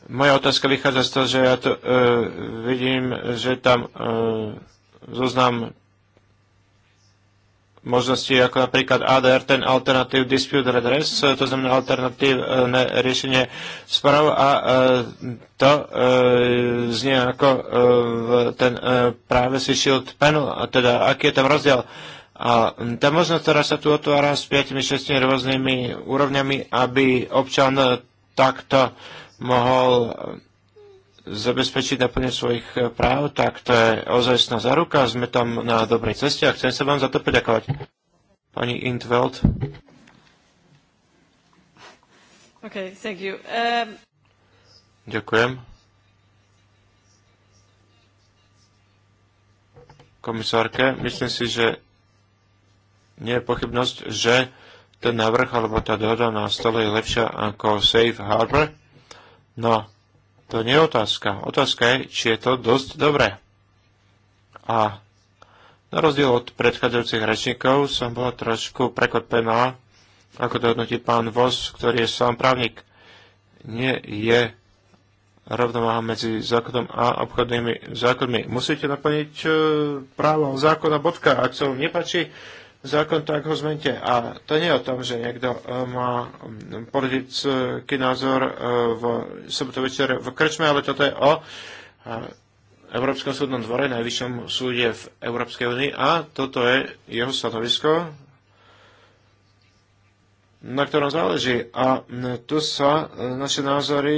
Moja otázka vychádza z toho, že ja to, e, vidím, že tam e, zoznam možnosti ako napríklad ADR, ten Alternative Dispute Redress, to znamená alternatívne riešenie sporov a e, to e, znie ako e, ten Privacy Shield Panel, a teda aký je tam rozdiel. A tá možnosť, ktorá sa tu otvára s 5-6 rôznymi úrovňami, aby občan takto mohol eh, zabezpečiť naplne svojich eh, práv, tak to je ozajstná záruka. Sme tam na dobrej ceste a chcem sa vám za to poďakovať. Pani Intveld. Okay, thank you. Um... Ďakujem. Komisárke, myslím si, že nie je pochybnosť, že ten návrh alebo tá dohoda na stole je lepšia ako Safe Harbor No, to nie je otázka. Otázka je, či je to dosť dobré. A na rozdiel od predchádzajúcich rečníkov som bola trošku prekvapená, ako to hodnotí pán Vos, ktorý je sám právnik. Nie je rovnováha medzi zákonom a obchodnými zákonmi. Musíte naplniť e, právo zákona bodka. Ak sa vám nepačí, zákon, tak ho zmente. A to nie je o tom, že niekto e, má politický názor e, v sobotu večer v krčme, ale toto je o e, Európskom súdnom dvore, najvyššom súde v Európskej únii a toto je jeho stanovisko, na ktorom záleží. A tu sa naše názory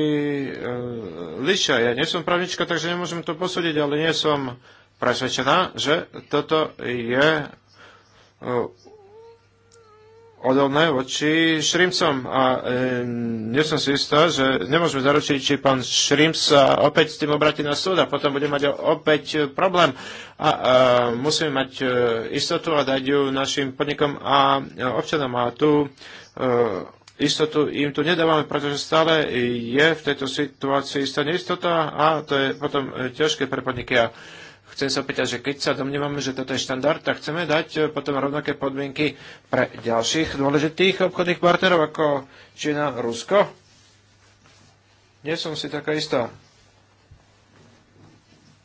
lišia. Ja nie som právnička, takže nemôžem to posúdiť, ale nie som presvedčená, že toto je odolné voči Šrimcom a e, nie som si istá, že nemôžeme zaručiť, či pán Šrimc sa opäť s tým obratí na súd a potom bude mať opäť e, problém. A, a e, musíme mať e, istotu a dať ju našim podnikom a e, občanom. A tu e, istotu im tu nedávame, pretože stále je v tejto situácii istá neistota a to je potom e, ťažké pre podniky. A, e, chcem sa opýtať, že keď sa domnievame, že toto je štandard, tak chceme dať e, potom rovnaké podmienky pre ďalších dôležitých obchodných partnerov ako Čína, Rusko? Nie som si taká istá.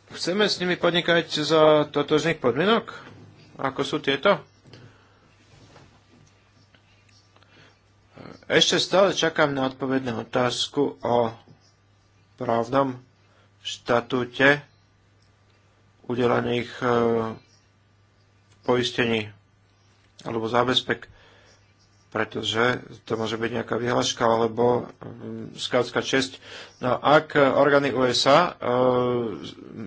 Chceme s nimi podnikať za totožných podmienok? Ako sú tieto? Ešte stále čakám na odpovednú otázku o právnom štatúte udelených e, poistení alebo zábezpek, pretože to môže byť nejaká vyhláška alebo mm, skautská česť. No ak orgány USA e,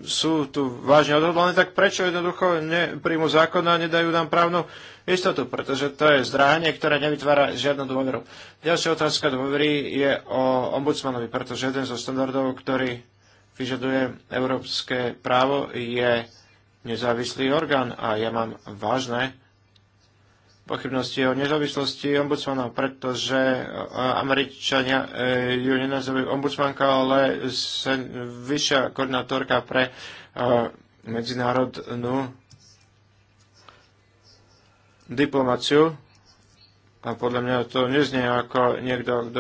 sú tu vážne odhodlané, tak prečo jednoducho nepríjmu zákona a nedajú nám právnu istotu, pretože to je zdráhanie, ktoré nevytvára žiadnu dôveru. Ďalšia otázka dôvery je o ombudsmanovi, pretože jeden zo standardov, ktorý vyžaduje európske právo, je nezávislý orgán a ja mám vážne pochybnosti o nezávislosti ombudsmana, pretože e, Američania e, ju nenazývajú ombudsmanka, ale vyššia koordinátorka pre e, medzinárodnú diplomáciu. A podľa mňa to neznie ako niekto,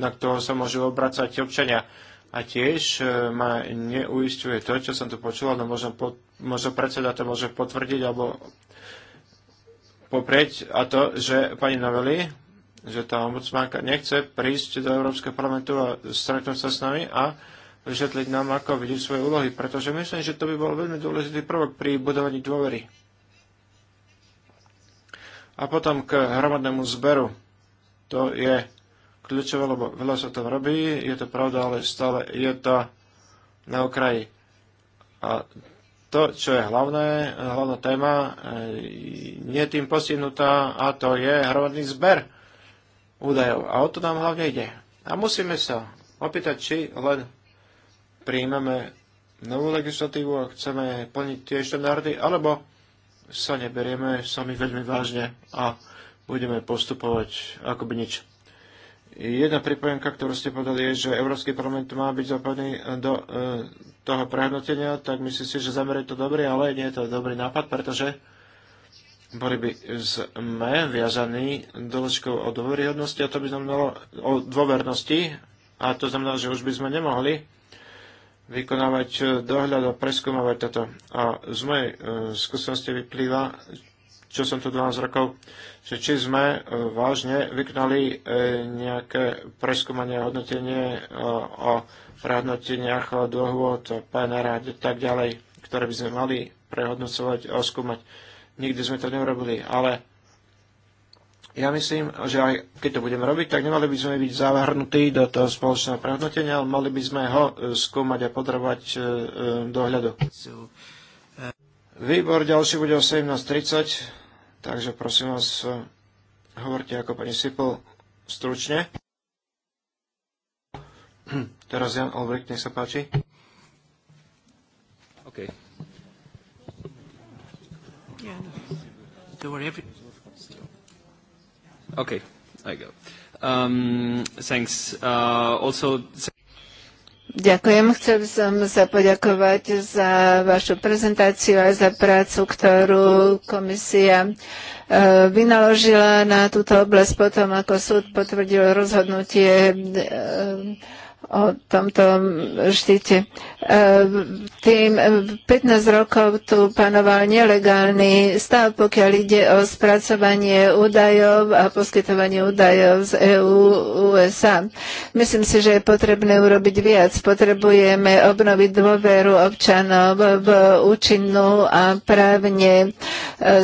na ktorého sa môžu obracať občania. A tiež e, ma neuistuje to, čo som tu počul, no možno, po, možno predseda to môže potvrdiť alebo poprieť a to, že pani Novely, že tá ombudsmanka nechce prísť do Európskeho parlamentu a stretnúť sa s nami a vysvetliť nám, ako vidieť svoje úlohy, pretože myslím, že to by bol veľmi dôležitý prvok pri budovaní dôvery. A potom k hromadnému zberu. To je kľúčové, lebo veľa sa tam robí, je to pravda, ale stále je to na okraji. A to, čo je hlavné, hlavná téma, nie tým postihnutá, a to je hromadný zber údajov. A o to nám hlavne ide. A musíme sa opýtať, či len príjmeme novú legislatívu a chceme plniť tie štandardy, alebo sa neberieme sami veľmi vážne a budeme postupovať ako by nič. Jedna pripojenka, ktorú ste podali, je, že Európsky parlament má byť zapojený eh, do e, toho prehodnotenia, tak myslím si, že zamer je to dobrý, ale nie je to dobrý nápad, pretože boli by sme viazaní doložkou o dôveryhodnosti a to by znamenalo o dôvernosti a to znamená, že už by sme nemohli vykonávať eh, dohľad a preskúmavať toto. A z mojej e, skúsenosti vyplýva, čo som tu 12 rokov, že či sme e, vážne vykonali e, nejaké preskúmanie a hodnotenie e, o prehodnoteniach od PNR a tak ďalej, ktoré by sme mali prehodnocovať a skúmať. Nikdy sme to neurobili, ale ja myslím, že aj keď to budeme robiť, tak nemali by sme byť zahrnutí do toho spoločného prehodnotenia, ale mali by sme ho skúmať a podrobať dohľadu. Výbor ďalší bude o 17.30. Takže prosím vás, hovorte ako pani Sipol stručne. Teraz Jan Olbrich, nech sa páči. OK. OK, I go. Um, thanks. Uh, also... Ďakujem. Chcel by som sa poďakovať za vašu prezentáciu a za prácu, ktorú komisia e, vynaložila na túto oblasť potom, ako súd potvrdil rozhodnutie e, o tomto štite. E, tým 15 eh, rokov tu panoval nelegálny stav, pokiaľ ide o spracovanie údajov a poskytovanie údajov z EU USA. Myslím si, že je potrebné urobiť viac. Potrebujeme obnoviť dôveru občanov v účinnú a právne eh,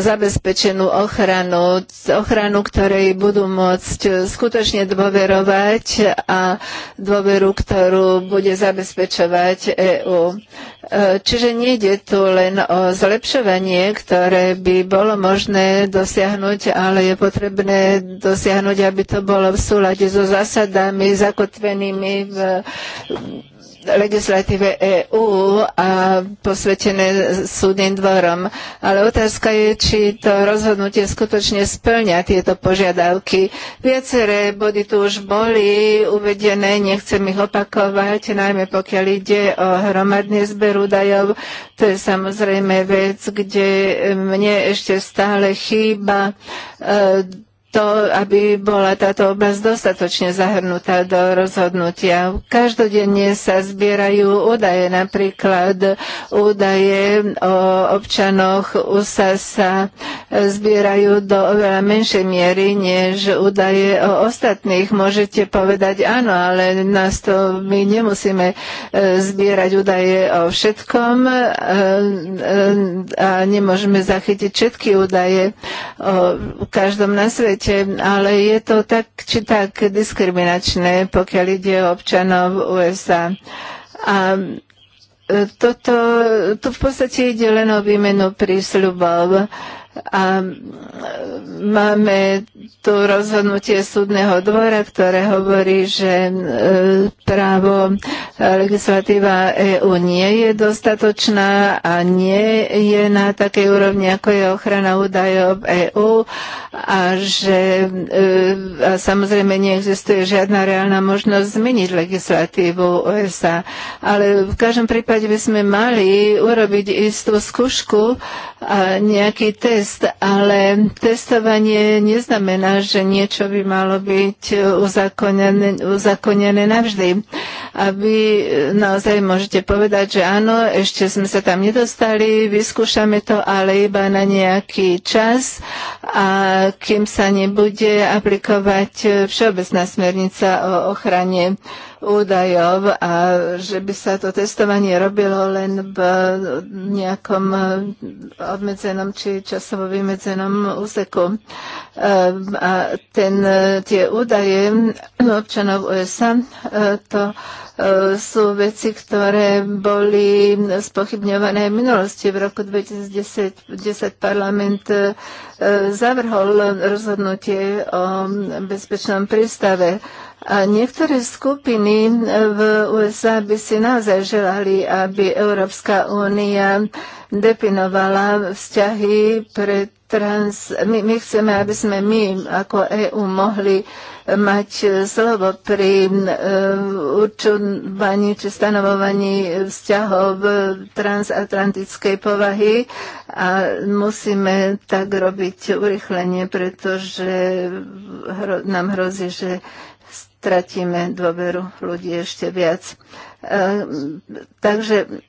zabezpečenú ochranu, ochranu, ktorej budú môcť skutočne dôverovať a dôveru, ktorú bude zabezpečovať EU. E, čiže nejde tu len o zlepšovanie, ktoré by bolo možné dosiahnuť, ale je potrebné dosiahnuť, aby to bolo v súlade so zásadami zakotvenými v legislatíve EÚ a posvetené súdnym dvorom. Ale otázka je, či to rozhodnutie skutočne splňa tieto požiadavky. Viaceré body tu už boli uvedené, nechcem ich opakovať, najmä pokiaľ ide o hromadný zber údajov. To je samozrejme vec, kde mne ešte stále chýba e, to, aby bola táto oblasť dostatočne zahrnutá do rozhodnutia. Každodenne sa zbierajú údaje, napríklad údaje o občanoch USA sa zbierajú do oveľa menšej miery, než údaje o ostatných. Môžete povedať áno, ale nás to my nemusíme e, zbierať údaje o všetkom e, e, a nemôžeme zachytiť všetky údaje o každom na svete svete, ale je to tak či tak diskriminačné, pokiaľ ide o občanov USA. A e, toto, tu v podstate ide len o výmenu prísľubov. A e, máme tu rozhodnutie súdneho dvora, ktoré hovorí, že e, právo e, legislatíva EÚ nie je dostatočná a nie je na takej úrovni, ako je ochrana údajov EÚ a že a samozrejme neexistuje žiadna reálna možnosť zmeniť legislatívu USA. Ale v každom prípade by sme mali urobiť istú skúšku a nejaký test test, ale testovanie neznamená, že niečo by malo byť uzakonené, uzakonené navždy. A vy naozaj môžete povedať, že áno, ešte sme sa tam nedostali, vyskúšame to, ale iba na nejaký čas a kým sa nebude aplikovať Všeobecná smernica o ochrane údajov a že by sa to testovanie robilo len v nejakom obmedzenom či časovo vymedzenom úseku. Ehm, a ten, tie údaje občanov USA e, to Eh, sú veci, ktoré boli spochybňované v minulosti. V roku 2010 parlament eh, zavrhol rozhodnutie o bezpečnom prístave. A niektoré skupiny v USA by si naozaj želali, aby Európska únia definovala vzťahy pre trans... My, my chceme, aby sme my ako EU mohli mať slovo pri e, určovaní či stanovovaní vzťahov transatlantickej povahy a musíme tak robiť urychlenie, pretože nám hrozí, že stratíme dôveru ľudí ešte viac. E, takže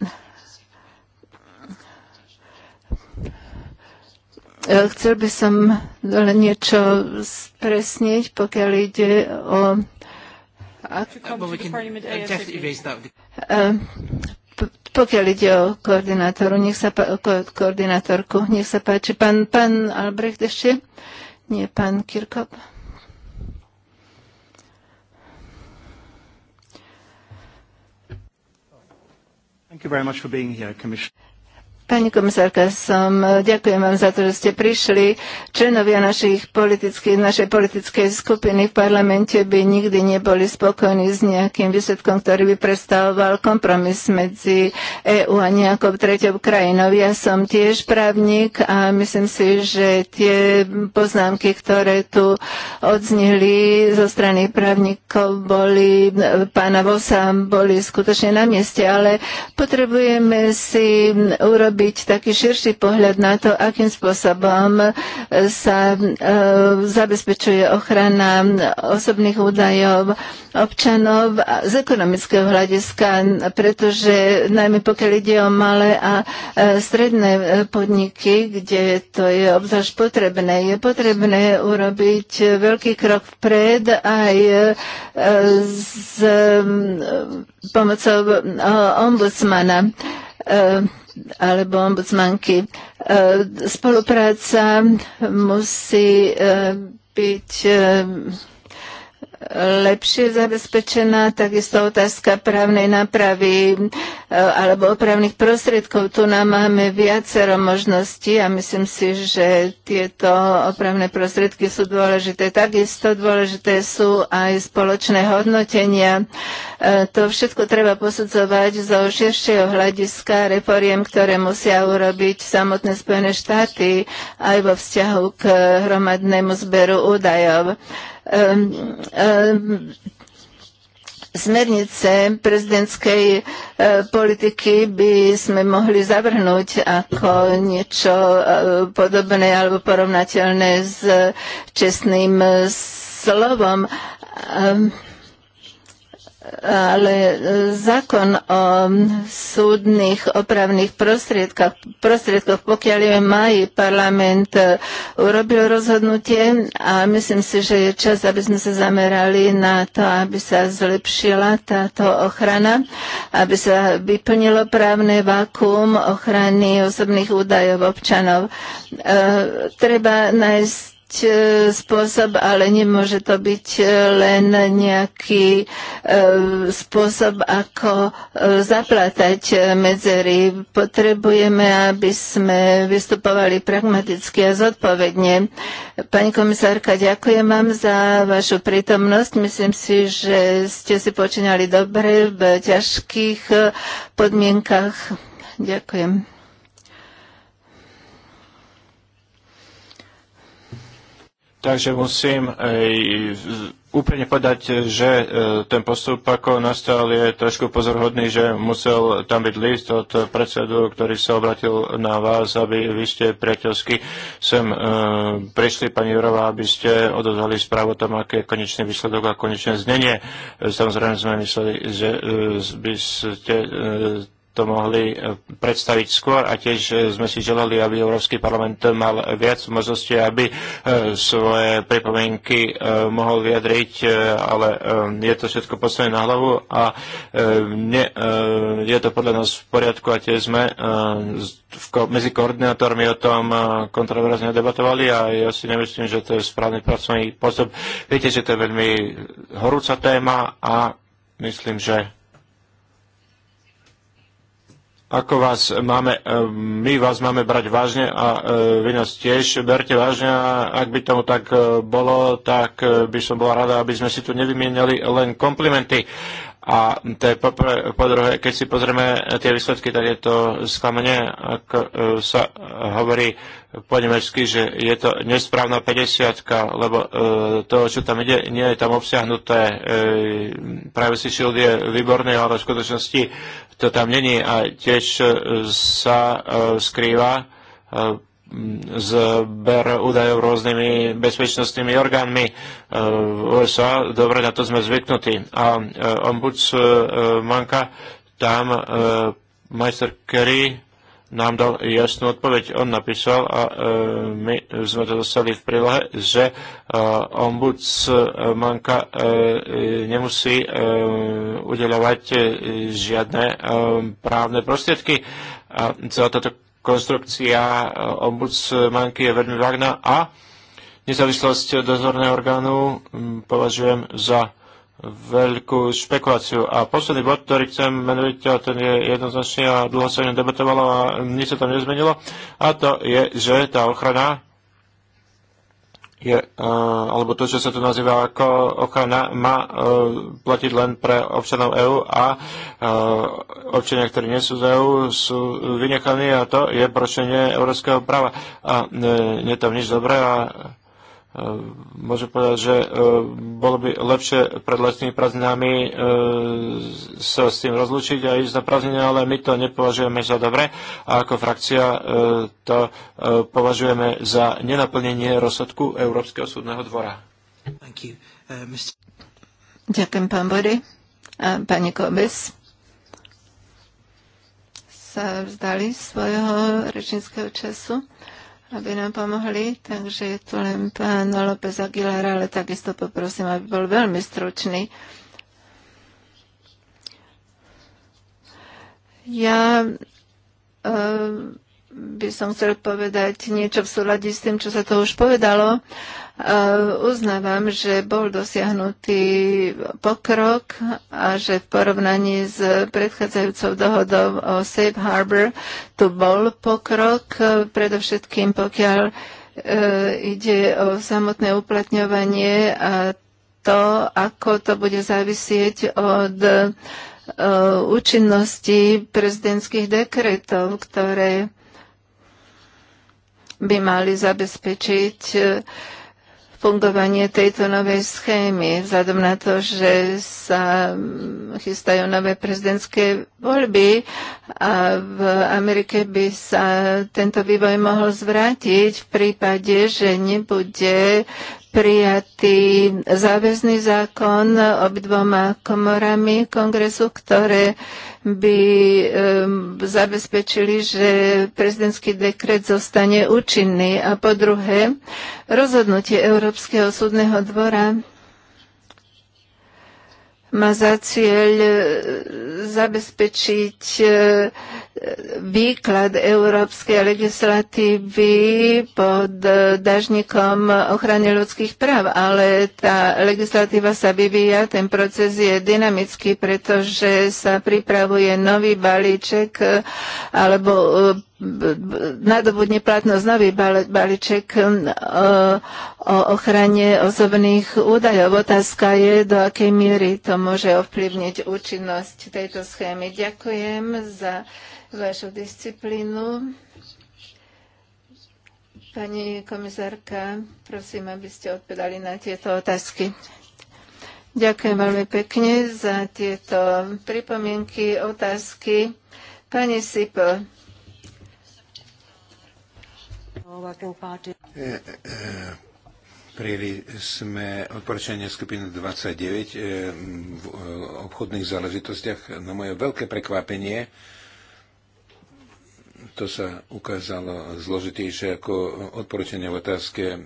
e, chcel by som len niečo spresniť, pokiaľ ide o e, pokiaľ ide o koordinátoru, nech sa, pa, ko, koordinátorku, nech sa páči. Pán, pán Albrecht ešte? Nie, pán Kirkop. Thank you very much for being here, Commissioner. Pani komisárka, som, ďakujem vám za to, že ste prišli. Členovia našich politických, našej politickej skupiny v parlamente by nikdy neboli spokojní s nejakým výsledkom, ktorý by predstavoval kompromis medzi EÚ a nejakou treťou krajinou. Ja som tiež právnik a myslím si, že tie poznámky, ktoré tu odznili zo strany právnikov, boli pána Vosa, boli skutočne na mieste, ale potrebujeme si urobiť byť taký širší pohľad na to, akým spôsobom sa e, zabezpečuje ochrana osobných údajov občanov z ekonomického hľadiska, pretože najmä pokiaľ ide o malé a e, stredné e, podniky, kde to je obzvlášť potrebné, je potrebné urobiť veľký krok vpred aj s pomocou ombudsmana alebo ombudsmanky. E, spolupráca musí e, byť e, lepšie zabezpečená, takisto otázka právnej nápravy eh, alebo opravných prostriedkov. Tu nám máme viacero možností a myslím si, že tieto opravné prostriedky sú dôležité. Takisto dôležité sú aj spoločné hodnotenia. Eh, to všetko treba posudzovať zo širšieho hľadiska reforiem, ktoré musia urobiť samotné Spojené štáty aj vo vzťahu k hromadnému zberu údajov. Ehm, ehm, smernice prezidentskej e, politiky by sme mohli zavrhnúť ako niečo e, podobné alebo porovnateľné s čestným slovom. E, ale e, zákon o súdnych opravných prostriedkach, prostriedkoch, pokiaľ je mají parlament e, urobil rozhodnutie a myslím si, že je čas, aby sme sa zamerali na to, aby sa zlepšila táto ochrana, aby sa vyplnilo právne vakuum ochrany osobných údajov občanov. E, treba nájsť E, spôsob, ale nemôže to byť e, len nejaký e, spôsob, ako zaplatať medzery. Potrebujeme, aby sme vystupovali pragmaticky a zodpovedne. Pani komisárka, ďakujem vám za vašu prítomnosť. Myslím si, že ste si počínali dobre v ťažkých podmienkach. Ďakujem. Takže musím úplne povedať, že e, ten postup, ako nastal, je trošku pozorhodný, že musel tam byť list od predsedu, ktorý sa obratil na vás, aby vy ste priateľsky sem e, prišli, pani Jurová, aby ste odozvali správu tam, aký je konečný výsledok a konečné znenie. E, samozrejme sme mysleli, že by ste to mohli e, predstaviť skôr a tiež e, sme si želali, aby Európsky parlament mal viac možností, aby e, svoje pripomienky mohol vyjadriť, ale je to všetko postavené na hlavu a nie, je to podľa nás v poriadku a tiež sme medzi koordinátormi o tom kontroverzne debatovali a ja si nemyslím, že to je správny pracovný postup. Viete, že to je veľmi horúca téma a myslím, že ako vás máme, e, my vás máme brať vážne a e, vy nás tiež berte vážne a ak by tomu tak e, bolo, tak by som bola rada, aby sme si tu nevymienali len komplimenty. A to je po, po druhé, keď si pozrieme tie výsledky, tak je to sklamanie, ak e, sa hovorí po nemecky, že je to nesprávna 50 lebo e, to, čo tam ide, nie je tam obsiahnuté. E, Privacy Shield je výborný, ale v skutočnosti to tam není a tiež sa skrýva zber údajov rôznymi bezpečnostnými orgánmi e, v USA. Dobre, na to sme zvyknutí. A e, ombudsmanka tam e, majster Kerry nám dal jasnú odpoveď. On napísal a my sme to dostali v prílohe, že e, ombudsmanka nemusí e, udeľovať žiadne právne prostriedky. A celá táto konstrukcia e, ombudsmanky je veľmi vágna a nezávislosť dozorného orgánu považujem za veľkú špekuláciu. A posledný bod, ktorý chcem menovať, a ten je jednoznačný a dlho sa o debatovalo a nič sa tam nezmenilo, a to je, že tá ochrana je, eh, alebo to, čo sa tu nazýva ako ochrana, má eh, platiť len pre občanov EÚ a eh, občania, ktorí nie sú z EÚ, sú vynechaní a to je porušenie európskeho práva. A nie je tam nič dobré a E, môžem povedať, že e, bolo by lepšie pred letnými prázdninami e, sa s tým rozlučiť a ísť na prázdniny, ale my to nepovažujeme za dobre a ako frakcia to považujeme za nenaplnenie rozsudku Európskeho súdneho dvora. Uh, Ďakujem, pán Bory. A pani Kobes sa vzdali svojho rečníckého času aby nám pomohli, takže je tu len pán López Aguilar, ale takisto poprosím, aby bol veľmi stručný. Ja uh, by som chcel povedať niečo v súľadí s tým, čo sa to už povedalo. Uh, Uznávam, že bol dosiahnutý pokrok a že v porovnaní s predchádzajúcou dohodou o Safe Harbor tu bol pokrok, predovšetkým pokiaľ e, ide o samotné uplatňovanie a to, ako to bude závisieť od e, účinnosti prezidentských dekretov, ktoré by mali zabezpečiť e, fungovanie tejto novej schémy, vzhľadom na to, že sa chystajú nové prezidentské voľby a v Amerike by sa tento vývoj mohol zvrátiť v prípade, že nebude prijatý záväzný zákon obidvoma komorami kongresu, ktoré by zabezpečili, že prezidentský dekret zostane účinný. A po druhé, rozhodnutie Európskeho súdneho dvora má za cieľ e, zabezpečiť e, výklad európskej legislatívy pod e, dažnikom ochrany ľudských práv, ale tá legislatíva sa vyvíja, ten proces je dynamický, pretože sa pripravuje nový balíček alebo nadobudne platnosť nový balíček um, o ochrane osobných údajov. Otázka je, do akej miery to môže ovplyvniť účinnosť tejto schémy. Ďakujem za vašu disciplínu. Pani komisárka, prosím, aby ste odpovedali na tieto otázky. Ďakujem veľmi pekne za tieto pripomienky, otázky. Pani Sipo, E, e, prijeli sme odporčenie skupiny 29 e, v obchodných záležitostiach. Na no, moje veľké prekvapenie, to sa ukázalo zložitejšie ako odporúčanie v otázke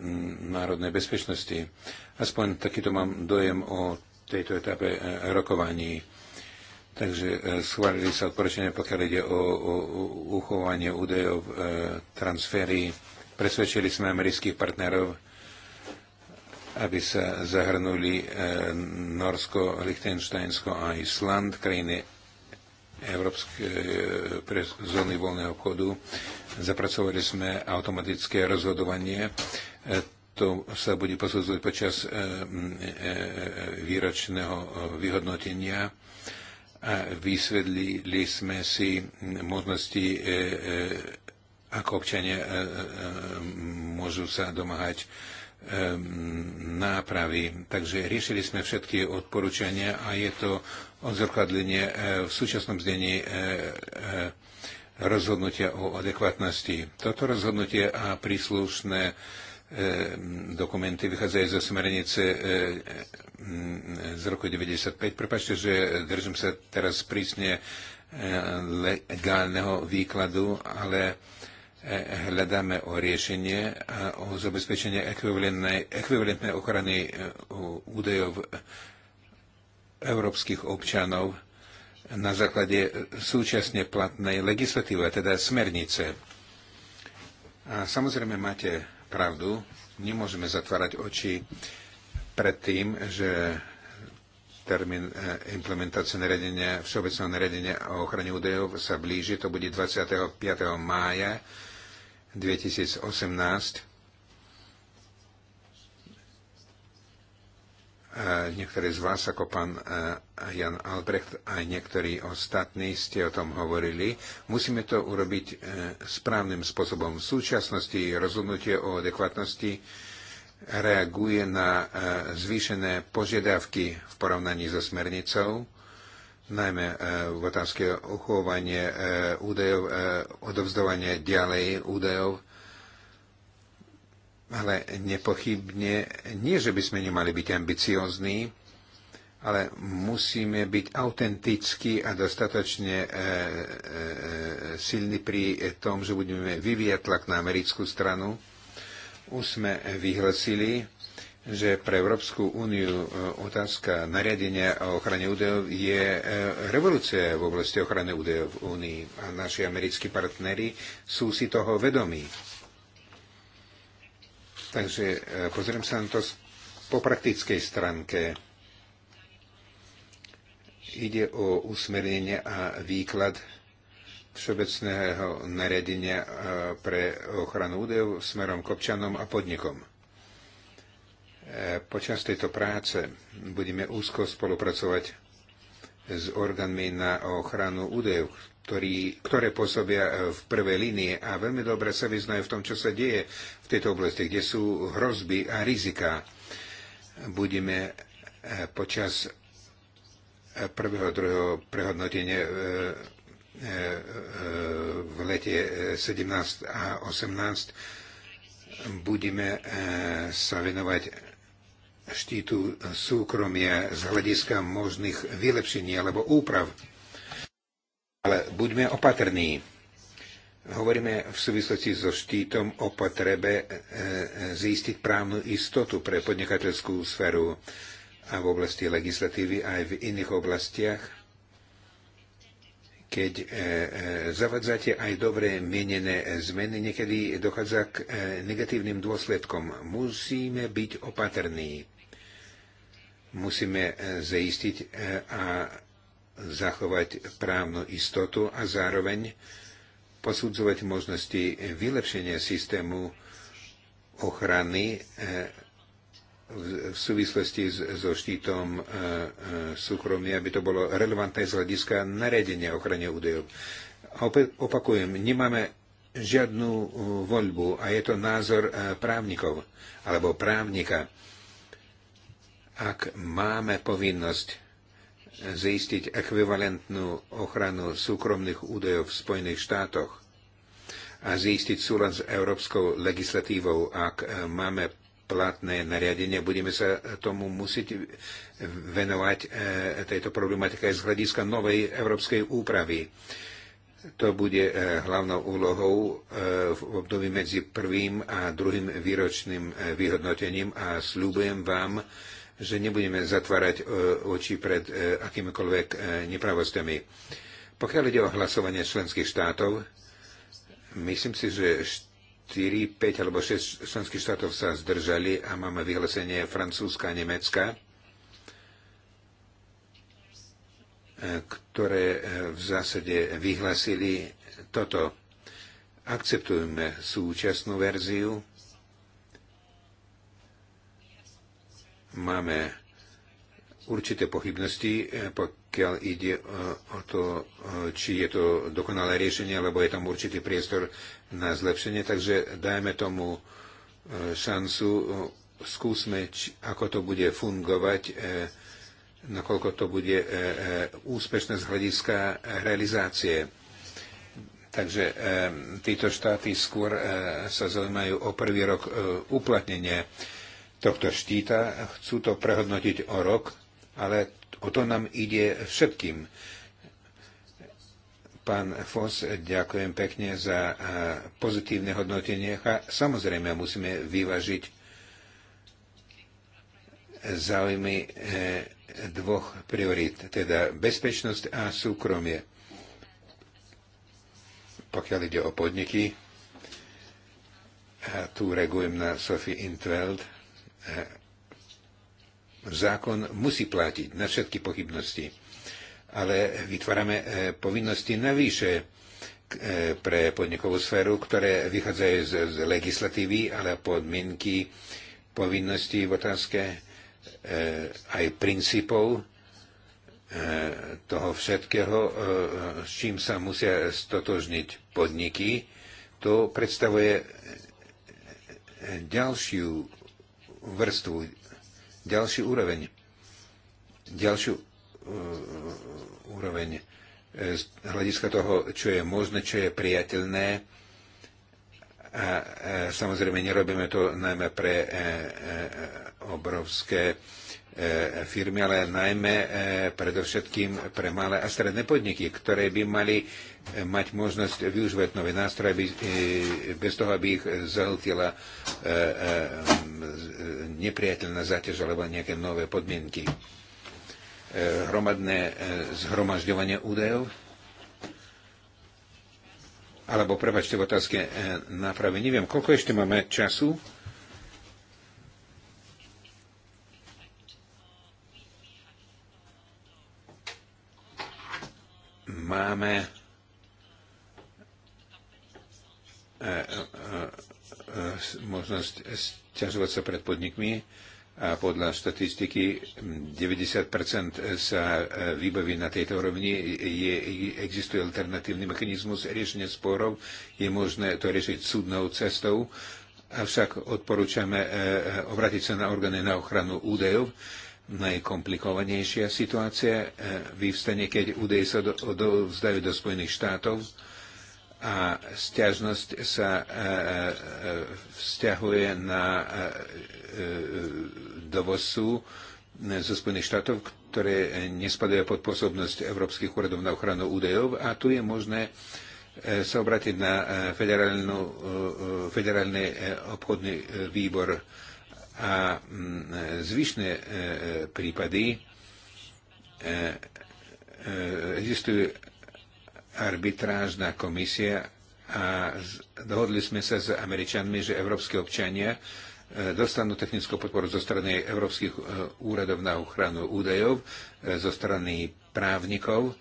národnej bezpečnosti. Aspoň takýto mám dojem o tejto etape rokovaní. Takže e, schválili sa odporúčania, pokiaľ ide o, o, o uchovanie údajov, e, transfery. Presvedčili sme amerických partnerov, aby sa zahrnuli e, Norsko, Liechtensteinsko a Island, krajiny Európskej e, zóny voľného obchodu. Zapracovali sme automatické rozhodovanie. E, to sa bude posudzovať počas e, e, výročného vyhodnotenia a vysvedlili sme si možnosti, e, e, ako občania e, môžu sa domáhať nápravy. Takže riešili sme všetky odporúčania a je to odzrkadlenie v súčasnom znení rozhodnutia o adekvátnosti. Toto rozhodnutie a príslušné Ehm, dokumenty vychádzajú zo smernice e, e, z roku 95. Prepačte, že držím sa teraz prísne e, legálneho výkladu, ale hľadáme o riešenie a o zabezpečenie ekvivalentnej, ekvivalentnej ochrany údajov európskych občanov na základe súčasne platnej legislatívy, teda smernice. A samozrejme máte pravdu. Nemôžeme zatvárať oči pred tým, že termín e, implementácie nariadenia, všeobecného nariadenia o ochrane údajov sa blíži. To bude 25. mája 2018 Eh, niektorí z vás, ako pán eh, Jan Albrecht aj niektorí ostatní ste o tom hovorili, musíme to urobiť eh, správnym spôsobom. V súčasnosti rozhodnutie o adekvátnosti reaguje na zvýšené požiadavky v porovnaní so smernicou, najmä v otázke uchovanie údajov, odovzdovanie ďalej údajov, ale nepochybne, nie že by sme nemali byť ambiciozní, ale musíme byť autentickí a dostatočne e, e, e, silní pri tom, že budeme vyvíjať tlak na americkú stranu. Už sme vyhlasili, že pre Európsku úniu e, otázka nariadenia o ochrane údajov je e, revolúcia v oblasti ochrany údajov v únii a naši americkí partnery sú si toho vedomí Takže e, pozriem sa na to po praktickej stránke. Ide o usmernenie a výklad všeobecného nariadenia e, pre ochranu údajov smerom k občanom a podnikom. E, počas tejto práce budeme úzko spolupracovať s orgánmi na ochranu údajov, ktorí, ktoré pôsobia e, v prvej línie a veľmi dobre sa vyznajú v tom, čo sa deje v tejto oblasti, kde sú hrozby a rizika. Budeme e, počas e, prvého, druhého prehodnotenia v lete 17 a 18 budeme sa venovať štítu súkromia z hľadiska možných vylepšení alebo úprav ale buďme opatrní. Hovoríme v súvislosti so štítom o potrebe e, e, zistiť právnu istotu pre podnikateľskú sféru a v oblasti legislatívy aj v iných oblastiach, keď e, zavadzate aj dobre mienené zmeny, niekedy dochádza k negatívnym dôsledkom. Musíme byť opatrní. Musíme zaistiť a zachovať právnu istotu a zároveň posudzovať možnosti vylepšenia systému ochrany e, v súvislosti so štítom e, e, súkromia, aby to bolo relevantné z hľadiska naredenia ochrany údajov. Opakujem, nemáme žiadnu voľbu a je to názor právnikov alebo právnika. Ak máme povinnosť zistiť ekvivalentnú ochranu súkromných údajov v Spojených štátoch a zistiť súlad s európskou legislatívou. Ak e, máme platné nariadenie, budeme sa tomu musieť venovať e, tejto problematike aj z hľadiska novej európskej úpravy. To bude e, hlavnou úlohou v období medzi prvým a druhým výročným vyhodnotením a slúbujem vám, že nebudeme zatvárať e, oči pred e, akýmikoľvek e, nepravostami. Pokiaľ ide o hlasovanie členských štátov, myslím si, že 4, 5 alebo 6 členských štátov sa zdržali a máme vyhlásenie Francúzska a Nemecka, ktoré v zásade vyhlasili toto. Akceptujeme súčasnú verziu máme určité pochybnosti, e, pokiaľ ide e, o to, e, či je to dokonalé riešenie, alebo je tam určitý priestor na zlepšenie. Takže dajme tomu šancu, skúsme, či, ako to bude fungovať, nakoľko to bude úspešné z hľadiska realizácie. Takže títo štáty skôr sa zaujímajú o prvý rok uplatnenia tohto štíta. Chcú to prehodnotiť o rok, ale o to nám ide všetkým. Pán Fos, ďakujem pekne za pozitívne hodnotenie. A samozrejme, musíme vyvažiť záujmy e, dvoch priorít, teda bezpečnosť a súkromie. Pokiaľ ide o podniky, a tu reagujem na Sophie Intveld, E, zákon musí platiť na všetky pochybnosti, ale vytvárame e, povinnosti navýše e, pre podnikovú sféru, ktoré vychádzajú z, z legislatívy, ale podmienky, povinnosti v otázke aj princípov toho všetkého, s čím sa musia stotožniť podniky, to predstavuje ďalšiu vrstvu, ďalší úroveň, ďalšiu uh, úroveň e, z hľadiska toho, čo je možné, čo je priateľné. A, a e, samozrejme nerobíme to najmä pre e, e, obrovské e, E, firmy, ale najmä e, predovšetkým pre malé a stredné podniky, ktoré by mali e, mať možnosť využívať nové nástroje bez toho, aby ich zahltila nepriateľná záťaž alebo nejaké nové podmienky. Hromadné zhromažďovanie údajov alebo prepačte v otázke nápravy. Neviem, koľko ešte máme času. máme e, e, e, možnosť sťažovať sa pred podnikmi a podľa štatistiky 90% sa výbaví na tejto úrovni. Je, existuje alternatívny mechanizmus riešenia sporov, je možné to riešiť súdnou cestou, avšak odporúčame obratiť sa na orgány na ochranu údajov, Najkomplikovanejšia situácia e, vyvstane, keď údej sa odovzdajú do, do, do Spojených štátov a stiažnosť sa e, e, vzťahuje na dovozcu zo Spojených štátov, ktoré nespadajú pod pôsobnosť Európskych úradov na ochranu údajov a tu je možné sa obratiť na federálny obchodný výbor a mm, e, zvyšné e, e, prípady existuje arbitrážna komisia a dohodli sme sa s Američanmi, že európske občania dostanú technickú podporu zo strany európskych úradov na ochranu údajov, zo strany právnikov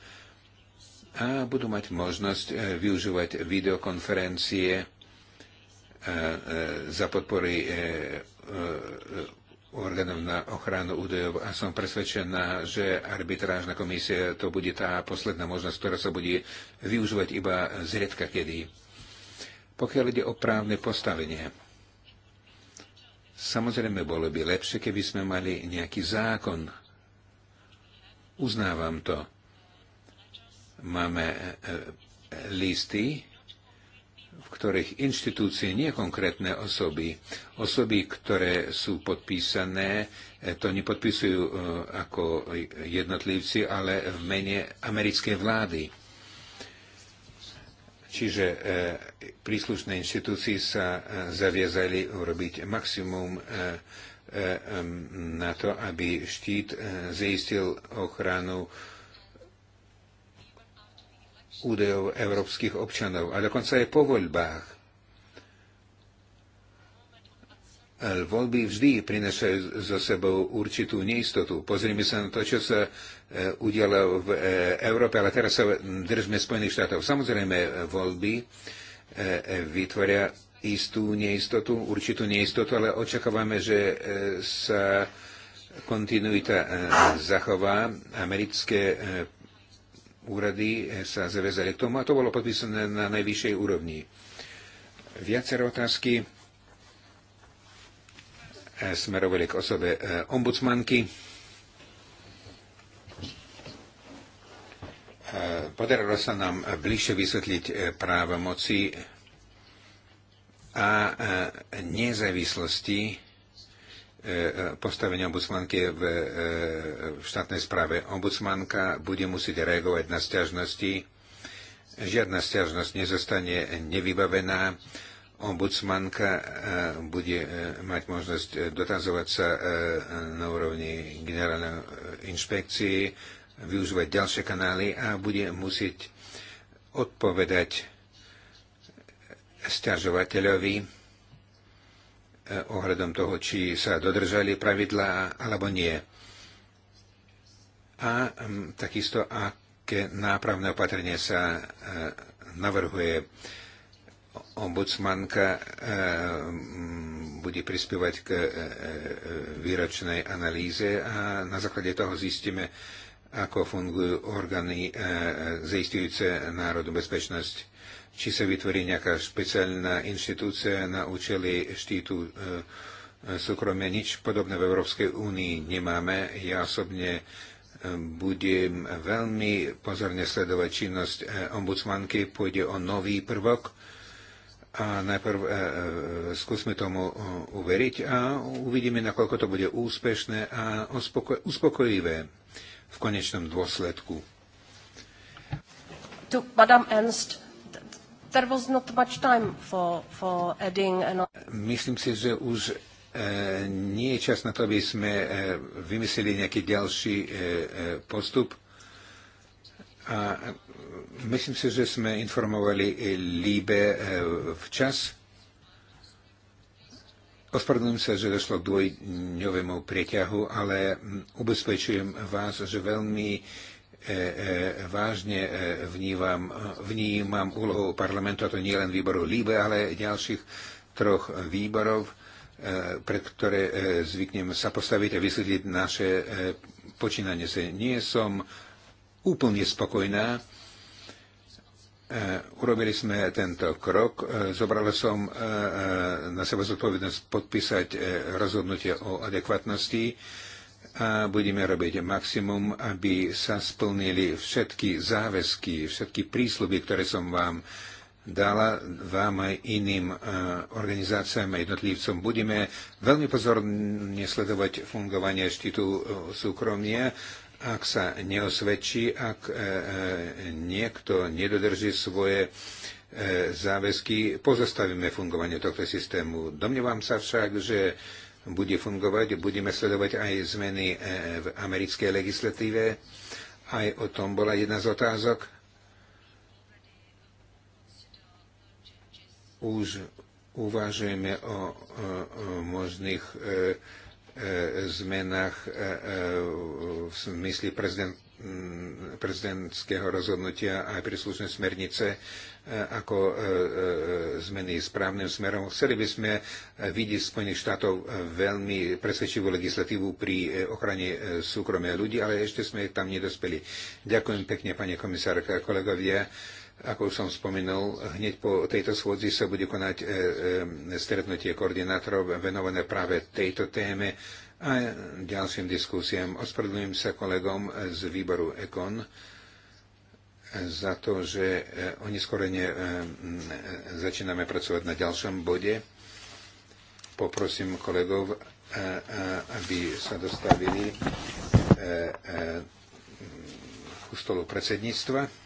a budú mať možnosť využívať videokonferencie za podpory E, e, orgánom na ochranu údajov a som presvedčená, že arbitrážna komisia to bude tá posledná možnosť, ktorá sa bude využívať iba zriedka kedy. Pokiaľ ide o právne postavenie, samozrejme bolo by lepšie, keby sme mali nejaký zákon. Uznávam to. Máme e, listy, ktorých inštitúcie, nie konkrétne osoby, osoby, ktoré sú podpísané, e, to nepodpisujú e, ako jednotlivci, ale v mene americkej vlády. Čiže e, príslušné inštitúcie sa zaviazali urobiť maximum na to, aby štít zaistil ochranu údajov európskych občanov a dokonca aj po voľbách. Voľby vždy prinášajú za sebou určitú neistotu. Pozrime sa na to, čo sa e, udialo v e, Európe, ale teraz sa držme Spojených štátov. Samozrejme, voľby e, vytvoria istú neistotu, určitú neistotu, ale očakávame, že sa kontinuita zachová. Americké úrady sa zavezali k tomu a to bolo podpísané na najvyššej úrovni. Viaceré otázky smerovali k osobe e, ombudsmanky. E, podarilo sa nám bližšie vysvetliť e, práva moci a nezávislosti E, postavenie ombudsmanky v, e, v štátnej správe. Ombudsmanka bude musieť reagovať na stiažnosti. Žiadna stiažnosť nezostane nevybavená. Ombudsmanka e, bude mať možnosť dotazovať sa na úrovni generálnej inšpekcii, využívať ďalšie kanály a bude musieť odpovedať stiažovateľovi Eh, ohľadom toho, či sa dodržali pravidlá alebo nie. A mm, takisto, aké nápravné opatrenie sa eh, navrhuje. Ombudsmanka eh, mm, bude prispievať k výročnej analýze a na základe toho zistíme, ako fungujú orgány zaistujúce národnú bezpečnosť či sa vytvorí nejaká špeciálna inštitúcia na účely štítu e, súkromia. Nič podobné v Európskej únii nemáme. Ja osobne e, budem veľmi pozorne sledovať činnosť e, ombudsmanky. Pôjde o nový prvok a najprv e, skúsme tomu uveriť a uvidíme, nakoľko to bude úspešné a uspoko- uspokojivé v konečnom dôsledku. To Madame Ernst there was not much time for, for adding an... Myslím si, že už e, nie je čas na to, aby sme e, vymysleli nejaký ďalší e, e postup. A e, myslím si, že sme informovali e, Líbe včas. Ospravedlňujem sa, že došlo k dvojňovému preťahu, ale ubezpečujem vás, že veľmi E, e, vážne e, vnímam, vnímam úlohu parlamentu, a to nie len výboru Líbe, ale ďalších troch výborov, pre ktoré zvyknem sa postaviť a vysvetliť naše počínanie Se Nie som úplne spokojná. Urobili sme tento krok. Zobral som na seba zodpovednosť podpísať rozhodnutie o adekvatnosti a budeme robiť maximum, aby sa splnili všetky záväzky, všetky prísluby, ktoré som vám dala vám aj iným e, organizáciám a jednotlivcom. Budeme veľmi pozorne sledovať fungovanie štítu e, súkromia. Ak sa neosvedčí, ak e, niekto nedodrží svoje záväzky, pozastavíme fungovanie tohto systému. Domnievam sa však, že bude fungovať. Budeme sledovať aj zmeny e, v americkej legislatíve. Aj o tom bola jedna z otázok. Už uvažujeme o, o, o možných e, e, zmenách e, e v smysli prezident, prezidentského rozhodnutia aj príslušnej smernice. E, E, ako e, e, zmeny správnym smerom. Chceli by sme vidieť Spojených štátov veľmi presvedčivú legislatívu pri ochrane súkromia ľudí, ale ešte sme tam nedospeli. Ďakujem pekne, pani komisárka, kolegovia. Ako už som spomenul, hneď po tejto schôdzi sa bude konať stretnutie koordinátorov venované práve tejto téme a ďalším diskusiám. Ospravedlňujem sa kolegom z výboru EKON za to, že eh, oneskorene eh, mm, začíname pracovať na ďalšom bode. Poprosím kolegov, eh, aby sa dostavili ku stolu predsedníctva.